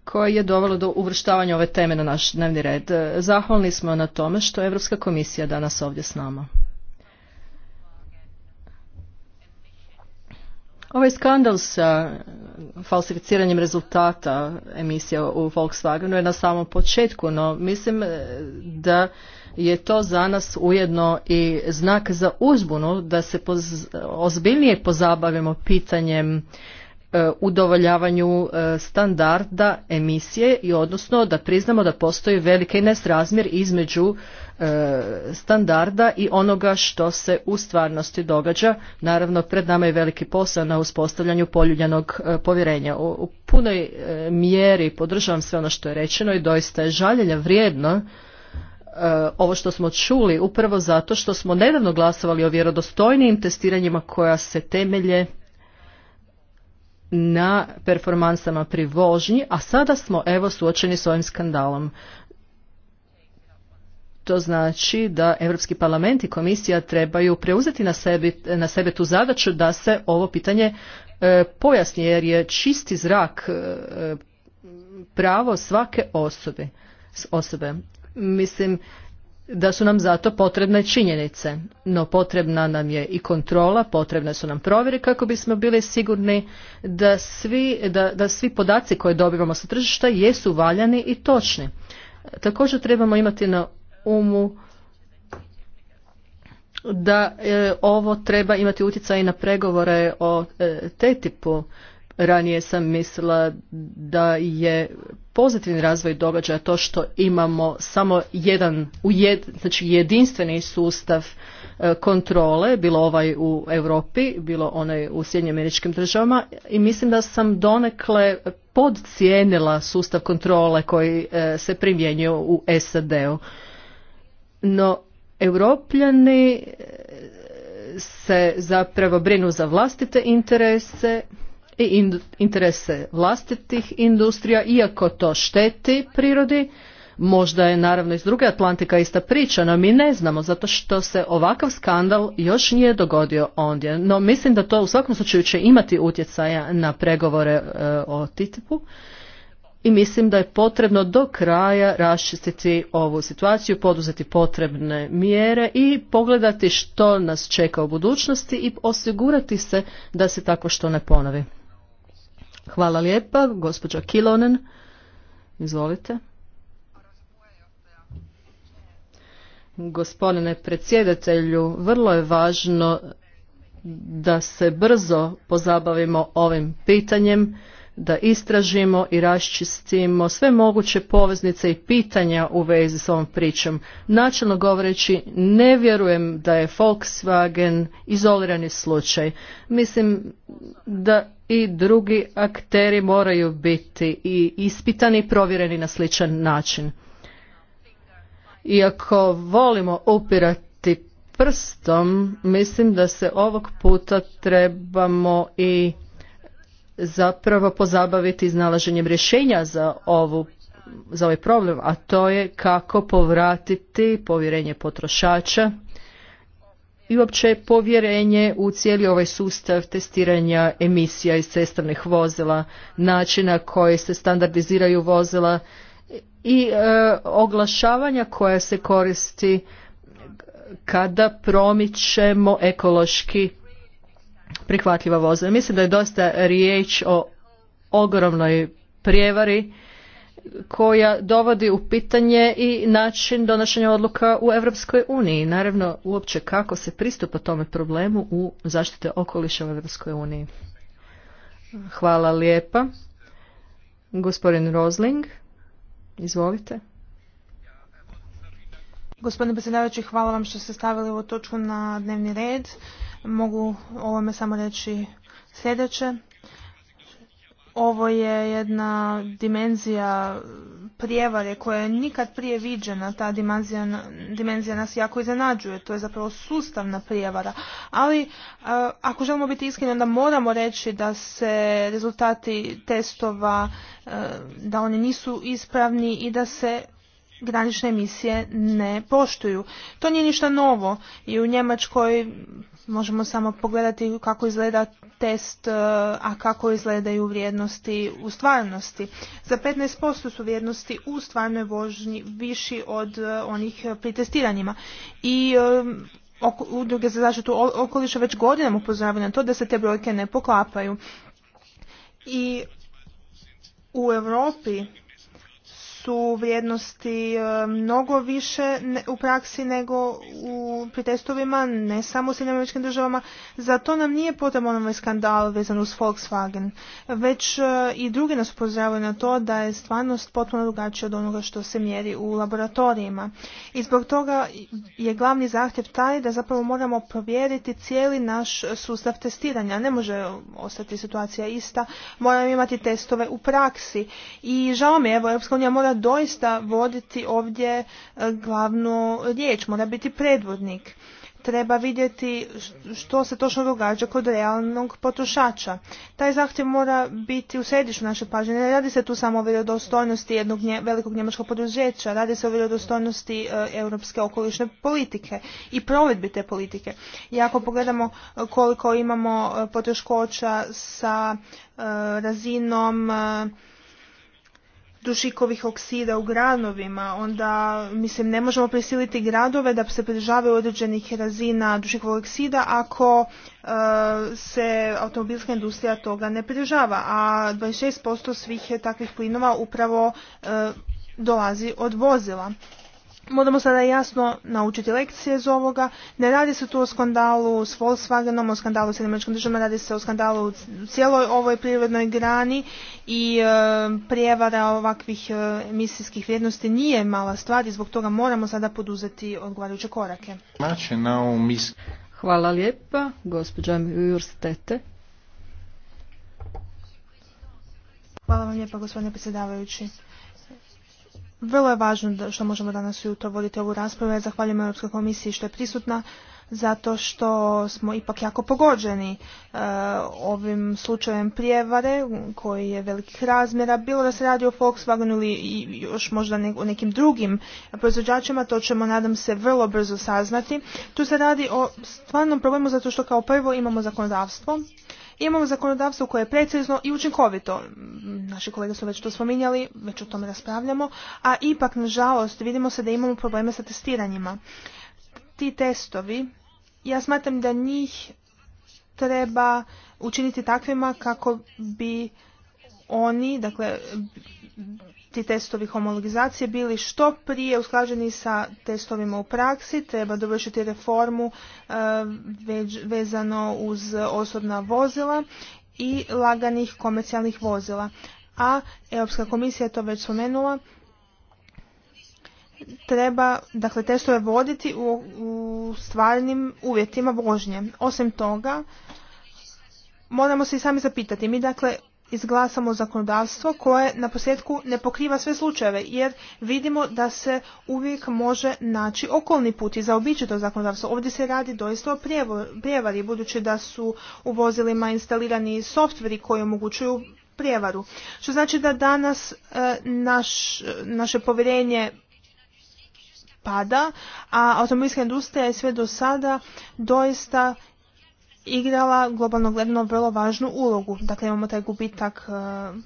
koje je dovelo do uvrštavanja ove teme na naš dnevni red. Zahvalni smo na tome što je Europska komisija danas ovdje s nama. Ovaj skandal sa uh, falsificiranjem rezultata emisija u Volkswagenu je na samom početku, no mislim uh, da je to za nas ujedno i znak za uzbunu da se ozbiljnije pozabavimo pitanjem uh, udovoljavanju standarda emisije i odnosno da priznamo da postoji veliki nesrazmjer između E, standarda i onoga što se u stvarnosti događa. Naravno, pred nama je veliki posao na uspostavljanju poljuljanog e, povjerenja. U, punoj e, mjeri podržavam sve ono što je rečeno i doista je žaljenja vrijedno ovo što smo čuli upravo zato što smo nedavno glasovali o vjerodostojnim testiranjima koja se temelje na performansama pri vožnji, a sada smo evo suočeni s ovim skandalom to znači da Europski parlament i komisija trebaju preuzeti na, na sebe tu zadaću da se ovo pitanje e, pojasni jer je čisti zrak e, pravo svake osobe, osobe. Mislim da su nam zato potrebne činjenice, no potrebna nam je i kontrola, potrebne su nam provjere kako bismo bili sigurni da svi, da, da svi podaci koje dobivamo sa tržišta jesu valjani i točni. Također trebamo imati na umu da e, ovo treba imati utjecaj na pregovore o e, ttip Ranije sam mislila da je pozitivni razvoj događaja to što imamo samo jedan, ujed, znači jedinstveni sustav e, kontrole, bilo ovaj u Europi, bilo onaj u Sjednjim američkim državama i mislim da sam donekle podcijenila sustav kontrole koji e, se primjenjuje u SAD-u. No, europljani eh, se zapravo brinu za vlastite interese i interese vlastitih industrija, iako to šteti prirodi. Možda je naravno iz druge Atlantika ista priča, no mi ne znamo, zato što se ovakav skandal još nije dogodio ondje. No mislim da to u svakom slučaju će imati utjecaja na pregovore eh, o TTIP-u i mislim da je potrebno do kraja raščistiti ovu situaciju, poduzeti potrebne mjere i pogledati što nas čeka u budućnosti i osigurati se da se tako što ne ponovi. Hvala lijepa, gospođa Kilonen. Izvolite. Gospodine predsjedatelju, vrlo je važno da se brzo pozabavimo ovim pitanjem da istražimo i raščistimo sve moguće poveznice i pitanja u vezi s ovom pričom. Načelno govoreći, ne vjerujem da je Volkswagen izolirani slučaj. Mislim da i drugi akteri moraju biti i ispitani i provjereni na sličan način. Iako volimo upirati prstom, mislim da se ovog puta trebamo i zapravo pozabaviti iznalaženjem rješenja za ovu za ovaj problem, a to je kako povratiti povjerenje potrošača i uopće povjerenje u cijeli ovaj sustav testiranja emisija iz cestovnih vozila, načina koje se standardiziraju vozila i e, oglašavanja koja se koristi kada promičemo ekološki prihvatljiva vozila. Mislim da je dosta riječ o ogromnoj prijevari koja dovodi u pitanje i način donošenja odluka u Europskoj uniji. Naravno, uopće kako se pristupa tome problemu u zaštite okoliša u Europskoj uniji. Hvala lijepa. Gospodin Rosling, izvolite. Gospodine predsjedavajući, hvala vam što ste stavili ovu točku na dnevni red mogu ovome samo reći sljedeće. Ovo je jedna dimenzija prijevare koja je nikad prije viđena. Ta dimenzija, dimenzija nas jako iznenađuje. To je zapravo sustavna prijevara. Ali e, ako želimo biti iskreni, onda moramo reći da se rezultati testova, e, da oni nisu ispravni i da se granične emisije ne poštuju. To nije ništa novo i u Njemačkoj Možemo samo pogledati kako izgleda test, e, a kako izgledaju vrijednosti u stvarnosti. Za 15% su vrijednosti u stvarnoj vožnji viši od e, onih pri testiranjima. I e, udruge za zaštitu okoliša već godinama upozoravaju na to da se te brojke ne poklapaju. I u Europi su vrijednosti e, mnogo više u praksi nego u, pri ne samo u Sjednjim državama. Za to nam nije potreban ovaj skandal vezan uz Volkswagen, već e, i drugi nas upozoravaju na to da je stvarnost potpuno drugačija od onoga što se mjeri u laboratorijima. I zbog toga je glavni zahtjev taj da zapravo moramo provjeriti cijeli naš sustav testiranja. Ne može ostati situacija ista, moramo imati testove u praksi. I žao mi je, evo, Europska unija mora doista voditi ovdje e, glavnu riječ, mora biti predvodnik. Treba vidjeti što se točno događa kod realnog potrošača. Taj zahtjev mora biti u središtu naše pažnje. Ne radi se tu samo o vjerodostojnosti jednog velikog njemačkog poduzeća, radi se o vjerodostojnosti e, europske okolišne politike i provedbi te politike. I ako pogledamo e, koliko imamo poteškoća sa razinom dušikovih oksida u granovima, onda mislim ne možemo prisiliti gradove da se pridržavaju određenih razina dušikovog oksida ako e, se automobilska industrija toga ne pridržava, a 26% svih takvih plinova upravo e, dolazi od vozila. Moramo sada jasno naučiti lekcije iz ovoga. Ne radi se tu o skandalu s Volkswagenom, o skandalu s Njemačkom državom, radi se o skandalu u cijeloj ovoj prirodnoj grani i e, prijevara ovakvih e, emisijskih vrijednosti nije mala stvar i zbog toga moramo sada poduzeti odgovarajuće korake. Znači, Hvala lijepa, Hvala vam lijepa, gospodine predsjedavajući. Vrlo je važno da što možemo danas jutro voditi ovu raspravu. Ja zahvaljujem Europskoj komisiji što je prisutna zato što smo ipak jako pogođeni e, ovim slučajem prijevare koji je velikih razmjera. Bilo da se radi o Volkswagenu ili još možda o nekim drugim proizvođačima, to ćemo nadam se vrlo brzo saznati. Tu se radi o stvarnom problemu zato što kao prvo imamo zakonodavstvo Imamo zakonodavstvo koje je precizno i učinkovito. Naši kolege su već to spominjali, već o tome raspravljamo, a ipak, nažalost, vidimo se da imamo probleme sa testiranjima. Ti testovi, ja smatram da njih treba učiniti takvima kako bi oni, dakle, ti testovi homologizacije bili što prije usklađeni sa testovima u praksi, treba dovršiti reformu e, vezano uz osobna vozila i laganih komercijalnih vozila. A Europska komisija je to već spomenula, treba dakle testove voditi u, u stvarnim uvjetima vožnje. Osim toga, moramo se i sami zapitati, mi dakle izglasamo zakonodavstvo koje na posljedku ne pokriva sve slučajeve jer vidimo da se uvijek može naći okolni put i zaobići to zakonodavstvo. Ovdje se radi doista o prijevari budući da su u vozilima instalirani softveri koji omogućuju prijevaru. Što znači da danas e, naš, naše povjerenje pada, a automobilska industrija je sve do sada doista igrala globalno gledano vrlo važnu ulogu. Dakle, imamo taj gubitak e,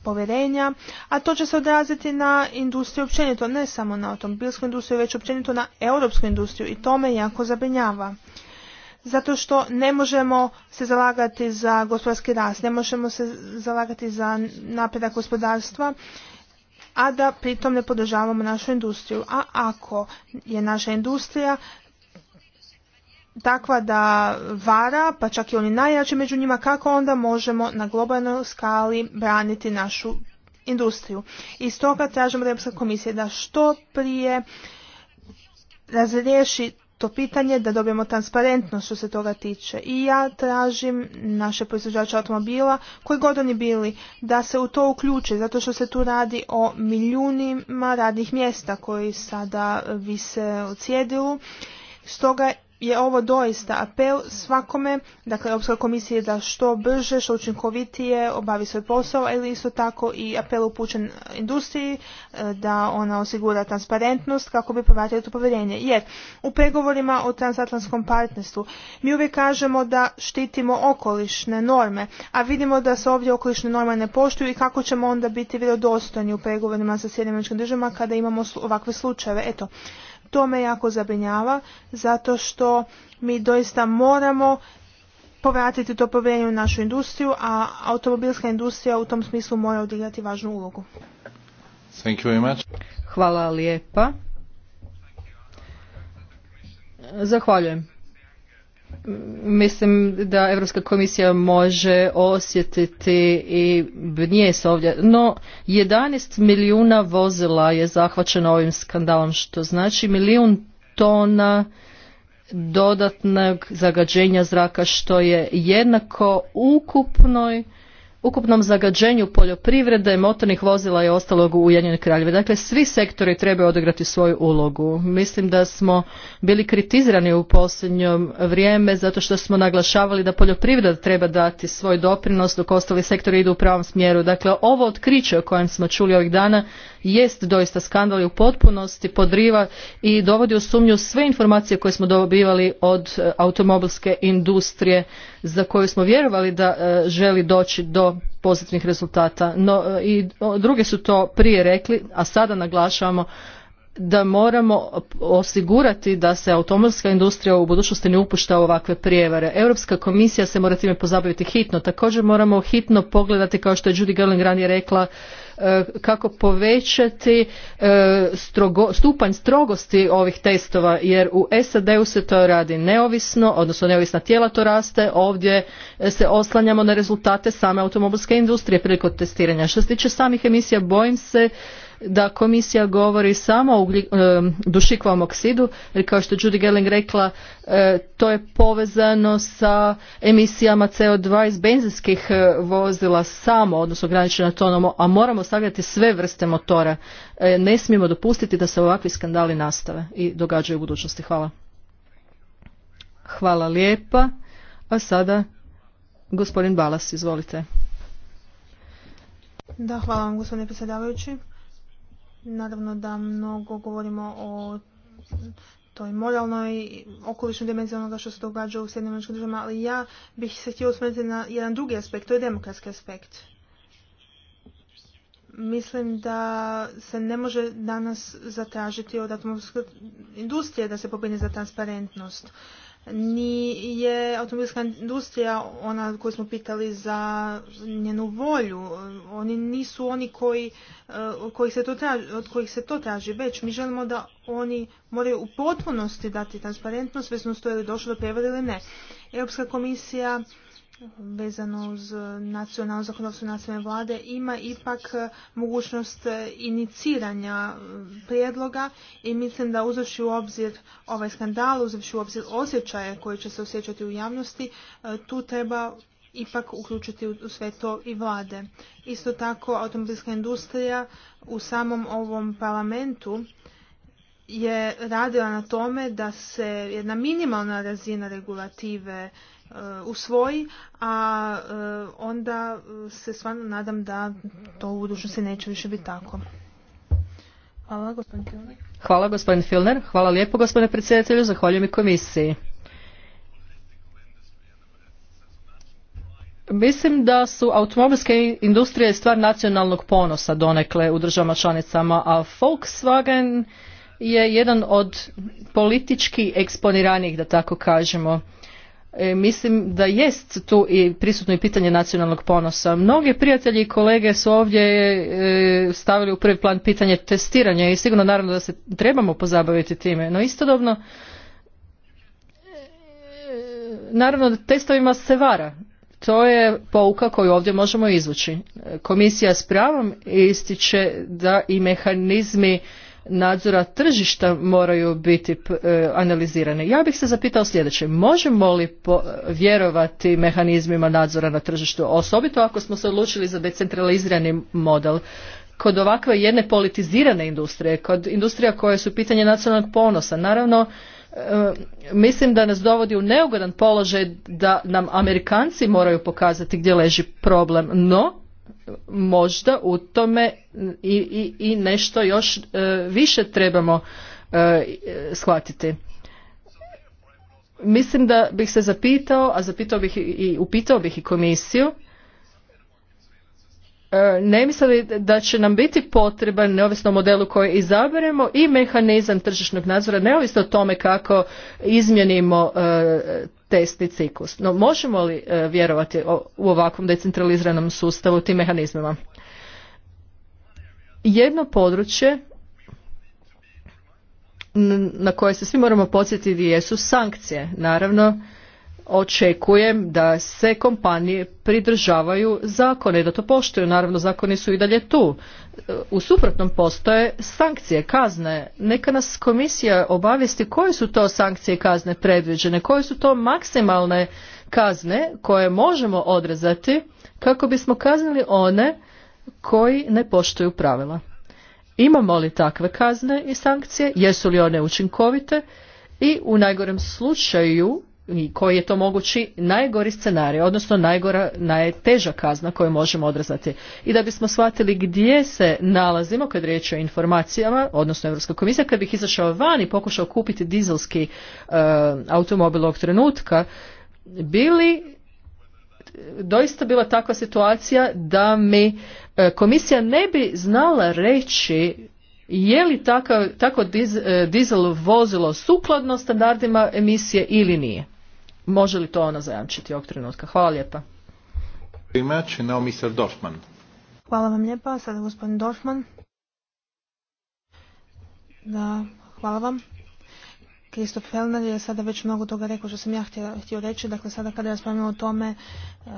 povjerenja, a to će se odraziti na industriju općenito, ne samo na automobilsku industriju, već općenito na europsku industriju i to me jako zabrinjava. Zato što ne možemo se zalagati za gospodarski rast, ne možemo se zalagati za napredak gospodarstva, a da pritom ne podržavamo našu industriju. A ako je naša industrija takva da vara, pa čak i oni najjači među njima, kako onda možemo na globalnoj skali braniti našu industriju. I stoga tražimo da Komisije komisija da što prije razriješi to pitanje da dobijemo transparentnost što se toga tiče. I ja tražim naše proizvođače automobila, koji god oni bili, da se u to uključe, zato što se tu radi o milijunima radnih mjesta koji sada vise u cjedilu. Stoga je ovo doista apel svakome, dakle Europska komisije da što brže, što učinkovitije obavi svoj posao, ali isto tako i apel upućen industriji e, da ona osigura transparentnost kako bi povratili to povjerenje. Jer u pregovorima o transatlantskom partnerstvu mi uvijek kažemo da štitimo okolišne norme, a vidimo da se ovdje okolišne norme ne poštuju i kako ćemo onda biti vjerodostojni u pregovorima sa Sjedinim državama kada imamo ovakve slučajeve. Eto, to me jako zabrinjava zato što mi doista moramo povratiti to povjerenje u našu industriju, a automobilska industrija u tom smislu mora odigrati važnu ulogu. Thank you very much. Hvala lijepa. Zahvaljujem Mislim da Europska komisija može osjetiti i nije se ovdje, no 11 milijuna vozila je zahvaćeno ovim skandalom, što znači milijun tona dodatnog zagađenja zraka, što je jednako ukupnoj ukupnom zagađenju poljoprivrede, motornih vozila i ostalog u Ujedinjenoj kraljevi. Dakle, svi sektori trebaju odigrati svoju ulogu. Mislim da smo bili kritizirani u posljednje vrijeme zato što smo naglašavali da poljoprivreda treba dati svoj doprinos dok ostali sektori idu u pravom smjeru. Dakle, ovo otkriće o kojem smo čuli ovih dana jest doista skandal i u potpunosti podriva i dovodi u sumnju sve informacije koje smo dobivali od e, automobilske industrije za koju smo vjerovali da e, želi doći do pozitivnih rezultata. No e, i druge su to prije rekli, a sada naglašavamo da moramo osigurati da se automobilska industrija u budućnosti ne upušta u ovakve prijevare. Europska komisija se mora time pozabaviti hitno. Također moramo hitno pogledati, kao što je Judy Gerling ranije rekla, E, kako povećati e, stupanj strogosti ovih testova jer u SAD-u se to radi neovisno, odnosno neovisna tijela to raste, ovdje se oslanjamo na rezultate same automobilske industrije prilikom testiranja. Što se tiče samih emisija, bojim se da komisija govori samo o ugljik, dušikovom oksidu, jer kao što je Judy Gelling rekla, e, to je povezano sa emisijama CO2 iz benzinskih e, vozila samo, odnosno ograničena tonom, a moramo stavljati sve vrste motora. E, ne smijemo dopustiti da se ovakvi skandali nastave i događaju u budućnosti. Hvala. Hvala lijepa. A sada gospodin Balas, izvolite. Da, hvala vam gospodine predsjedavajući. Naravno da mnogo govorimo o toj moralnoj okoličnoj dimenziji onoga što se događa u Sjedinjenim državama, ali ja bih se htio osvrnuti na jedan drugi aspekt, to je demokratski aspekt. Mislim da se ne može danas zatražiti od atmosfere industrije da se pobrine za transparentnost nije automobilska industrija ona koju smo pitali za njenu volju. Oni nisu oni koji, eh, od kojih se to traži, od kojih se to traži već. Mi želimo da oni moraju u potpunosti dati transparentnost, već smo stojili došlo do prevode ili ne. Europska komisija vezano uz nacionalno zakonodavstvo nacionalne vlade ima ipak e, mogućnost e, iniciranja e, prijedloga i mislim da uzevši u obzir ovaj skandal, uzevši u obzir osjećaje koje će se osjećati u javnosti, tu treba ipak uključiti u sve to i vlade. Isto tako automobilska industrija u samom ovom parlamentu je radila na tome da se jedna minimalna razina regulative E, usvoji, a e, onda se stvarno nadam da to u budućnosti neće više biti tako. Hvala gospodin Filner. Hvala gospodin Filner. Hvala lijepo gospodine predsjedatelju. Zahvaljujem i komisiji. Mislim da su automobilske industrije stvar nacionalnog ponosa donekle u državama članicama, a Volkswagen je jedan od politički eksponiranih, da tako kažemo, E, mislim da jest tu i prisutno i pitanje nacionalnog ponosa. Mnogi prijatelji i kolege su ovdje e, stavili u prvi plan pitanje testiranja i sigurno naravno da se trebamo pozabaviti time. No istodobno, e, naravno testovima se vara. To je pouka koju ovdje možemo izvući. Komisija s pravom ističe da i mehanizmi nadzora tržišta moraju biti e, analizirane. Ja bih se zapitao sljedeće, možemo li vjerovati mehanizmima nadzora na tržištu, osobito ako smo se odlučili za decentralizirani model? Kod ovakve jedne politizirane industrije, kod industrija koje su pitanje nacionalnog ponosa, naravno e, mislim da nas dovodi u neugodan položaj da nam Amerikanci moraju pokazati gdje leži problem, no možda u tome i, i, i nešto još e, više trebamo e, shvatiti. Mislim da bih se zapitao, a zapitao bih i upitao bih i komisiju, e, ne mislili da će nam biti potreban, neovisno o modelu koji izaberemo, i mehanizam tržišnog nadzora, neovisno o tome kako izmjenimo testni No možemo li e, vjerovati u ovakvom decentraliziranom sustavu tim mehanizmima? Jedno područje na koje se svi moramo podsjetiti jesu sankcije. Naravno, očekujem da se kompanije pridržavaju zakone i da to poštuju. Naravno, zakoni su i dalje tu. U suprotnom postoje sankcije, kazne. Neka nas komisija obavijesti koje su to sankcije i kazne predviđene, koje su to maksimalne kazne koje možemo odrezati kako bismo kaznili one koji ne poštuju pravila. Imamo li takve kazne i sankcije? Jesu li one učinkovite? I u najgorem slučaju i koji je to mogući najgori scenarij, odnosno najgora, najteža kazna koju možemo odrazati. I da bismo shvatili gdje se nalazimo kad riječ o informacijama, odnosno Europska komisija, kad bih izašao van i pokušao kupiti dizelski automobilog e, automobil ovog trenutka, bili doista bila takva situacija da mi e, komisija ne bi znala reći je li tako, tako e, dizel vozilo sukladno standardima emisije ili nije može li to ona zajamčiti ovog trenutka. Hvala lijepa. Hvala vam lijepa. Sada gospodin Dorfman. Da, hvala vam. Kristof Felner je sada već mnogo toga rekao što sam ja htio, reći. Dakle, sada kada raspravljamo o tome e,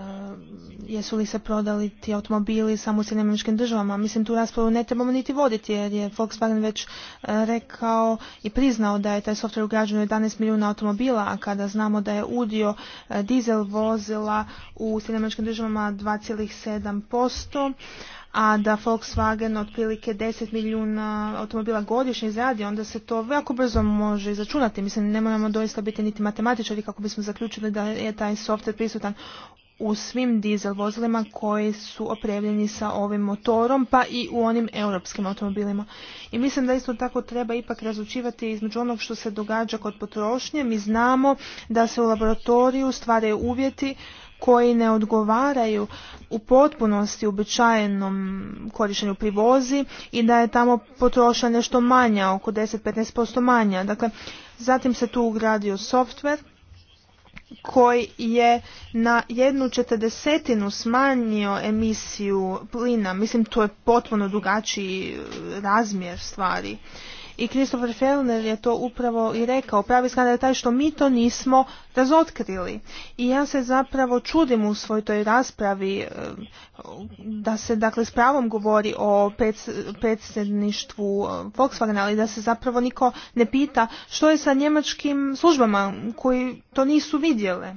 jesu li se prodali ti automobili samo u Sjedinjeničkim državama, mislim tu raspravu ne trebamo niti voditi jer je Volkswagen već e, rekao i priznao da je taj softver ugrađen u 11 milijuna automobila, a kada znamo da je udio e, dizel vozila u Sjedinjeničkim državama 2,7%, a da Volkswagen otprilike 10 milijuna automobila godišnje izradi, onda se to vrlo brzo može izračunati. Mislim, ne moramo doista biti niti matematičari kako bismo zaključili da je taj softver prisutan u svim dizel vozilima koji su opremljeni sa ovim motorom, pa i u onim europskim automobilima. I mislim da isto tako treba ipak razlučivati između onog što se događa kod potrošnje. Mi znamo da se u laboratoriju stvaraju uvjeti koji ne odgovaraju u potpunosti uobičajenom korištenju privozi i da je tamo potrošnja nešto manja, oko 10-15% manja. Dakle, zatim se tu ugradio softver koji je na jednu četrdesetinu smanjio emisiju plina. Mislim, to je potpuno drugačiji eh, razmjer stvari. I Christopher Fellner je to upravo i rekao. Pravi skandal je taj što mi to nismo razotkrili. I ja se zapravo čudim u svoj toj raspravi e, da se dakle s pravom govori o predsjedništvu e, Volkswagen, ali da se zapravo niko ne pita što je sa njemačkim službama koji to nisu vidjele.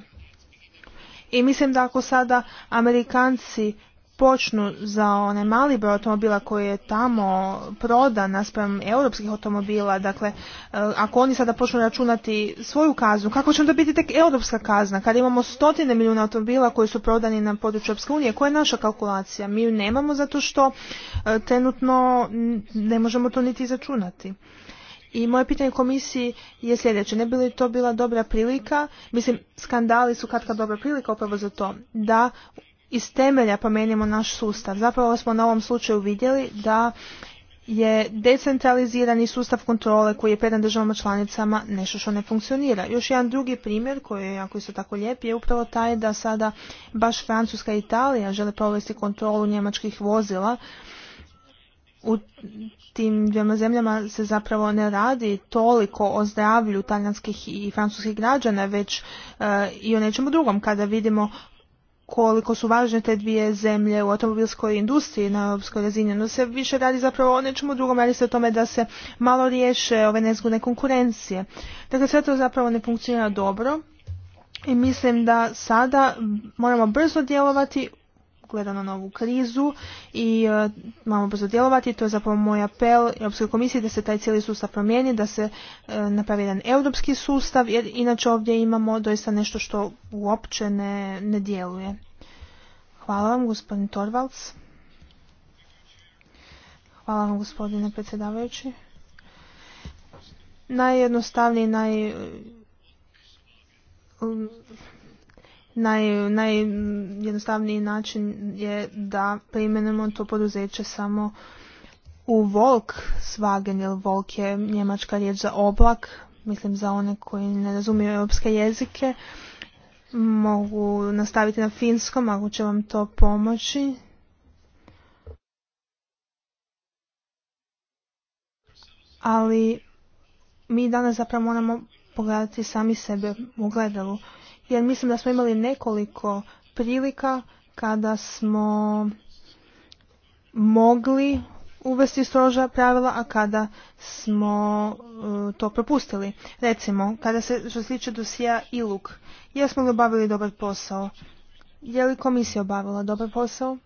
I mislim da ako sada Amerikanci počnu za onaj mali broj automobila koji je tamo prodan naspram europskih automobila, dakle e, ako oni sada počnu računati svoju kaznu, kako će onda biti tek europska kazna kada imamo stotine milijuna automobila koji su prodani na području Europske unije, koja je naša kalkulacija? Mi ju nemamo zato što e, trenutno ne možemo to niti izračunati. I moje pitanje komisiji je sljedeće. Ne bi li to bila dobra prilika? Mislim, skandali su katka dobra prilika upravo za to. Da iz temelja promijenimo naš sustav. Zapravo smo na ovom slučaju vidjeli da je decentralizirani sustav kontrole koji je predan državama članicama nešto što ne funkcionira. Još jedan drugi primjer koji je jako isto tako lijep je upravo taj da sada baš Francuska i Italija žele provesti kontrolu njemačkih vozila. U tim dvijema zemljama se zapravo ne radi toliko o zdravlju talijanskih i francuskih građana, već e, i o nečemu drugom. Kada vidimo koliko su važne te dvije zemlje u automobilskoj industriji na europskoj razini, no se više radi zapravo o nečemu drugom, radi se o tome da se malo riješe ove nezgodne konkurencije. Dakle, sve to zapravo ne funkcionira dobro i mislim da sada moramo brzo djelovati gleda na novu krizu i e, malo brzo djelovati. To je zapravo moj apel Europskoj komisiji da se taj cijeli sustav promijeni, da se e, napravi jedan europski sustav jer inače ovdje imamo doista nešto što uopće ne, djeluje. Hvala vam gospodin Torvalds. Hvala vam gospodine predsjedavajući. Najjednostavniji, naj naj, najjednostavniji način je da preimenemo to poduzeće samo u Volk Svagen, jer Volk je njemačka riječ za oblak, mislim za one koji ne razumiju europske jezike. Mogu nastaviti na finskom, ako će vam to pomoći. Ali mi danas zapravo moramo pogledati sami sebe u gledalu jer mislim da smo imali nekoliko prilika kada smo mogli uvesti stroža pravila, a kada smo e, to propustili. Recimo, kada se što se tiče dosija Iluk, jesmo li obavili dobar posao? Je li komisija obavila dobar posao?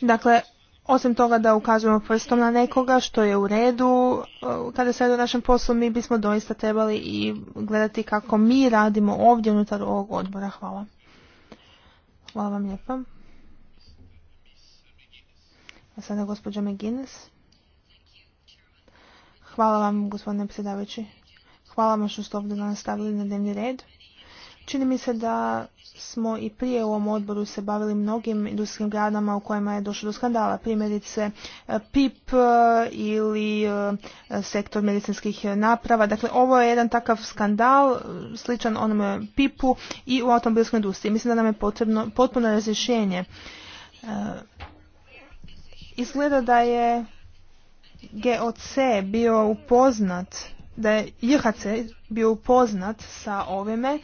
Dakle, osim toga da ukazujemo prstom na nekoga što je u redu, e, kada se radi o našem poslu, mi bismo doista trebali i gledati kako mi radimo ovdje unutar ovog odbora. Hvala. Hvala vam lijepa. A sada gospođa McGuinness. Hvala vam, gospodine predsjedavajući. Hvala vam što ste ovdje nastavili na dnevni red. Čini mi se da smo i prije u ovom odboru se bavili mnogim industrijskim gradama u kojima je došlo do skandala. Primjerice PIP e, e, ili e, sektor medicinskih naprava. Dakle, ovo je jedan takav skandal sličan onome PIP-u i u automobilskoj industriji. Mislim da nam je potrebno potpuno razrješenje. Izgleda da je GOC bio upoznat da je IHC bio upoznat sa ovime, e,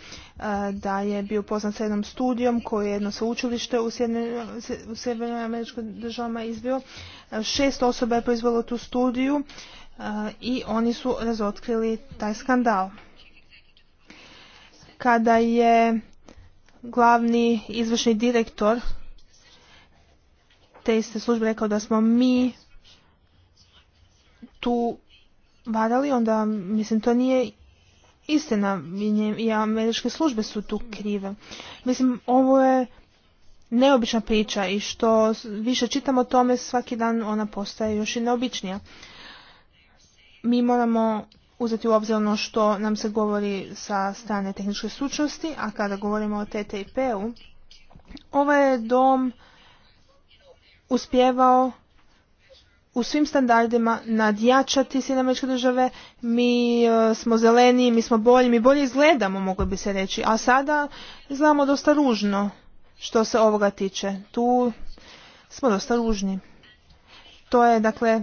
da je bio poznat sa jednom studijom koji je jedno sveučilište u, u Sjevernoj američkoj državama izbio. E, šest osoba je proizvelo tu studiju e, i oni su razotkrili taj skandal. Kada je glavni izvršni direktor te iste službe rekao da smo mi tu varali, onda mislim to nije istina i američke službe su tu krive. Mislim ovo je neobična priča i što više čitamo o tome svaki dan ona postaje još i neobičnija. Mi moramo uzeti u obzir ono što nam se govori sa strane tehničke stručnosti, a kada govorimo o TTIP-u, ovaj je dom uspjevao u svim standardima nadjačati Sjedinjene države. Mi e, smo zeleniji, mi smo bolji, mi bolje izgledamo, moglo bi se reći. A sada znamo dosta ružno što se ovoga tiče. Tu smo dosta ružni. To je, dakle,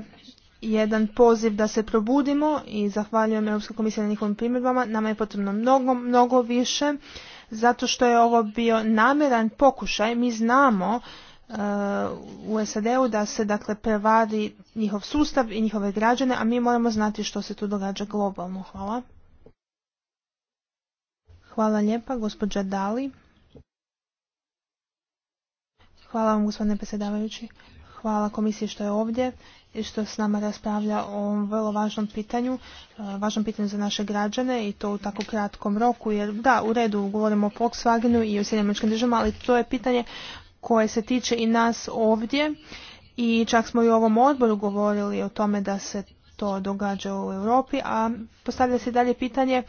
jedan poziv da se probudimo i zahvaljujem Europskoj komisiji na njihovim primjedbama. Nama je potrebno mnogo, mnogo više zato što je ovo bio nameran pokušaj. Mi znamo u SAD-u da se dakle prevadi njihov sustav i njihove građane, a mi moramo znati što se tu događa globalno. Hvala. Hvala lijepa, gospođa Dali. Hvala vam, gospodine predsjedavajući. Hvala komisiji što je ovdje i što s nama raspravlja o ovom vrlo važnom pitanju, e, važnom pitanju za naše građane i to u tako kratkom roku, jer da, u redu govorimo o Volkswagenu i o Sjedinjamačkim državama, ali to je pitanje koje se tiče i nas ovdje i čak smo i u ovom odboru govorili o tome da se to događa u Europi, a postavlja se dalje pitanje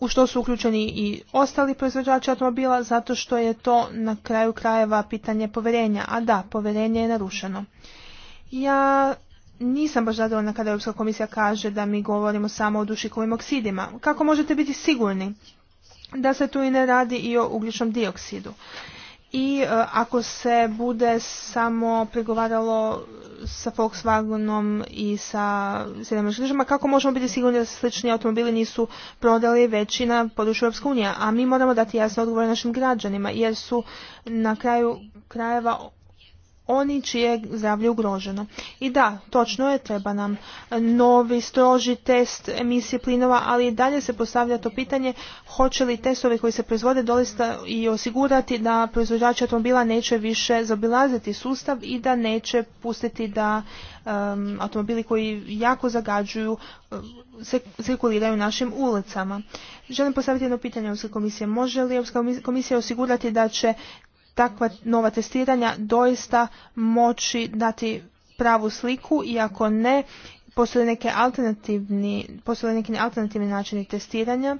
u što su uključeni i ostali proizvođači automobila zato što je to na kraju krajeva pitanje povjerenja, a da, povjerenje je narušeno. Ja nisam baš zadovoljna kada Europska komisija kaže da mi govorimo samo o dušikovim oksidima. Kako možete biti sigurni da se tu i ne radi i o ugljičnom dioksidu? i e, ako se bude samo pregovaralo sa Volkswagenom i sa Sjedinom državama, kako možemo biti sigurni da se slični automobili nisu prodali već na području Europske unije? A mi moramo dati jasne odgovore našim građanima, jer su na kraju krajeva oni čije zdravlje ugroženo. I da, točno je, treba nam novi, stroži test emisije plinova, ali i dalje se postavlja to pitanje hoće li testovi koji se proizvode dolista i osigurati da proizvođači automobila neće više zabilaziti sustav i da neće pustiti da automobili koji jako zagađuju se cirkuliraju našim ulicama. Želim postaviti jedno pitanje Europske komisije. Može li Europska komisija osigurati da će takva nova testiranja doista moći dati pravu sliku i ako ne, postoje neke alternativni, postoje neki alternativni načini testiranja.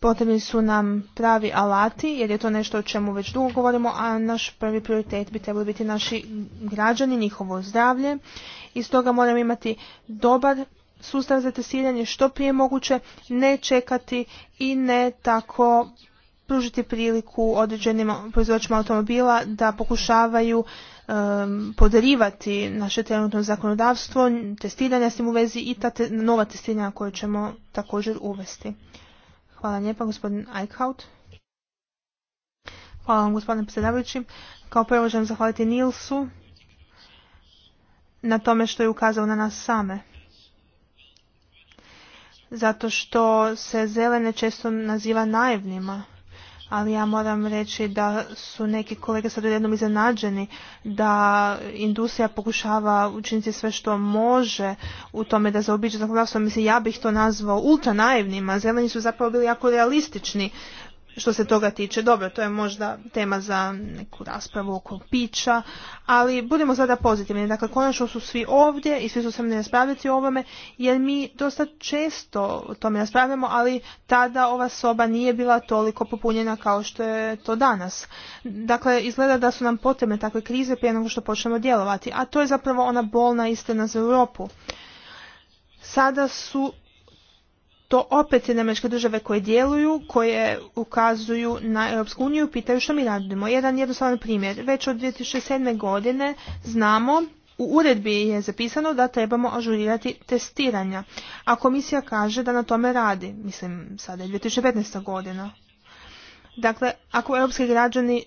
Potrebni su nam pravi alati jer je to nešto o čemu već dugo govorimo, a naš prvi prioritet bi trebali biti naši građani, njihovo zdravlje. I stoga moramo imati dobar sustav za testiranje što prije moguće, ne čekati i ne tako pružiti priliku određenim proizvođačima automobila da pokušavaju um, podarivati naše trenutno zakonodavstvo, testiranja s tim u vezi i ta nova testiranja koje ćemo također uvesti. Hvala lijepa gospodin Eichhout. Hvala vam gospodine predsjedavajući. Kao prvo želim zahvaliti Nilsu na tome što je ukazao na nas same. Zato što se zelene često naziva naivnima ali ja moram reći da su neki kolege sad jednom iznenađeni da industrija pokušava učiniti sve što može u tome da zaobiđe zakonodavstvo. Mislim, ja bih to nazvao ultra naivnima. Zeleni su zapravo bili jako realistični što se toga tiče. Dobro, to je možda tema za neku raspravu oko pića, ali budemo sada pozitivni. Dakle, konačno su svi ovdje i svi su sami raspravljati o ovome, jer mi dosta često o tome raspravljamo, ali tada ova soba nije bila toliko popunjena kao što je to danas. Dakle, izgleda da su nam potrebne takve krize prije nego što počnemo djelovati, a to je zapravo ona bolna istina za Europu. Sada su to opet američke države koje djeluju, koje ukazuju na Europsku uniju, pitaju što mi radimo. Jedan jednostavan primjer. Već od 2007. godine znamo u uredbi je zapisano da trebamo ažurirati testiranja, a komisija kaže da na tome radi, mislim sada je 2015. godina. Dakle, ako europski građani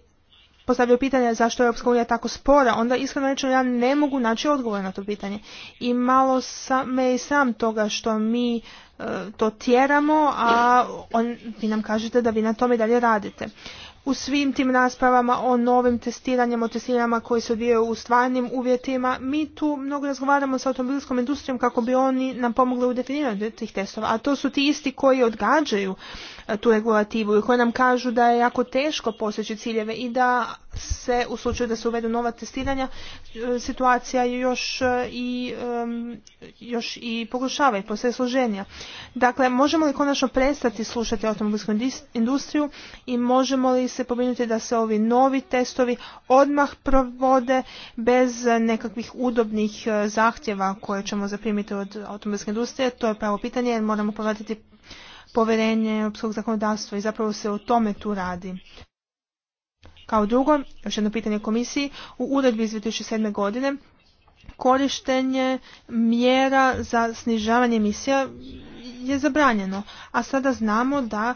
postavljaju pitanje zašto je Europska unija tako spora, onda iskreno rečeno ja ne mogu naći odgovor na to pitanje. I malo sam, me i sam toga što mi E, to tjeramo, a on, vi nam kažete da vi na tome dalje radite. U svim tim raspravama o novim testiranjima, o testiranjama koji se odvijaju u stvarnim uvjetima, mi tu mnogo razgovaramo sa automobilskom industrijom kako bi oni nam pomogli u definiranju tih testova, a to su ti isti koji odgađaju tu regulativu i koje nam kažu da je jako teško postići ciljeve i da se u slučaju da se uvedu nova testiranja e, situacija još e, i, još i pogoršava i postaje složenija. Dakle, možemo li konačno prestati slušati automobilsku industriju i možemo li se pobrinuti da se ovi novi testovi odmah provode bez nekakvih udobnih e, zahtjeva koje ćemo zaprimiti od automobilske industrije? To je pravo pitanje jer moramo povratiti povjerenje europskog zakonodavstva i zapravo se o tome tu radi. Kao drugo, još jedno pitanje komisiji, u uredbi iz 2007. godine korištenje mjera za snižavanje emisija je zabranjeno, a sada znamo da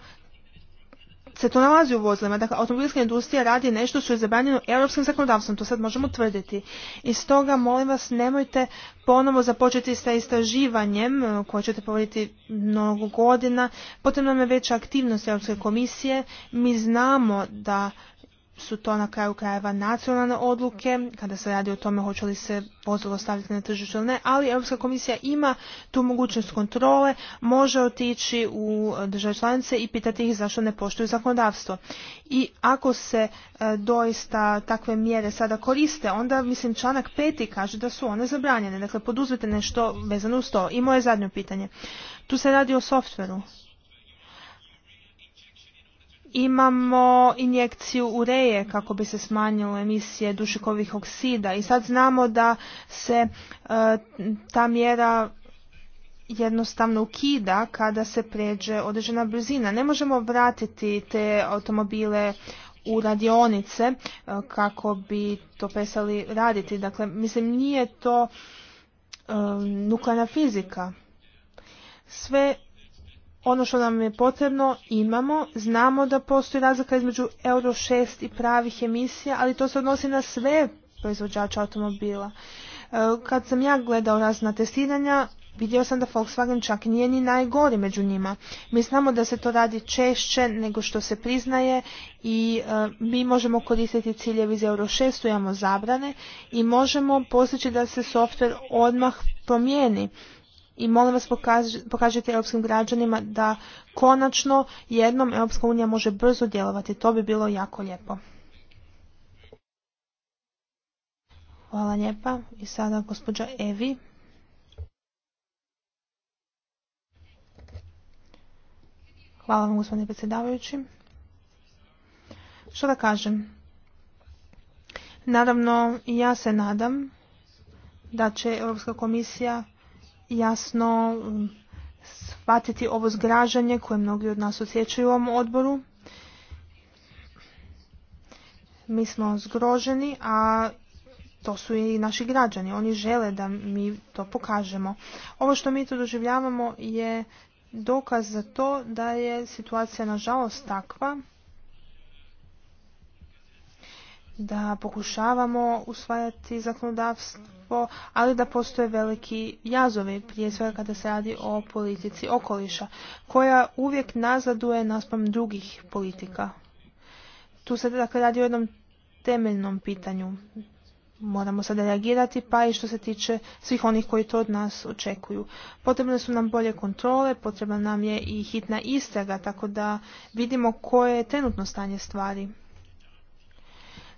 se to nalazi u vozilima. Dakle, automobilska industrija radi nešto što je zabranjeno europskim zakonodavstvom, to sad možemo tvrditi. I stoga, molim vas, nemojte ponovo započeti sa istraživanjem e, koje ćete provoditi mnogo godina. Potrebna nam je veća aktivnost Europske komisije. Mi znamo da su to na kraju krajeva nacionalne odluke, kada se radi o tome hoće li se vozilo stavljati na tržište ili ne, ali Europska komisija ima tu mogućnost kontrole, može otići u države članice i pitati ih zašto ne poštuju zakonodavstvo. I ako se e, doista takve mjere sada koriste, onda mislim članak peti kaže da su one zabranjene. Dakle, poduzmite nešto vezano uz to. I moje zadnje pitanje. Tu se radi o softveru imamo injekciju ureje kako bi se smanjilo emisije dušikovih oksida i sad znamo da se e, ta mjera jednostavno ukida kada se pređe određena brzina. Ne možemo vratiti te automobile u radionice e, kako bi to pesali raditi. Dakle, mislim, nije to e, nuklearna fizika. Sve ono što nam je potrebno imamo, znamo da postoji razlika između Euro 6 i pravih emisija, ali to se odnosi na sve proizvođače automobila. E, kad sam ja gledao razna testiranja, vidio sam da Volkswagen čak nije ni najgori među njima. Mi znamo da se to radi češće nego što se priznaje i e, mi možemo koristiti ciljevi iz Euro 6, imamo zabrane i možemo postići da se softver odmah promijeni i molim vas pokažite europskim građanima da konačno jednom Europska unija može brzo djelovati. To bi bilo jako lijepo. Hvala lijepa. I sada gospođa Evi. Hvala vam gospodine predsjedavajući. Što da kažem? Naravno, ja se nadam da će Europska komisija jasno mm, shvatiti ovo zgražanje koje mnogi od nas osjećaju u ovom odboru. Mi smo zgroženi, a to su i naši građani. Oni žele da mi to pokažemo. Ovo što mi tu doživljavamo je dokaz za to da je situacija nažalost takva da pokušavamo usvajati zakonodavstvo, ali da postoje veliki jazovi, prije svega kada se radi o politici okoliša, koja uvijek nazaduje naspram drugih politika. Tu se dakle radi o jednom temeljnom pitanju. Moramo sada reagirati, pa i što se tiče svih onih koji to od nas očekuju. Potrebne su nam bolje kontrole, potrebna nam je i hitna istraga, tako da vidimo koje je trenutno stanje stvari.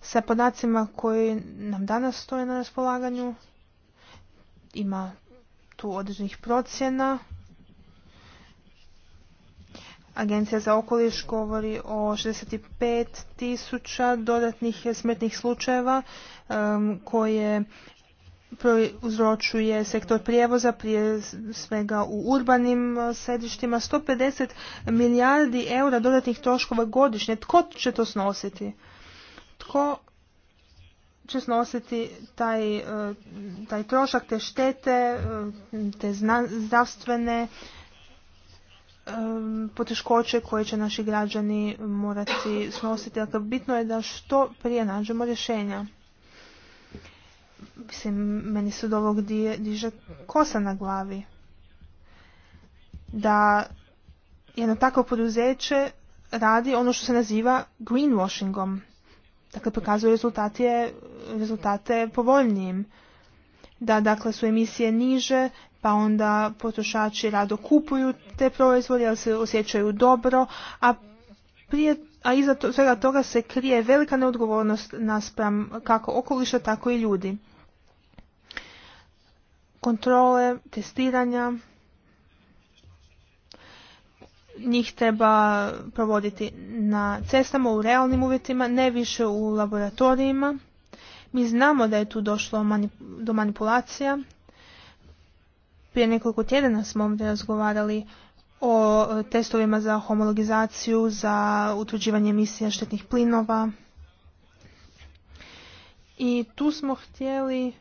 Sa podacima koji nam danas stoje na raspolaganju, ima tu određenih procjena. Agencija za okoliš govori o 65 tisuća dodatnih smrtnih slučajeva um, koje uzročuje sektor prijevoza prije svega u urbanim uh, središtima 150 milijardi eura dodatnih troškova godišnje. Tko će to snositi? tko će snositi taj, e, taj trošak, te štete, e, te zdravstvene e, poteškoće koje će naši građani morati snositi. Dakle, bitno je da što prije nađemo rješenja. Mislim, meni se od ovog diže kosa na glavi. Da jedno takvo poduzeće radi ono što se naziva greenwashingom dakle pokazuju rezultate, rezultate povoljnijim. Da dakle su emisije niže, pa onda potrošači rado kupuju te proizvode ali se osjećaju dobro, a a iza svega toga se krije velika neodgovornost naspram kako okoliša, tako i ljudi. Kontrole, testiranja, njih treba provoditi na cestama u realnim uvjetima, ne više u laboratorijima. Mi znamo da je tu došlo do manipulacija. Prije nekoliko tjedana smo ovdje razgovarali o testovima za homologizaciju, za utvrđivanje emisija štetnih plinova. I tu smo htjeli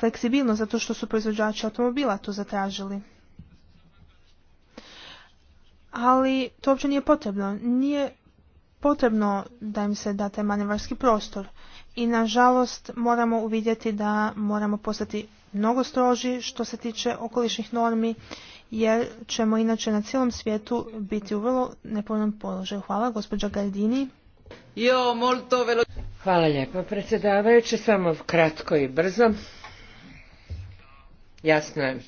fleksibilno zato što su proizvođači automobila to zatražili ali to uopće nije potrebno. Nije potrebno da im se date manevarski prostor. I nažalost moramo uvidjeti da moramo postati mnogo stroži što se tiče okolišnih normi jer ćemo inače na cijelom svijetu biti u vrlo nepovoljnom položaju. Hvala, gospođa Gardini. Hvala lijepo, predsjedavajući, samo kratko i brzo. Jasno je,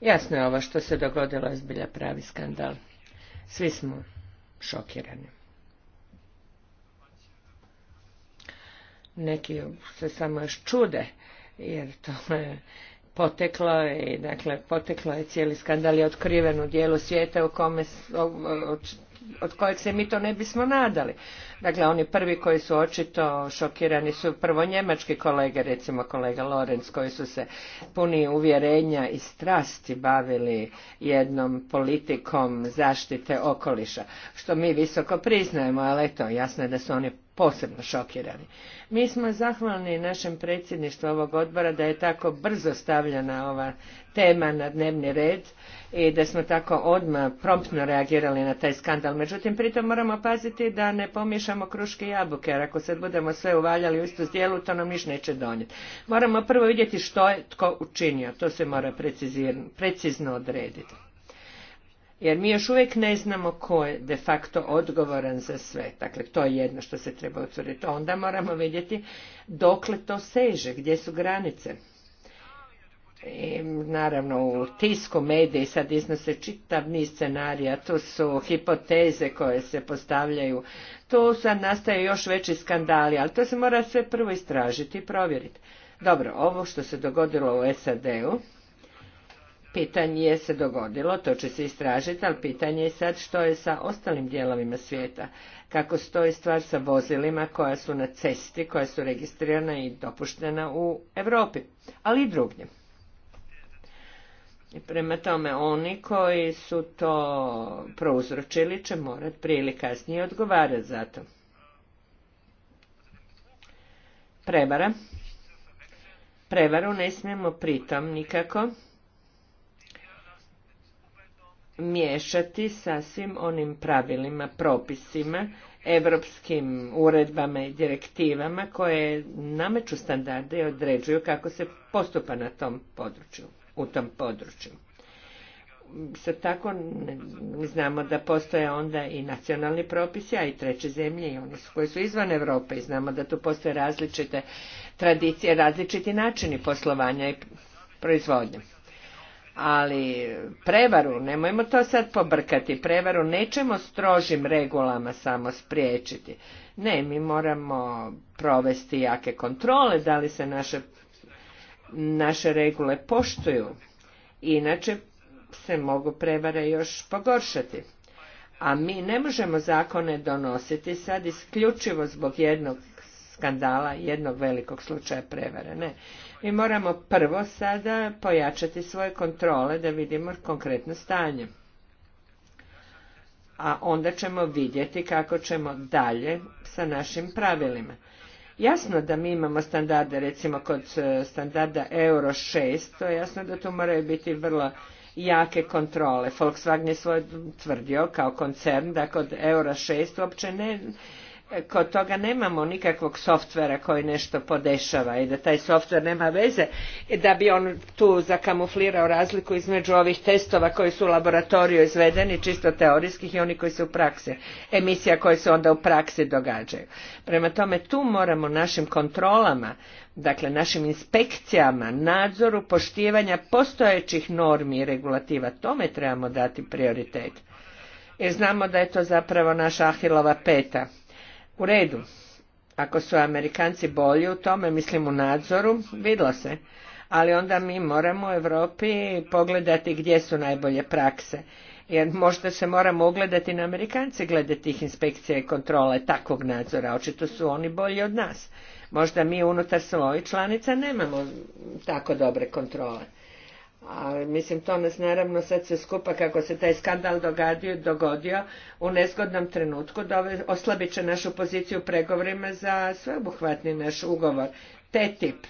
jasno je ovo što se dogodilo, je zbilja pravi skandal. Svi smo šokirani. Neki se samo još čude, jer to je poteklo i dakle poteklo je cijeli skandal i otkriven u dijelu svijeta u kome, od kojeg se mi to ne bismo nadali. Dakle, oni prvi koji su očito šokirani su prvo njemački kolege, recimo kolega Lorenz, koji su se puni uvjerenja i strasti bavili jednom politikom zaštite okoliša, što mi visoko priznajemo, ali eto, jasno je da su oni posebno šokirani. Mi smo zahvalni našem predsjedništvu ovog odbora da je tako brzo stavljena ova tema na dnevni red i da smo tako odmah promptno reagirali na taj skandal. Međutim, pritom moramo paziti da ne pomiješamo miješamo kruške i jabuke, jer ako sad budemo sve uvaljali u istu zdjelu, to nam ništa neće donijeti. Moramo prvo vidjeti što je tko učinio, to se mora precizno odrediti. Jer mi još uvijek ne znamo ko je de facto odgovoran za sve. Dakle, to je jedno što se treba utvrditi. Onda moramo vidjeti dokle to seže, gdje su granice naravno u tisku mediji sad iznose čitav niz scenarija, tu su hipoteze koje se postavljaju, tu sad nastaju još veći skandali, ali to se mora sve prvo istražiti i provjeriti. Dobro, ovo što se dogodilo u SAD-u, pitanje je se dogodilo, to će se istražiti, ali pitanje je sad što je sa ostalim dijelovima svijeta. Kako stoji stvar sa vozilima koja su na cesti, koja su registrirana i dopuštena u Europi, ali i drugdje. I prema tome, oni koji su to prouzročili će morati prije ili kasnije odgovarati za to. Prevara. Prevaru ne smijemo pritom nikako miješati sa svim onim pravilima, propisima, evropskim uredbama i direktivama koje nameću standarde i određuju kako se postupa na tom području u tom području. Sa tako znamo da postoje onda i nacionalni propisi, a i treće zemlje i oni koji su izvan Europe i znamo da tu postoje različite tradicije, različiti načini poslovanja i proizvodnje. Ali prevaru, nemojmo to sad pobrkati, prevaru nećemo strožim regulama samo spriječiti. Ne, mi moramo provesti jake kontrole da li se naše naše regule poštuju. Inače se mogu prevare još pogoršati. A mi ne možemo zakone donositi sad isključivo zbog jednog skandala, jednog velikog slučaja prevare. Ne. Mi moramo prvo sada pojačati svoje kontrole da vidimo konkretno stanje. A onda ćemo vidjeti kako ćemo dalje sa našim pravilima. Jasno da mi imamo standarde, recimo kod e, standarda Euro 6, to je jasno da tu moraju biti vrlo jake kontrole. Volkswagen je svoj tvrdio kao koncern da kod Euro 6 uopće ne kod toga nemamo nikakvog softvera koji nešto podešava i da taj softver nema veze da bi on tu zakamuflirao razliku između ovih testova koji su u laboratoriju izvedeni čisto teorijskih i oni koji su u praksi emisija koje se onda u praksi događaju prema tome tu moramo našim kontrolama dakle našim inspekcijama nadzoru poštivanja postojećih normi i regulativa tome trebamo dati prioritet jer znamo da je to zapravo naša ahilova peta u redu, ako su Amerikanci bolji u tome, mislim u nadzoru, vidlo se. Ali onda mi moramo u Europi pogledati gdje su najbolje prakse. Jer možda se moramo ugledati na Amerikance glede tih inspekcija i kontrole takvog nadzora. Očito su oni bolji od nas. Možda mi unutar svojih članica nemamo tako dobre kontrole ali mislim to nas naravno sad sve skupa kako se taj skandal dogadio, dogodio u nezgodnom trenutku oslabit će našu poziciju pregovorima za sveobuhvatni naš ugovor TTIP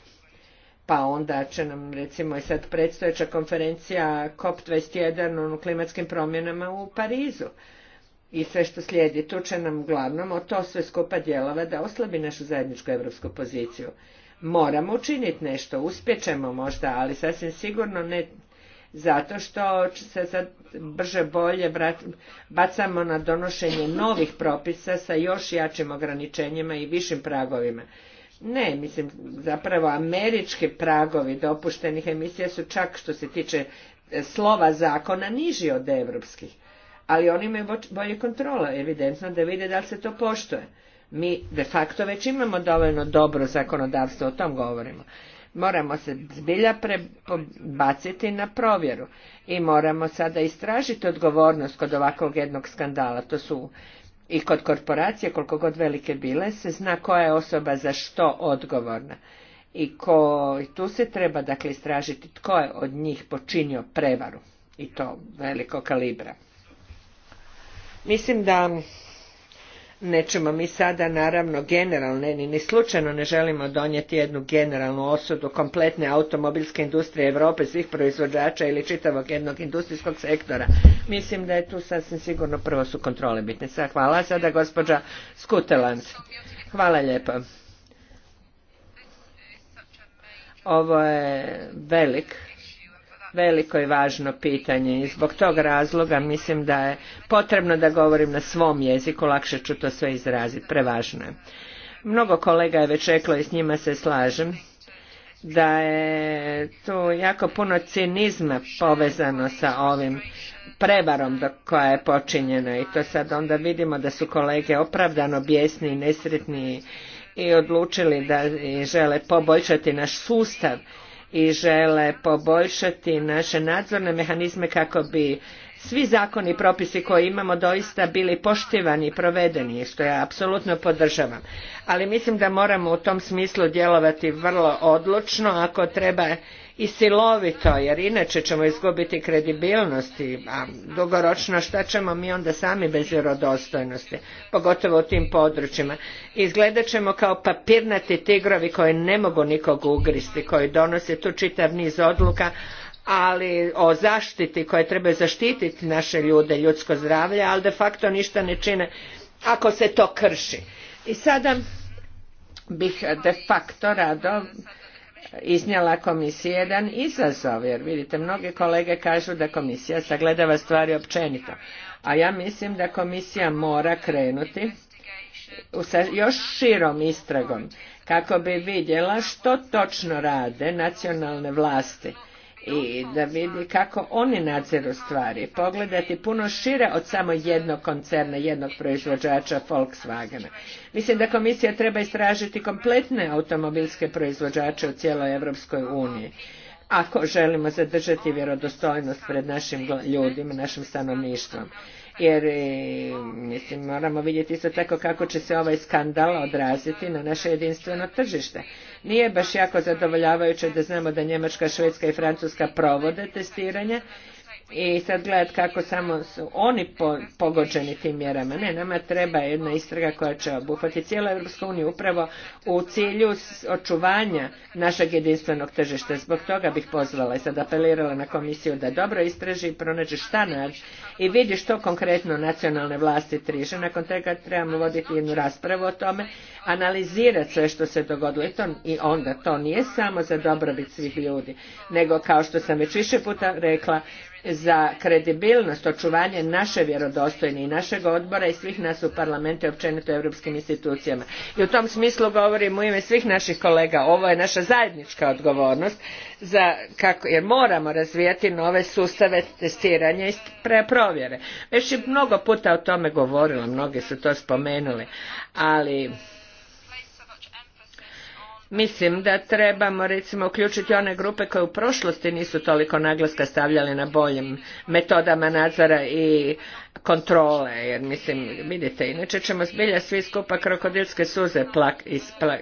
pa onda će nam recimo i sad predstojeća konferencija COP21 o klimatskim promjenama u Parizu i sve što slijedi tu će nam uglavnom o to sve skupa djelovati da oslabi našu zajedničku europsku poziciju Moramo učiniti nešto, uspjećemo možda, ali sasvim sigurno ne zato što se sad brže bolje bacamo na donošenje novih propisa sa još jačim ograničenjima i višim pragovima. Ne, mislim, zapravo američki pragovi dopuštenih emisija su čak što se tiče e, slova zakona niži od europskih, ali oni imaju bolje kontrole, evidentno da vide da li se to poštuje mi de facto već imamo dovoljno dobro zakonodavstvo, o tom govorimo. Moramo se zbilja baciti na provjeru i moramo sada istražiti odgovornost kod ovakvog jednog skandala. To su i kod korporacije, koliko god velike bile, se zna koja je osoba za što odgovorna. I, ko, i tu se treba dakle istražiti tko je od njih počinio prevaru i to velikog kalibra. Mislim da nećemo mi sada naravno generalne ni, ni slučajno ne želimo donijeti jednu generalnu osudu kompletne automobilske industrije Europe svih proizvođača ili čitavog jednog industrijskog sektora. Mislim da je tu sasvim sigurno prvo su kontrole bitne. hvala sada gospođa Skutelans. Hvala lijepo. Ovo je velik veliko i važno pitanje i zbog tog razloga mislim da je potrebno da govorim na svom jeziku, lakše ću to sve izraziti, prevažno je. Mnogo kolega je već reklo i s njima se slažem da je tu jako puno cinizma povezano sa ovim prevarom koja je počinjena i to sad onda vidimo da su kolege opravdano bijesni i nesretni i odlučili da žele poboljšati naš sustav i žele poboljšati naše nadzorne mehanizme kako bi svi zakoni i propisi koje imamo doista bili poštivani i provedeni, što ja apsolutno podržavam. Ali mislim da moramo u tom smislu djelovati vrlo odlučno ako treba i silovito jer inače ćemo izgubiti kredibilnosti, a dugoročno šta ćemo mi onda sami bez vjerodostojnosti, pogotovo u tim područjima. Izgledat ćemo kao papirnati tigrovi koji ne mogu nikog ugristi, koji donose tu čitav niz odluka, ali o zaštiti koje trebaju zaštititi naše ljude, ljudsko zdravlje, ali de facto ništa ne čine ako se to krši. I sada bih de facto rado iznijela komisiji jedan izazov, jer vidite, mnogi kolege kažu da komisija sagledava stvari općenito, a ja mislim da komisija mora krenuti sa još širom istragom kako bi vidjela što točno rade nacionalne vlasti i da vidi kako oni nadziru stvari, pogledati puno šire od samo jednog koncerna, jednog proizvođača Volkswagena. Mislim da komisija treba istražiti kompletne automobilske proizvođače u cijeloj Europskoj uniji ako želimo zadržati vjerodostojnost pred našim ljudima, našim stanovništvom. Jer e, mislim, moramo vidjeti isto tako kako će se ovaj skandal odraziti na naše jedinstveno tržište nije baš jako zadovoljavajuće da znamo da Njemačka, Švedska i Francuska provode testiranje i sad gledat kako samo su oni pogođeni tim mjerama. Ne, nama treba jedna istraga koja će obuhvati cijelu Europsku uniju upravo u cilju očuvanja našeg jedinstvenog tržišta. Zbog toga bih pozvala i sad apelirala na komisiju da dobro istraži i pronađe šta nađe i vidi što konkretno nacionalne vlasti triže. Nakon toga trebamo voditi jednu raspravu o tome, analizirati sve što se dogodilo i, to, i onda to nije samo za dobrobit svih ljudi, nego kao što sam već više puta rekla, za kredibilnost, očuvanje naše vjerodostojnosti i našeg odbora i svih nas u parlamentu i općenito europskim institucijama. I u tom smislu govorim u ime svih naših kolega, ovo je naša zajednička odgovornost za jer moramo razvijati nove sustave testiranja i provjere. Već je mnogo puta o tome govorila, mnogi su to spomenuli, ali Mislim da trebamo recimo uključiti one grupe koje u prošlosti nisu toliko naglaska stavljale na boljim metodama nadzora i kontrole, jer mislim, vidite, inače ćemo zbilja svi skupa krokodilske suze plak, ispla,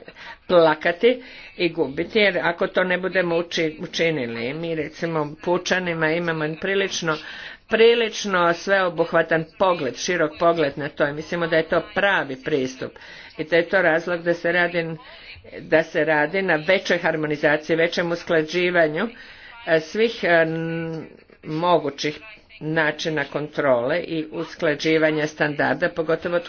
plakati i gubiti, jer ako to ne budemo učinili, mi recimo pučanima imamo prilično prilično sveobuhvatan pogled, širok pogled na to i mislimo da je to pravi pristup i da je to razlog da se radi da se radi na većoj harmonizaciji, većem usklađivanju e, svih e, mogućih načina kontrole i usklađivanja standarda, pogotovo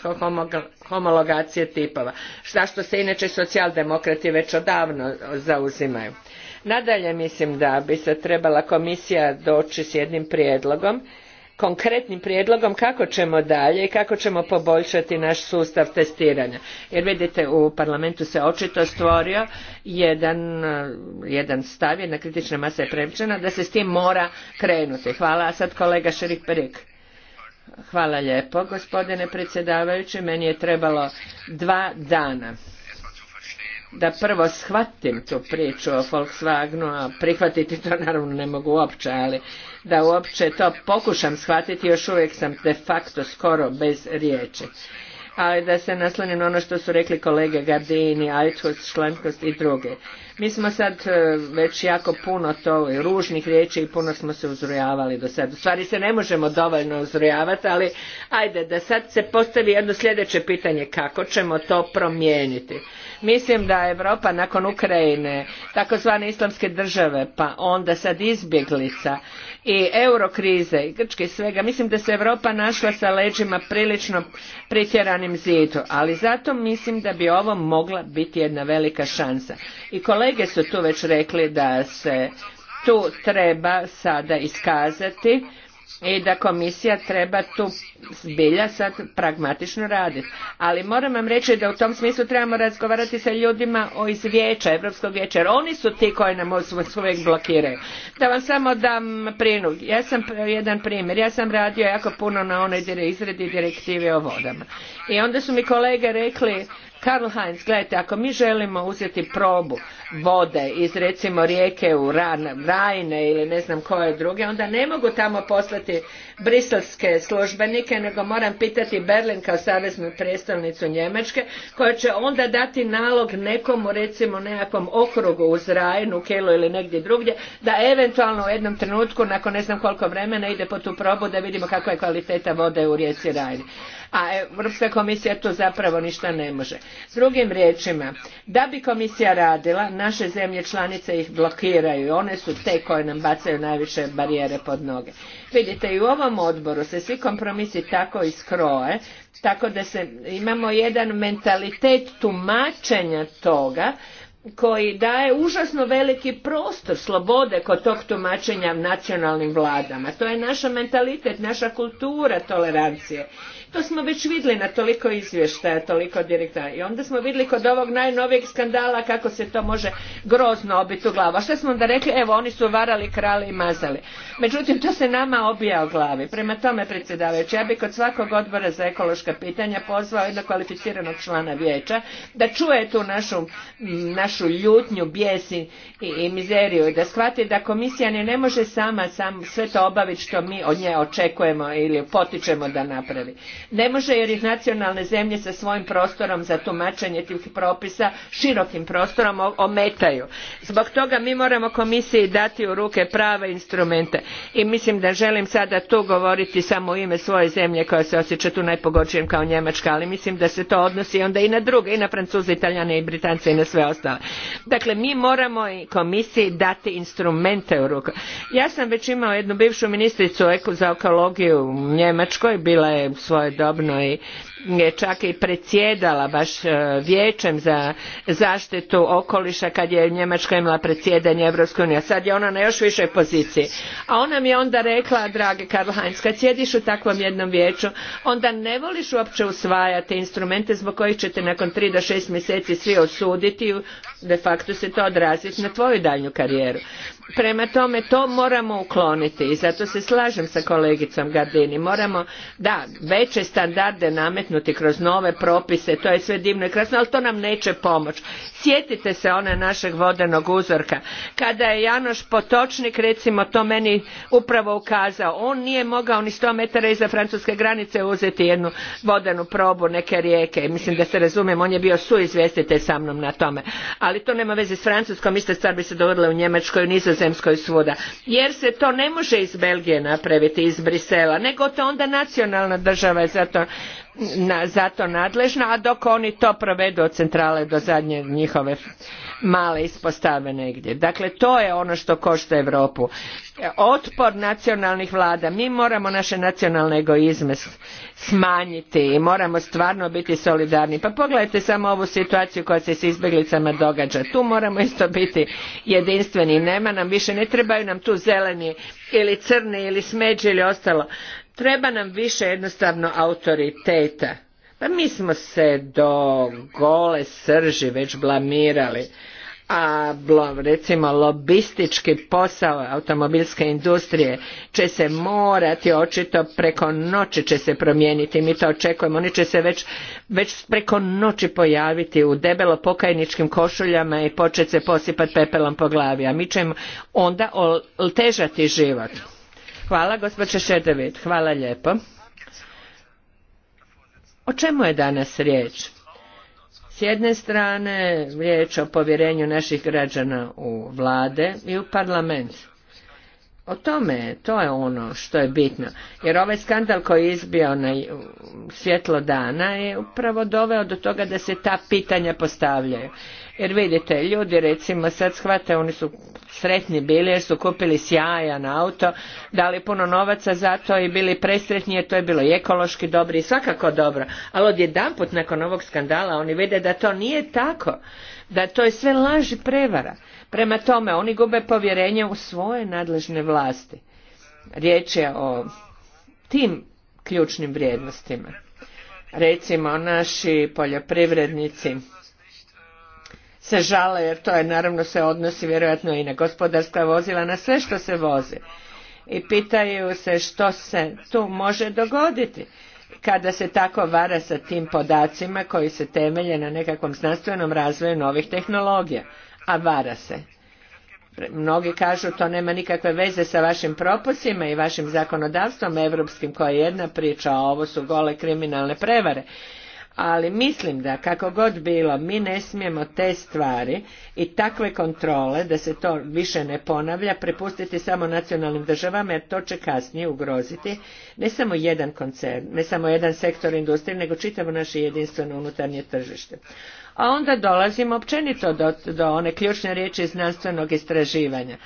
homologacije tipova, šta što se inače socijaldemokrati već odavno zauzimaju. Nadalje mislim da bi se trebala komisija doći s jednim prijedlogom konkretnim prijedlogom kako ćemo dalje i kako ćemo poboljšati naš sustav testiranja. Jer vidite u parlamentu se očito stvorio jedan, stav, jedna kritična masa je previčena da se s tim mora krenuti. Hvala, a sad kolega Šerik Perik. Hvala lijepo, gospodine predsjedavajući. Meni je trebalo dva dana da prvo shvatim tu priču o Volkswagenu, a prihvatiti to naravno ne mogu uopće, ali da uopće to pokušam shvatiti, još uvijek sam de facto skoro bez riječi ali da se naslonim na ono što su rekli kolege Gardini, Eichhut, Šlenkost i druge. Mi smo sad e, već jako puno to ružnih riječi i puno smo se uzrujavali do sada. U stvari se ne možemo dovoljno uzrujavati, ali ajde da sad se postavi jedno sljedeće pitanje kako ćemo to promijeniti. Mislim da Europa nakon Ukrajine, takozvane islamske države, pa onda sad izbjeglica i eurokrize i grčke svega, mislim da se Europa našla sa leđima prilično pretjeranim zidu, ali zato mislim da bi ovo mogla biti jedna velika šansa. I kolege su tu već rekli da se tu treba sada iskazati i da komisija treba tu zbilja sad pragmatično raditi. Ali moram vam reći da u tom smislu trebamo razgovarati sa ljudima iz vijeća, Europskog vijeća, jer oni su ti koji nam uvijek blokiraju. Da vam samo dam prinug. Ja sam jedan primjer. Ja sam radio jako puno na onoj izredi direktive o vodama. I onda su mi kolege rekli Karl Heinz, gledajte, ako mi želimo uzeti probu vode iz recimo rijeke u Rajne ili ne znam koje druge, onda ne mogu tamo poslati briselske službenike, nego moram pitati Berlin kao saveznu predstavnicu Njemačke, koja će onda dati nalog nekomu recimo nekakvom okrugu uz Rajnu, Kelu ili negdje drugdje, da eventualno u jednom trenutku, nakon ne znam koliko vremena, ide po tu probu da vidimo kakva je kvaliteta vode u rijeci Rajne a Europska komisija to zapravo ništa ne može. Drugim riječima, da bi komisija radila, naše zemlje članice ih blokiraju i one su te koje nam bacaju najviše barijere pod noge. Vidite, i u ovom odboru se svi kompromisi tako iskroje, tako da se, imamo jedan mentalitet tumačenja toga koji daje užasno veliki prostor slobode kod tog tumačenja nacionalnim vladama. To je naša mentalitet, naša kultura tolerancije. To smo već vidjeli na toliko izvještaja, toliko direktora. I onda smo vidjeli kod ovog najnovijeg skandala kako se to može grozno obiti u glavu. A što smo onda rekli? Evo, oni su varali, krali i mazali. Međutim, to se nama obija o glavi. Prema tome, predsjedavajući, ja bih kod svakog odbora za ekološka pitanja pozvao jednog kvalificiranog člana vijeća da čuje tu našu, našu našu ljutnju, bijes i, i mizeriju i da shvati da komisija ne, ne može sama sam sve to obaviti što mi od nje očekujemo ili potičemo da napravi. Ne može jer ih nacionalne zemlje sa svojim prostorom za tumačenje tih propisa širokim prostorom ometaju. Zbog toga mi moramo komisiji dati u ruke prave instrumente i mislim da želim sada tu govoriti samo u ime svoje zemlje koja se osjeća tu najpogođijem kao Njemačka, ali mislim da se to odnosi onda i na druge, i na Francuze, Italijane, i Britance i na sve ostale. Dakle, mi moramo i komisiji dati instrumente u ruku. Ja sam već imao jednu bivšu ministricu za ekologiju u Njemačkoj, bila je svojedobno i je čak i predsjedala baš e, vijećem za zaštitu okoliša kad je Njemačka imala predsjedanje Europske unije. Sad je ona na još višoj poziciji. A ona mi je onda rekla, drage Karl Heinz, kad sjediš u takvom jednom vijeću, onda ne voliš uopće usvajati instrumente zbog kojih ćete nakon tri do šest mjeseci svi osuditi i de facto se to odraziti na tvoju daljnju karijeru. Prema tome to moramo ukloniti i zato se slažem sa kolegicom Gardini. Moramo da veće standarde nametnuti kroz nove propise, to je sve divno i krasno, ali to nam neće pomoći. Sjetite se ona našeg vodenog uzorka. Kada je Janoš Potočnik recimo to meni upravo ukazao, on nije mogao ni sto metara iza francuske granice uzeti jednu vodenu probu neke rijeke. Mislim da se razumijem, on je bio suizvjestitelj sa mnom na tome. Ali to nema veze s Francuskom, ista stvar bi se dogodila u Njemačkoj, u nizozemskoj svuda jer se to ne može iz belgije napraviti iz brisela nego to onda nacionalna država je zato za to nadležna, a dok oni to provedu od centrale do zadnje njihove male ispostave negdje. Dakle, to je ono što košta Europu. Otpor nacionalnih vlada. Mi moramo naše nacionalne egoizme smanjiti i moramo stvarno biti solidarni. Pa pogledajte samo ovu situaciju koja se s izbjeglicama događa. Tu moramo isto biti jedinstveni. Nema nam više, ne trebaju nam tu zeleni ili crni ili smeđi ili ostalo. Treba nam više jednostavno autoriteta. Pa mi smo se do gole srži već blamirali a recimo lobistički posao automobilske industrije će se morati očito preko noći će se promijeniti mi to očekujemo oni će se već, već preko noći pojaviti u debelo pokajničkim košuljama i početi se posipati pepelom po glavi a mi ćemo onda otežati život Hvala, gospođo Hvala O čemu je danas riječ? S jedne strane riječ o povjerenju naših građana u vlade i u parlament. O tome, to je ono što je bitno. Jer ovaj skandal koji je izbio na svjetlo dana je upravo doveo do toga da se ta pitanja postavljaju. Jer vidite, ljudi recimo sad shvate, oni su sretni bili jer su kupili sjajan auto, dali puno novaca za to i bili presretni jer to je bilo i ekološki dobro i svakako dobro. Ali odjedanput nakon ovog skandala oni vide da to nije tako, da to je sve laž i prevara. Prema tome, oni gube povjerenje u svoje nadležne vlasti. Riječ je o tim ključnim vrijednostima. Recimo, naši poljoprivrednici se žale jer to je naravno se odnosi vjerojatno i na gospodarska vozila, na sve što se vozi. I pitaju se što se tu može dogoditi kada se tako vara sa tim podacima koji se temelje na nekakvom znanstvenom razvoju novih tehnologija, a vara se. Mnogi kažu to nema nikakve veze sa vašim propisima i vašim zakonodavstvom europskim koja je jedna priča, a ovo su gole kriminalne prevare ali mislim da kako god bilo mi ne smijemo te stvari i takve kontrole da se to više ne ponavlja prepustiti samo nacionalnim državama jer to će kasnije ugroziti ne samo jedan koncern, ne samo jedan sektor industrije nego čitavo naše jedinstveno unutarnje tržište. A onda dolazimo općenito do, do one ključne riječi znanstvenog istraživanja.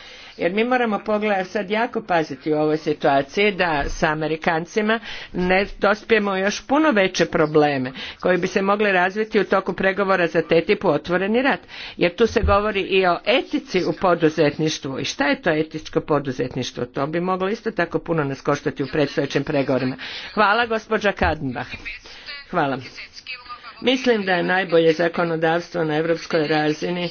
Jer mi moramo pogledati sad jako paziti u ovoj situaciji da sa Amerikancima ne dospijemo još puno veće probleme koji bi se mogli razviti u toku pregovora za te u otvoreni rat. Jer tu se govori i o etici u poduzetništvu. I šta je to etičko poduzetništvo? To bi moglo isto tako puno nas koštati u predstojećim pregovorima. Hvala gospođa Kadenbach. Hvala. Mislim da je najbolje zakonodavstvo na europskoj razini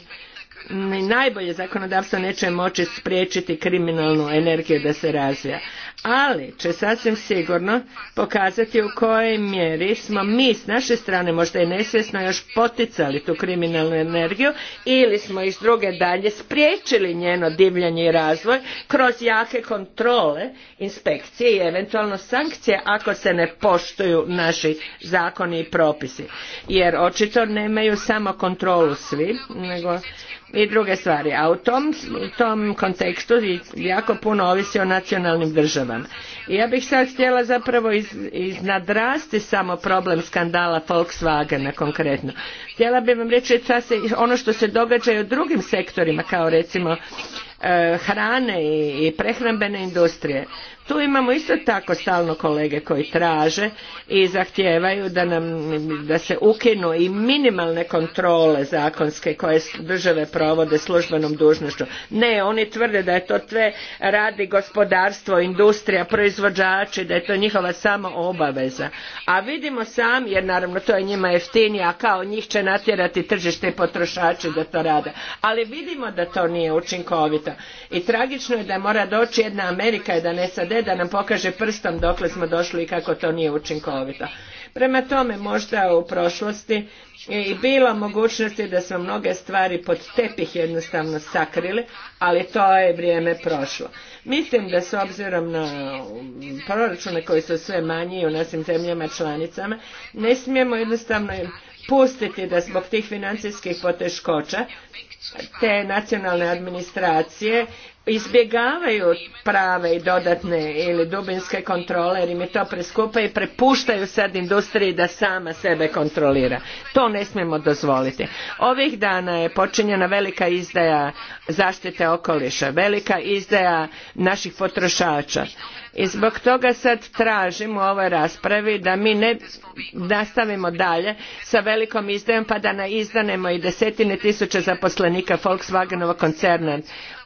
ni najbolje zakonodavstvo neće moći spriječiti kriminalnu energiju da se razvija. Ali će sasvim sigurno pokazati u kojoj mjeri smo mi s naše strane možda i nesvjesno još poticali tu kriminalnu energiju ili smo iz druge dalje spriječili njeno divljanje i razvoj kroz jake kontrole, inspekcije i eventualno sankcije ako se ne poštuju naši zakoni i propisi. Jer očito nemaju samo kontrolu svi, nego i druge stvari. A u tom, tom kontekstu jako puno ovisi o nacionalnim državama. I ja bih sad htjela zapravo iz, iznadrasti samo problem skandala Volkswagena konkretno. Htjela bih vam reći ono što se događa i u drugim sektorima kao recimo e, hrane i prehrambene industrije. Tu imamo isto tako stalno kolege koji traže i zahtijevaju da, nam, da se ukinu i minimalne kontrole zakonske koje države provode službenom dužnošću. Ne, oni tvrde da je to sve radi gospodarstvo, industrija, proizvođači, da je to njihova samo obaveza. A vidimo sam, jer naravno to je njima jeftinije, a kao njih će natjerati tržište i potrošači da to rade. Ali vidimo da to nije učinkovito. I tragično je da mora doći jedna Amerika i da ne sad da nam pokaže prstom dokle smo došli i kako to nije učinkovito. Prema tome možda u prošlosti i bilo mogućnosti da smo mnoge stvari pod tepih jednostavno sakrili, ali to je vrijeme prošlo. Mislim da s obzirom na um, proračune koji su sve manji u našim zemljama članicama, ne smijemo jednostavno pustiti da zbog tih financijskih poteškoća te nacionalne administracije izbjegavaju prave i dodatne ili dubinske kontrole jer im je to preskupa i prepuštaju sad industriji da sama sebe kontrolira. To ne smijemo dozvoliti. Ovih dana je počinjena velika izdaja zaštite okoliša, velika izdaja naših potrošača. I zbog toga sad tražim u ovoj raspravi da mi ne nastavimo dalje sa velikom izdajom pa da izdanemo i desetine tisuća zaposlenika Volkswagenovog koncerna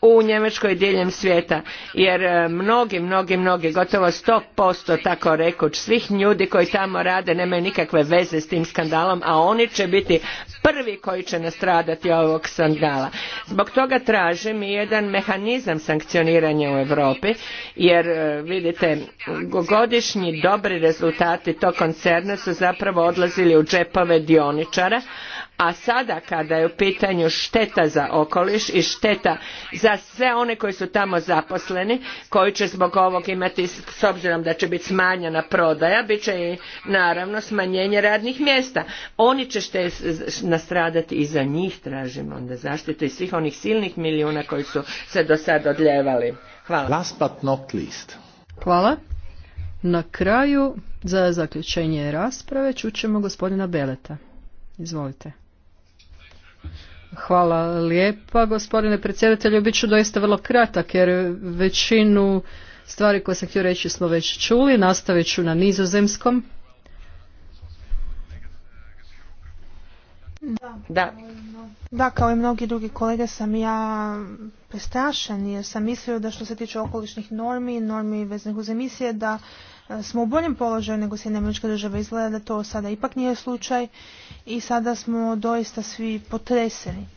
u Njemačkoj i diljem svijeta jer e, mnogi, mnogi, mnogi gotovo posto tako rekuć svih ljudi koji tamo rade nemaju nikakve veze s tim skandalom a oni će biti prvi koji će nastradati ovog skandala. Zbog toga tražim i jedan mehanizam sankcioniranja u Europi jer e, vidite godišnji dobri rezultati tog koncerna su zapravo odlazili u džepove dioničara a sada kada je u pitanju šteta za okoliš i šteta za sve one koji su tamo zaposleni koji će zbog ovog imati s obzirom da će biti smanjena prodaja bit će i naravno smanjenje radnih mjesta oni će šte nastradati i za njih tražimo onda zaštitu i svih onih silnih milijuna koji su se do sad odljevali hvala hvala na kraju, za zaključenje rasprave, čućemo gospodina Beleta. Izvolite. Hvala lijepa, gospodine predsjedatelju. Biću doista vrlo kratak, jer većinu stvari koje sam htio reći smo već čuli. Nastavit ću na nizozemskom. Da. Da, kao i mnogi drugi kolege sam ja prestrašen jer sam mislio da što se tiče okolišnih normi, normi veznih uz emisije, da smo u boljem položaju nego Sjedinjene američke države. Izgleda da to sada ipak nije slučaj i sada smo doista svi potreseni.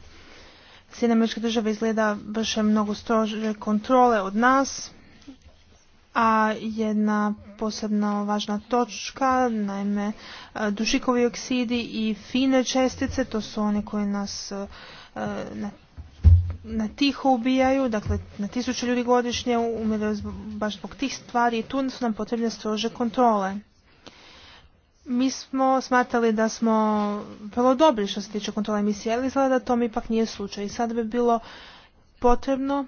Sjedna američke države izgleda vrše mnogo strože kontrole od nas, a jedna posebno važna točka, naime e, dušikovi oksidi i fine čestice, to su one koje nas e, na na tiho ubijaju, dakle na tisuće ljudi godišnje umiraju baš zbog tih stvari i tu su nam potrebne strože kontrole. Mi smo smatrali da smo vrlo dobri što se tiče kontrole emisije, ali izgleda da to ipak nije slučaj. I sad bi bilo potrebno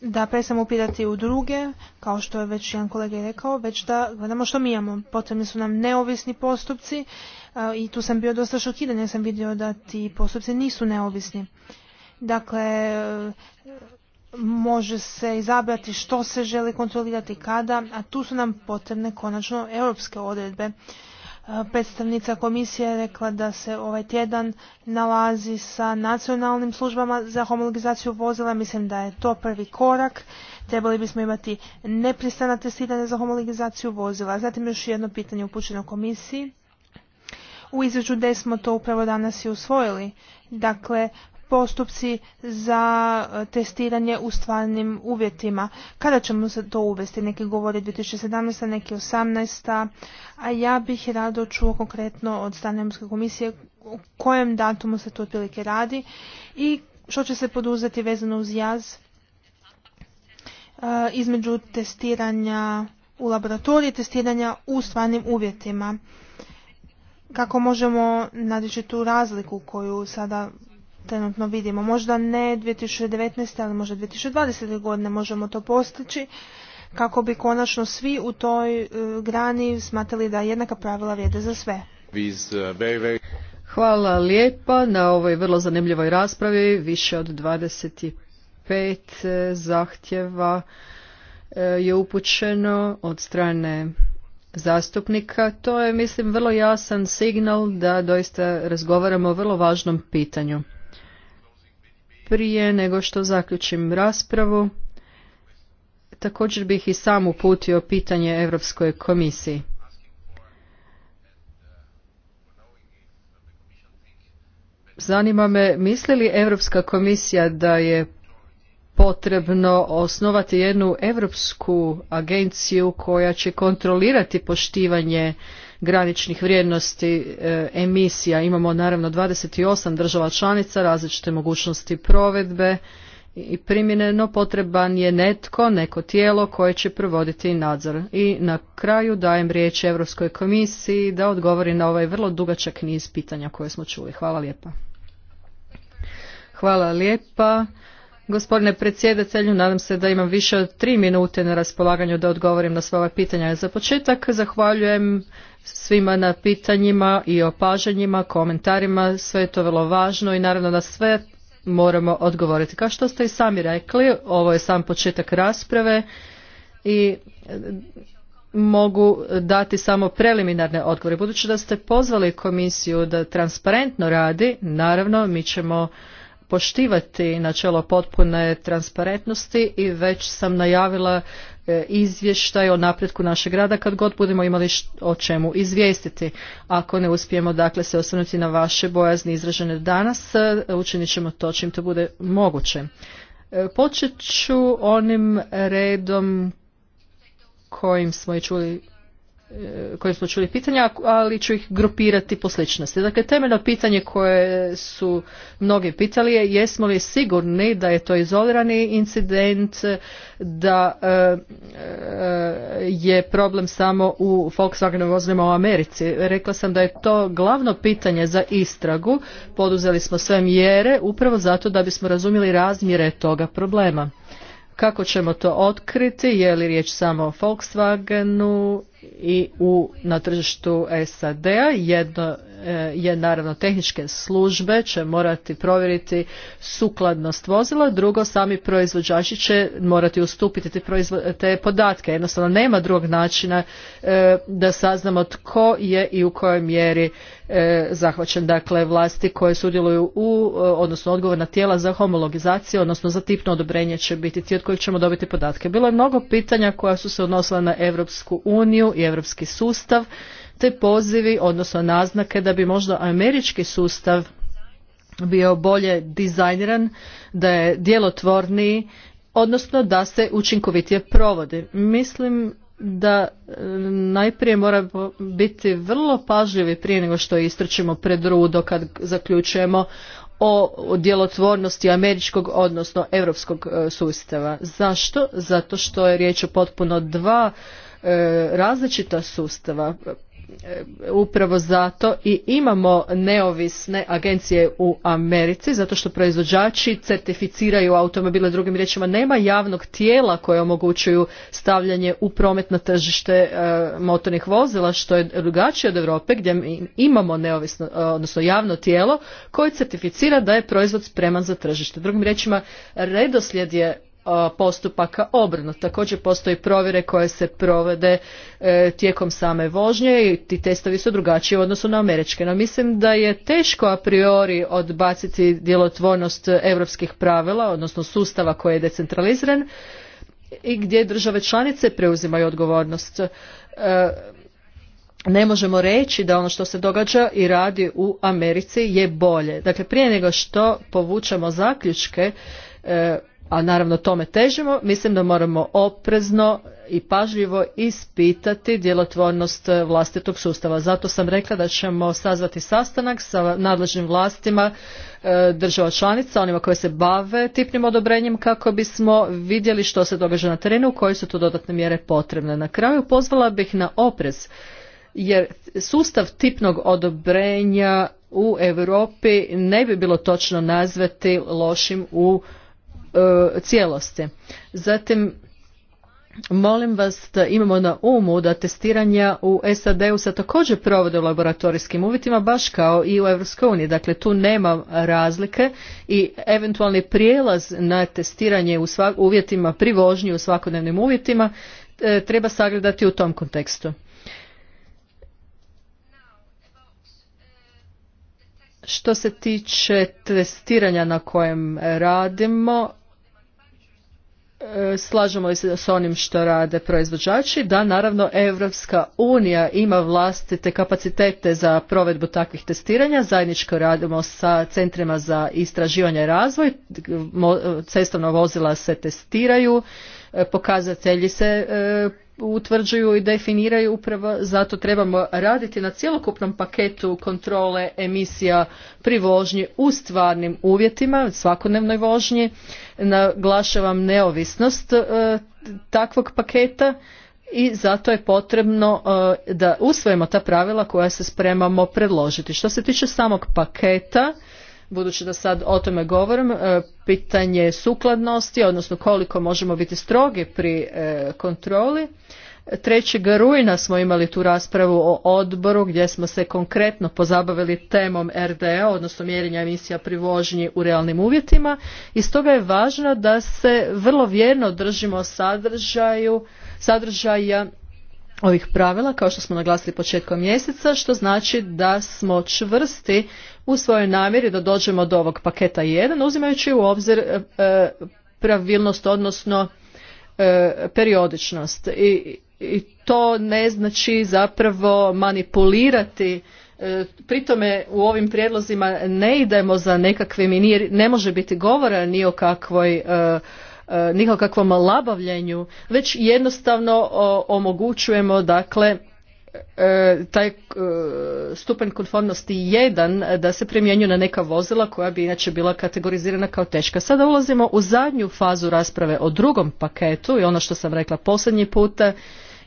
da prestamo upirati u druge, kao što je već jedan kolega rekao, već da gledamo što mi imamo. Potrebni su nam neovisni postupci i tu sam bio dosta šokiran jer sam vidio da ti postupci nisu neovisni. Dakle, može se izabrati što se želi kontrolirati kada, a tu su nam potrebne konačno europske odredbe. Predstavnica komisije je rekla da se ovaj tjedan nalazi sa nacionalnim službama za homologizaciju vozila. Mislim da je to prvi korak. Trebali bismo imati nepristana testiranja za homologizaciju vozila. Zatim još jedno pitanje upućeno komisiji. U izveđu D smo to upravo danas i usvojili. Dakle, postupci za e, testiranje u stvarnim uvjetima. Kada ćemo se to uvesti? Neki govore 2017. neki 2018. A ja bih rado čuo konkretno od strane Europske komisije u kojem datumu se to otprilike radi i što će se poduzeti vezano uz jaz e, između testiranja u laboratoriji testiranja u stvarnim uvjetima kako možemo nadići tu razliku koju sada trenutno vidimo. Možda ne 2019. ali možda 2020. godine možemo to postići kako bi konačno svi u toj e, grani smatrali da jednaka pravila vrijede za sve. E, Hvala lijepa na ovoj vrlo zanimljivoj raspravi. Više od 25 e, zahtjeva je upućeno od strane zastupnika, to je mislim vrlo jasan signal da doista razgovaramo o vrlo važnom pitanju. Prije nego što zaključim raspravu, također bih i sam uputio pitanje Europskoj komisiji. Zanima me, misli li Europska komisija da je potrebno osnovati jednu europsku agenciju koja će kontrolirati poštivanje graničnih vrijednosti e, emisija. Imamo naravno 28 država članica, različite mogućnosti provedbe i primjene, no potreban je netko, neko tijelo koje će provoditi nadzor. I na kraju dajem riječ Europskoj komisiji da odgovori na ovaj vrlo dugačak niz pitanja koje smo čuli. Hvala lijepa. Hvala lijepa. Gospodine predsjedatelju, nadam se da imam više od tri minute na raspolaganju da odgovorim na sva pitanja. Za početak zahvaljujem svima na pitanjima i opažanjima, komentarima, sve je to vrlo važno i naravno na sve moramo odgovoriti. Kao što ste i sami rekli, ovo je sam početak rasprave i e, mogu dati samo preliminarne odgovore. Budući da ste pozvali komisiju da transparentno radi, naravno mi ćemo poštivati načelo potpune transparentnosti i već sam najavila e, izvještaj o napretku našeg rada kad god budemo imali o čemu izvijestiti. Ako ne uspijemo dakle se osvrnuti na vaše bojazni izražene danas, e, učinit ćemo to čim to bude moguće. E, počet ću onim redom kojim smo i čuli E, koje smo čuli pitanja, ali ću ih grupirati po sličnosti. Dakle, temeljno pitanje koje su mnogi pitali je jesmo li sigurni da je to izolirani incident, da e, e, je problem samo u Volkswagenu, vozilima u Americi. Rekla sam da je to glavno pitanje za istragu. Poduzeli smo sve mjere upravo zato da bismo razumjeli razmjere toga problema. Kako ćemo to otkriti? Je li riječ samo o Volkswagenu i u, na tržištu SAD-a. Jedno, E, je naravno tehničke službe će morati provjeriti sukladnost vozila, drugo sami proizvođači će morati ustupiti te, te podatke. Jednostavno nema drugog načina e, da saznamo tko je i u kojoj mjeri e, zahvaćen. Dakle, vlasti koje sudjeluju u, e, odnosno odgovorna tijela za homologizaciju, odnosno za tipno odobrenje će biti ti od kojih ćemo dobiti podatke. Bilo je mnogo pitanja koja su se odnosila na Europsku uniju i europski sustav te pozivi, odnosno naznake da bi možda američki sustav bio bolje dizajniran, da je djelotvorniji, odnosno da se učinkovitije provodi. Mislim da e, najprije moramo biti vrlo pažljivi prije nego što istrčimo pred rudo kad zaključujemo o djelotvornosti američkog odnosno europskog e, sustava. Zašto? Zato što je riječ o potpuno dva e, različita sustava upravo zato i imamo neovisne agencije u Americi zato što proizvođači certificiraju automobile drugim riječima nema javnog tijela koje omogućuju stavljanje u promet na tržište e, motornih vozila što je drugačije od Europe gdje imamo neovisno e, odnosno javno tijelo koje certificira da je proizvod spreman za tržište drugim riječima redoslijed je postupaka obrnu. Također postoji provjere koje se provode e, tijekom same vožnje i ti testovi su drugačiji u odnosu na američke. No mislim da je teško a priori odbaciti djelotvornost europskih pravila, odnosno sustava koji je decentraliziran i gdje države članice preuzimaju odgovornost. E, ne možemo reći da ono što se događa i radi u Americi je bolje. Dakle, prije nego što povučemo zaključke e, a naravno tome težimo, mislim da moramo oprezno i pažljivo ispitati djelotvornost e, vlastitog sustava. Zato sam rekla da ćemo sazvati sastanak sa nadležnim vlastima e, država članica, onima koje se bave tipnim odobrenjem kako bismo vidjeli što se događa na terenu, koje su to dodatne mjere potrebne. Na kraju pozvala bih na oprez jer sustav tipnog odobrenja u Europi ne bi bilo točno nazvati lošim u E, cijelosti. Zatim, molim vas da imamo na umu da testiranja u SAD-u se također provode u laboratorijskim uvjetima, baš kao i u EU. Dakle, tu nema razlike i eventualni prijelaz na testiranje u uvjetima pri vožnji u svakodnevnim uvjetima e, treba sagledati u tom kontekstu. Što se tiče testiranja na kojem radimo, e, slažemo se s onim što rade proizvođači, da naravno Evropska unija ima vlastite kapacitete za provedbu takvih testiranja, zajedničko radimo sa centrima za istraživanje i razvoj, cestovna vozila se testiraju, e, pokazatelji se e, utvrđuju i definiraju upravo zato trebamo raditi na cjelokupnom paketu kontrole emisija pri vožnji u stvarnim uvjetima, svakodnevnoj vožnji. Naglašavam neovisnost e, takvog paketa i zato je potrebno e, da usvojimo ta pravila koja se spremamo predložiti. Što se tiče samog paketa, budući da sad o tome govorim, e, pitanje sukladnosti, odnosno koliko možemo biti strogi pri e, kontroli. 3. rujna smo imali tu raspravu o odboru gdje smo se konkretno pozabavili temom RDO, odnosno mjerenja emisija pri vožnji u realnim uvjetima i stoga je važno da se vrlo vjerno držimo sadržaju, sadržaja ovih pravila kao što smo naglasili početkom mjeseca što znači da smo čvrsti u svojoj namjeri da dođemo do ovog paketa 1, uzimajući u obzir e, e, pravilnost, odnosno e, periodičnost. I, to ne znači zapravo manipulirati pritome u ovim prijedlozima ne idemo za nekakvim i ne može biti govora ni o kakvoj ni kakvom labavljenju već jednostavno omogućujemo dakle E, taj e, stupanj konformnosti jedan da se primjenju na neka vozila koja bi inače bila kategorizirana kao teška. Sada ulazimo u zadnju fazu rasprave o drugom paketu i ono što sam rekla posljednji puta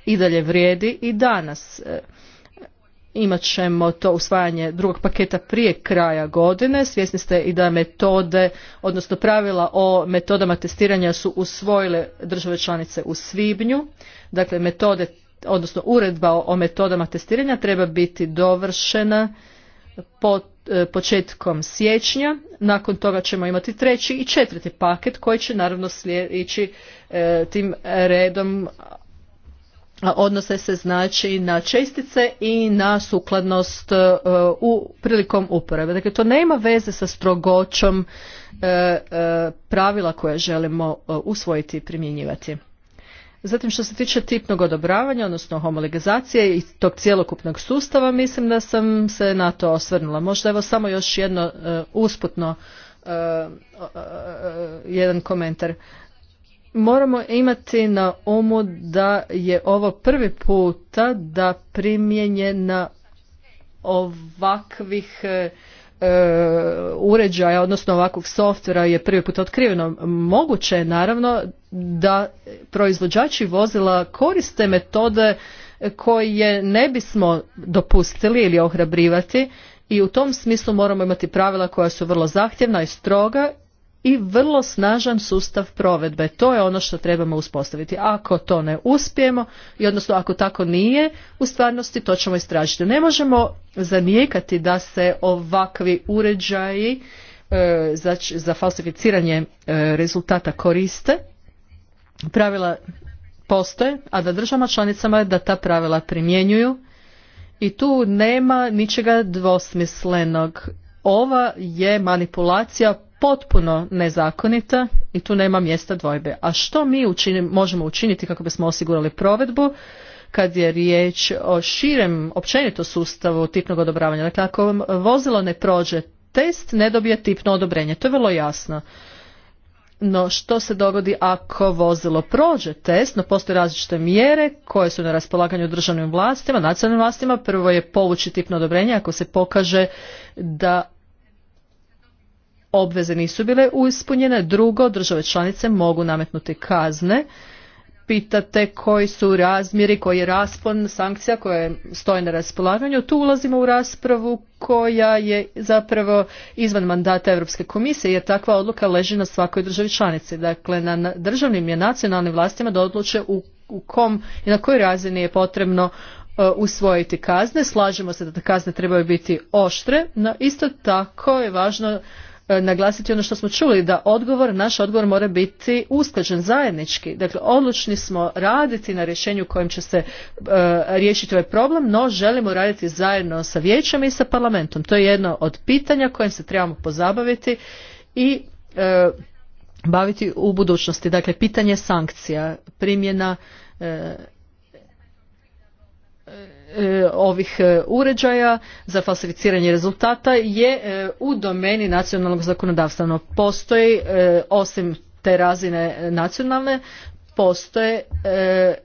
i dalje vrijedi i danas e, imat ćemo to usvajanje drugog paketa prije kraja godine. Svjesni ste i da metode, odnosno pravila o metodama testiranja su usvojile države članice u svibnju. Dakle, metode odnosno uredba o metodama testiranja treba biti dovršena pod e, početkom siječnja. Nakon toga ćemo imati treći i četvrti paket koji će naravno ići e, tim redom odnose se znači na čestice i na sukladnost e, u prilikom uporabe. Dakle, to nema veze sa strogoćom pravila koje želimo usvojiti i primjenjivati. Zatim što se tiče tipnog odobravanja, odnosno homologizacije i tog cjelokupnog sustava, mislim da sam se na to osvrnula. Možda evo samo još jedno e, usputno e, e, jedan komentar. Moramo imati na umu da je ovo prvi puta da na ovakvih E, uređaja, odnosno ovakvog softvera je prvi put otkriveno. Moguće je naravno da proizvođači vozila koriste metode koje ne bismo dopustili ili ohrabrivati i u tom smislu moramo imati pravila koja su vrlo zahtjevna i stroga i vrlo snažan sustav provedbe. To je ono što trebamo uspostaviti. Ako to ne uspijemo, i odnosno ako tako nije, u stvarnosti to ćemo istražiti. Ne možemo zanijekati da se ovakvi uređaji e, za, za falsificiranje e, rezultata koriste. Pravila postoje, a da državama članicama je da ta pravila primjenjuju i tu nema ničega dvosmislenog. Ova je manipulacija potpuno nezakonita i tu nema mjesta dvojbe. A što mi možemo učiniti kako bismo osigurali provedbu kad je riječ o širem općenito sustavu tipnog odobravanja? Dakle, ako vozilo ne prođe test, ne dobije tipno odobrenje. To je vrlo jasno. No što se dogodi ako vozilo prođe test, no postoje različite mjere koje su na raspolaganju državnim vlastima, nacionalnim vlastima. Prvo je povući tipno odobrenje ako se pokaže da obveze nisu bile uspunjene. Drugo, države članice mogu nametnuti kazne. Pitate koji su razmjeri, koji je raspon sankcija koje stoje na raspolaganju. Tu ulazimo u raspravu koja je zapravo izvan mandata Europske komisije jer takva odluka leži na svakoj državi članici. Dakle, na državnim i nacionalnim vlastima da odluče u, kom i na kojoj razini je potrebno e, usvojiti kazne. Slažemo se da te kazne trebaju biti oštre, no isto tako je važno E, naglasiti ono što smo čuli, da odgovor, naš odgovor mora biti usklađen zajednički. Dakle, odlučni smo raditi na rješenju kojim će se e, riješiti ovaj problem, no želimo raditi zajedno sa vijećem i sa parlamentom. To je jedno od pitanja kojim se trebamo pozabaviti i e, baviti u budućnosti. Dakle, pitanje sankcija, primjena E, ovih e, uređaja za falsificiranje rezultata je e, u domeni nacionalnog zakonodavstva. No, postoji osim te razine nacionalne postoje, e,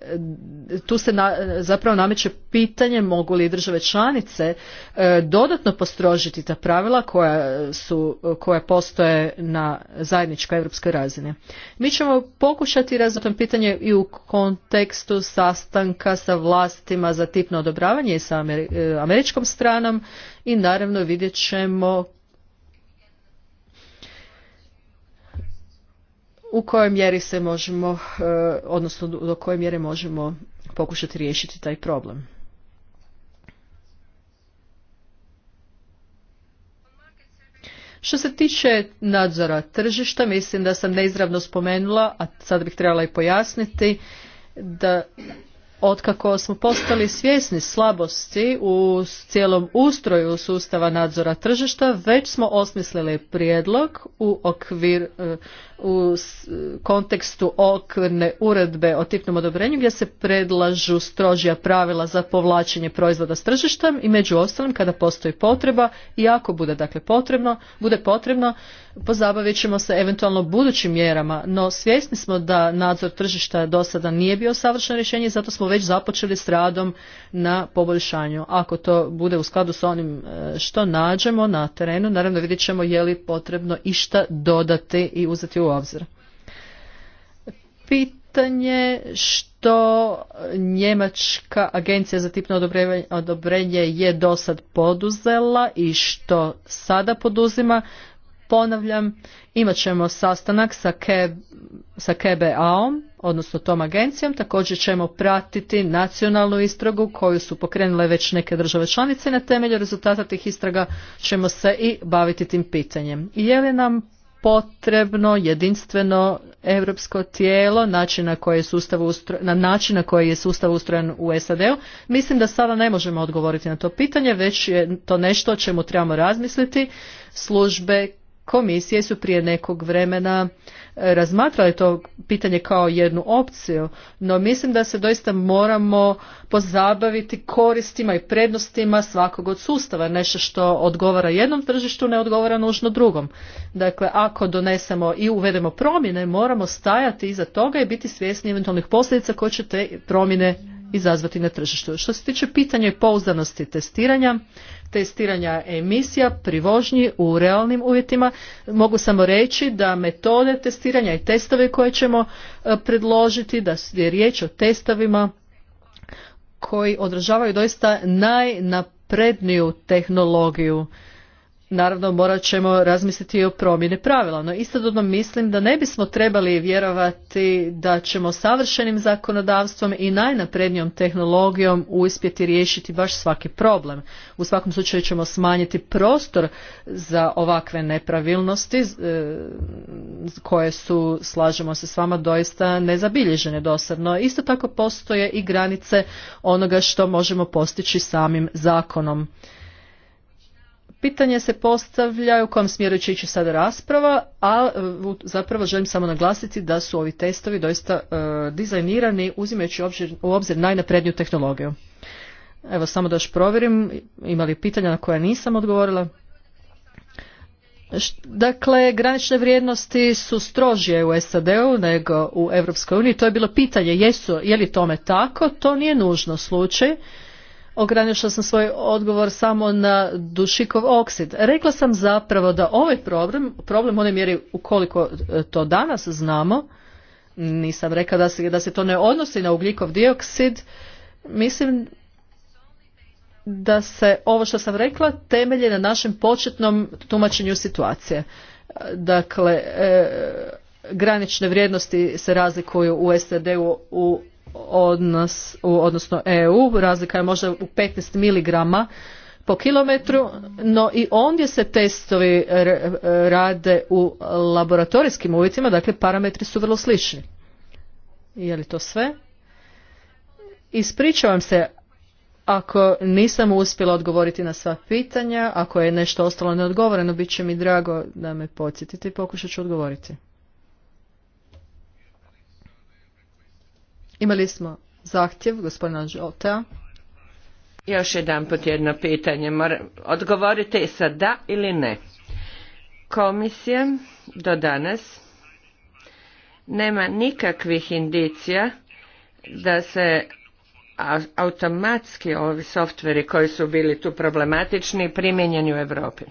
tu se zapravo nameće pitanje mogu li države članice e, dodatno postrožiti ta pravila koja, su, koja postoje na zajedničkoj europskoj razini. Mi ćemo pokušati razviti pitanje i u kontekstu sastanka sa vlastima za tipno odobravanje i sa e, američkom stranom i naravno vidjet ćemo u kojoj mjeri se možemo, e, odnosno do koje mjere možemo pokušati riješiti taj problem. Što se tiče nadzora tržišta, mislim da sam neizravno spomenula, a sad bih trebala i pojasniti, da otkako smo postali svjesni slabosti u cijelom ustroju sustava nadzora tržišta, već smo osmislili prijedlog u okvir e, u kontekstu okvirne uredbe o tipnom odobrenju gdje se predlažu strožija pravila za povlačenje proizvoda s tržištem i među ostalim kada postoji potreba i ako bude dakle potrebno, bude potrebno pozabavit ćemo se eventualno budućim mjerama, no svjesni smo da nadzor tržišta do sada nije bio savršeno rješenje, zato smo već započeli s radom na poboljšanju. Ako to bude u skladu s onim e, što nađemo na terenu, naravno vidjet ćemo je li potrebno išta dodati i uzeti u u obzir. Pitanje što Njemačka agencija za tipno odobrenje je dosad poduzela i što sada poduzima, ponavljam, imat ćemo sastanak sa, sa KBA-om, odnosno tom agencijom. Također ćemo pratiti nacionalnu istragu koju su pokrenule već neke države članice. Na temelju rezultata tih istraga ćemo se i baviti tim pitanjem. Je li nam potrebno jedinstveno europsko tijelo način na koji je sustav na način na koji je sustav ustrojen u SAD-u. Mislim da sada ne možemo odgovoriti na to pitanje, već je to nešto o čemu trebamo razmisliti. Službe komisije su prije nekog vremena e, razmatrale to pitanje kao jednu opciju, no mislim da se doista moramo pozabaviti koristima i prednostima svakog od sustava, nešto što odgovara jednom tržištu ne odgovara nužno drugom. Dakle, ako donesemo i uvedemo promjene, moramo stajati iza toga i biti svjesni eventualnih posljedica koje će te promjene izazvati na tržištu. Što se tiče pitanja i pouzdanosti testiranja, testiranja emisija pri vožnji u realnim uvjetima. Mogu samo reći da metode testiranja i testove koje ćemo e, predložiti, da je riječ o testovima koji odražavaju doista najnapredniju tehnologiju naravno morat ćemo razmisliti i o promjeni pravila. No istodobno mislim da ne bismo trebali vjerovati da ćemo savršenim zakonodavstvom i najnaprednijom tehnologijom uspjeti riješiti baš svaki problem. U svakom slučaju ćemo smanjiti prostor za ovakve nepravilnosti e, koje su, slažemo se s vama, doista nezabilježene dosadno. Isto tako postoje i granice onoga što možemo postići samim zakonom. Pitanje se postavlja u kojem smjeru će ići sada rasprava, a e, zapravo želim samo naglasiti da su ovi testovi doista e, dizajnirani uzimajući u obzir najnapredniju tehnologiju. Evo samo da još provjerim, ima li pitanja na koja nisam odgovorila? Dakle, granične vrijednosti su strožije u SAD-u nego u Europskoj uniji. To je bilo pitanje, jesu, je li tome tako? To nije nužno slučaj ograničila sam svoj odgovor samo na dušikov oksid. Rekla sam zapravo da ovaj problem, problem one mjeri ukoliko e, to danas znamo, nisam rekla da se, da se to ne odnosi na ugljikov dioksid, mislim da se ovo što sam rekla temelje na našem početnom tumačenju situacije. Dakle, e, granične vrijednosti se razlikuju u SAD-u u odnos, odnosno EU, razlika je možda u 15 miligrama po kilometru, no i ondje se testovi rade u laboratorijskim uvjetima, dakle parametri su vrlo slični. Je li to sve? Ispričavam se ako nisam uspjela odgovoriti na sva pitanja, ako je nešto ostalo neodgovoreno, bit će mi drago da me podsjetite i pokušat ću odgovoriti. Imali smo zahtjev gospodina Žota. Još jedan pot jedno pitanje. Odgovorite sada da ili ne. Komisija do danas nema nikakvih indicija da se automatski ovi softveri koji su bili tu problematični primijenjeni u Europi.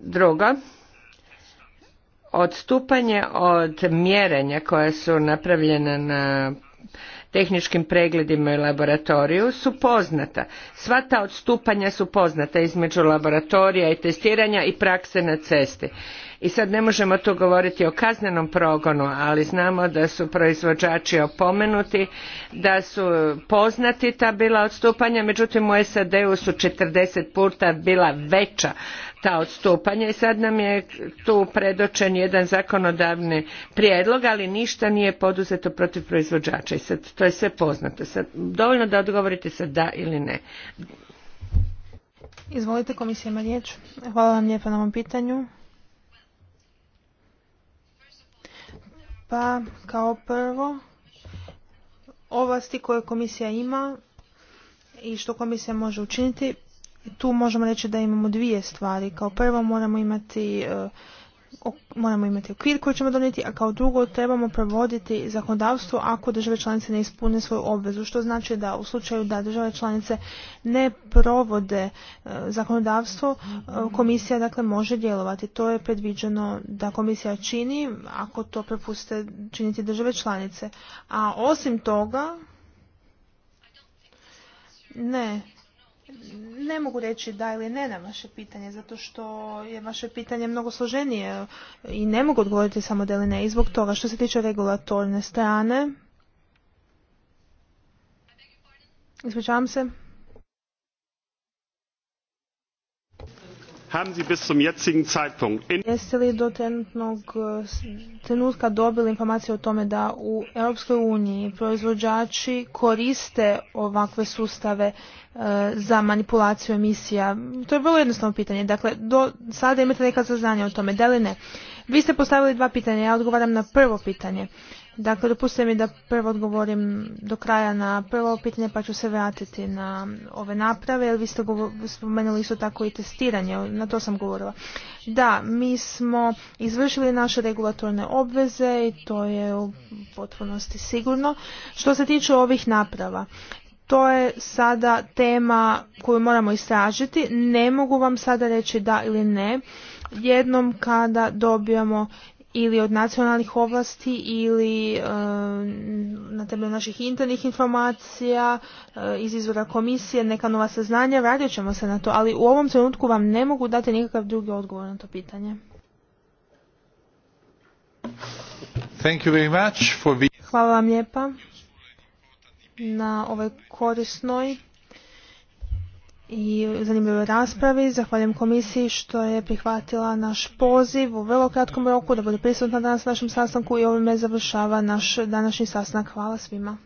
Drugo, odstupanje od mjerenja koje su napravljene na tehničkim pregledima i laboratoriju su poznata. Sva ta odstupanja su poznata između laboratorija i testiranja i prakse na cesti. I sad ne možemo tu govoriti o kaznenom progonu, ali znamo da su proizvođači opomenuti, da su poznati ta bila odstupanja, međutim u SAD-u su 40 puta bila veća ta odstupanja i sad nam je tu predočen jedan zakonodavni prijedlog, ali ništa nije poduzeto protiv proizvođača i sad to je sve poznato. Sad, dovoljno da odgovorite sad da ili ne. Izvolite komisija Hvala vam lijepa na ovom pitanju. Pa kao prvo, ovlasti koje komisija ima i što komisija može učiniti, tu možemo reći da imamo dvije stvari. Kao prvo moramo imati e, moramo imati okvir koji ćemo donijeti, a kao drugo trebamo provoditi zakonodavstvo ako države članice ne ispune svoju obvezu, što znači da u slučaju da države članice ne provode e, zakonodavstvo, e, komisija dakle može djelovati. To je predviđeno da komisija čini ako to prepuste činiti države članice. A osim toga, ne, ne mogu reći da ili ne na vaše pitanje, zato što je vaše pitanje mnogo složenije i ne mogu odgovoriti samo da ili ne. I zbog toga što se tiče regulatorne strane, ispričavam se, haben Sie bis Jeste li do trenutnog eh, trenutka dobili informacije o tome da u Europskoj uniji proizvođači koriste ovakve sustave eh, za manipulaciju emisija? To je vrlo jednostavno pitanje. Dakle, do sada imate neka saznanja o tome, da li ne? Vi ste postavili dva pitanja, ja odgovaram na prvo pitanje. Dakle, dopustite mi da prvo odgovorim do kraja na prvo pitanje pa ću se vratiti na ove naprave, jer vi ste spomenuli isto tako i testiranje, na to sam govorila. Da, mi smo izvršili naše regulatorne obveze i to je u potpunosti sigurno. Što se tiče ovih naprava, to je sada tema koju moramo istražiti. Ne mogu vam sada reći da ili ne. Jednom kada dobijamo ili od nacionalnih ovlasti ili e, na temelju naših internih informacija e, iz izvora komisije neka nova saznanja, radit ćemo se na to, ali u ovom trenutku vam ne mogu dati nikakav drugi odgovor na to pitanje. Thank you very much for... Hvala vam lijepa na ovoj korisnoj i zanimljivoj raspravi. Zahvaljujem komisiji što je prihvatila naš poziv u vrlo kratkom roku da bude prisutna danas na našem sastanku i ovime završava naš današnji sastanak. Hvala svima.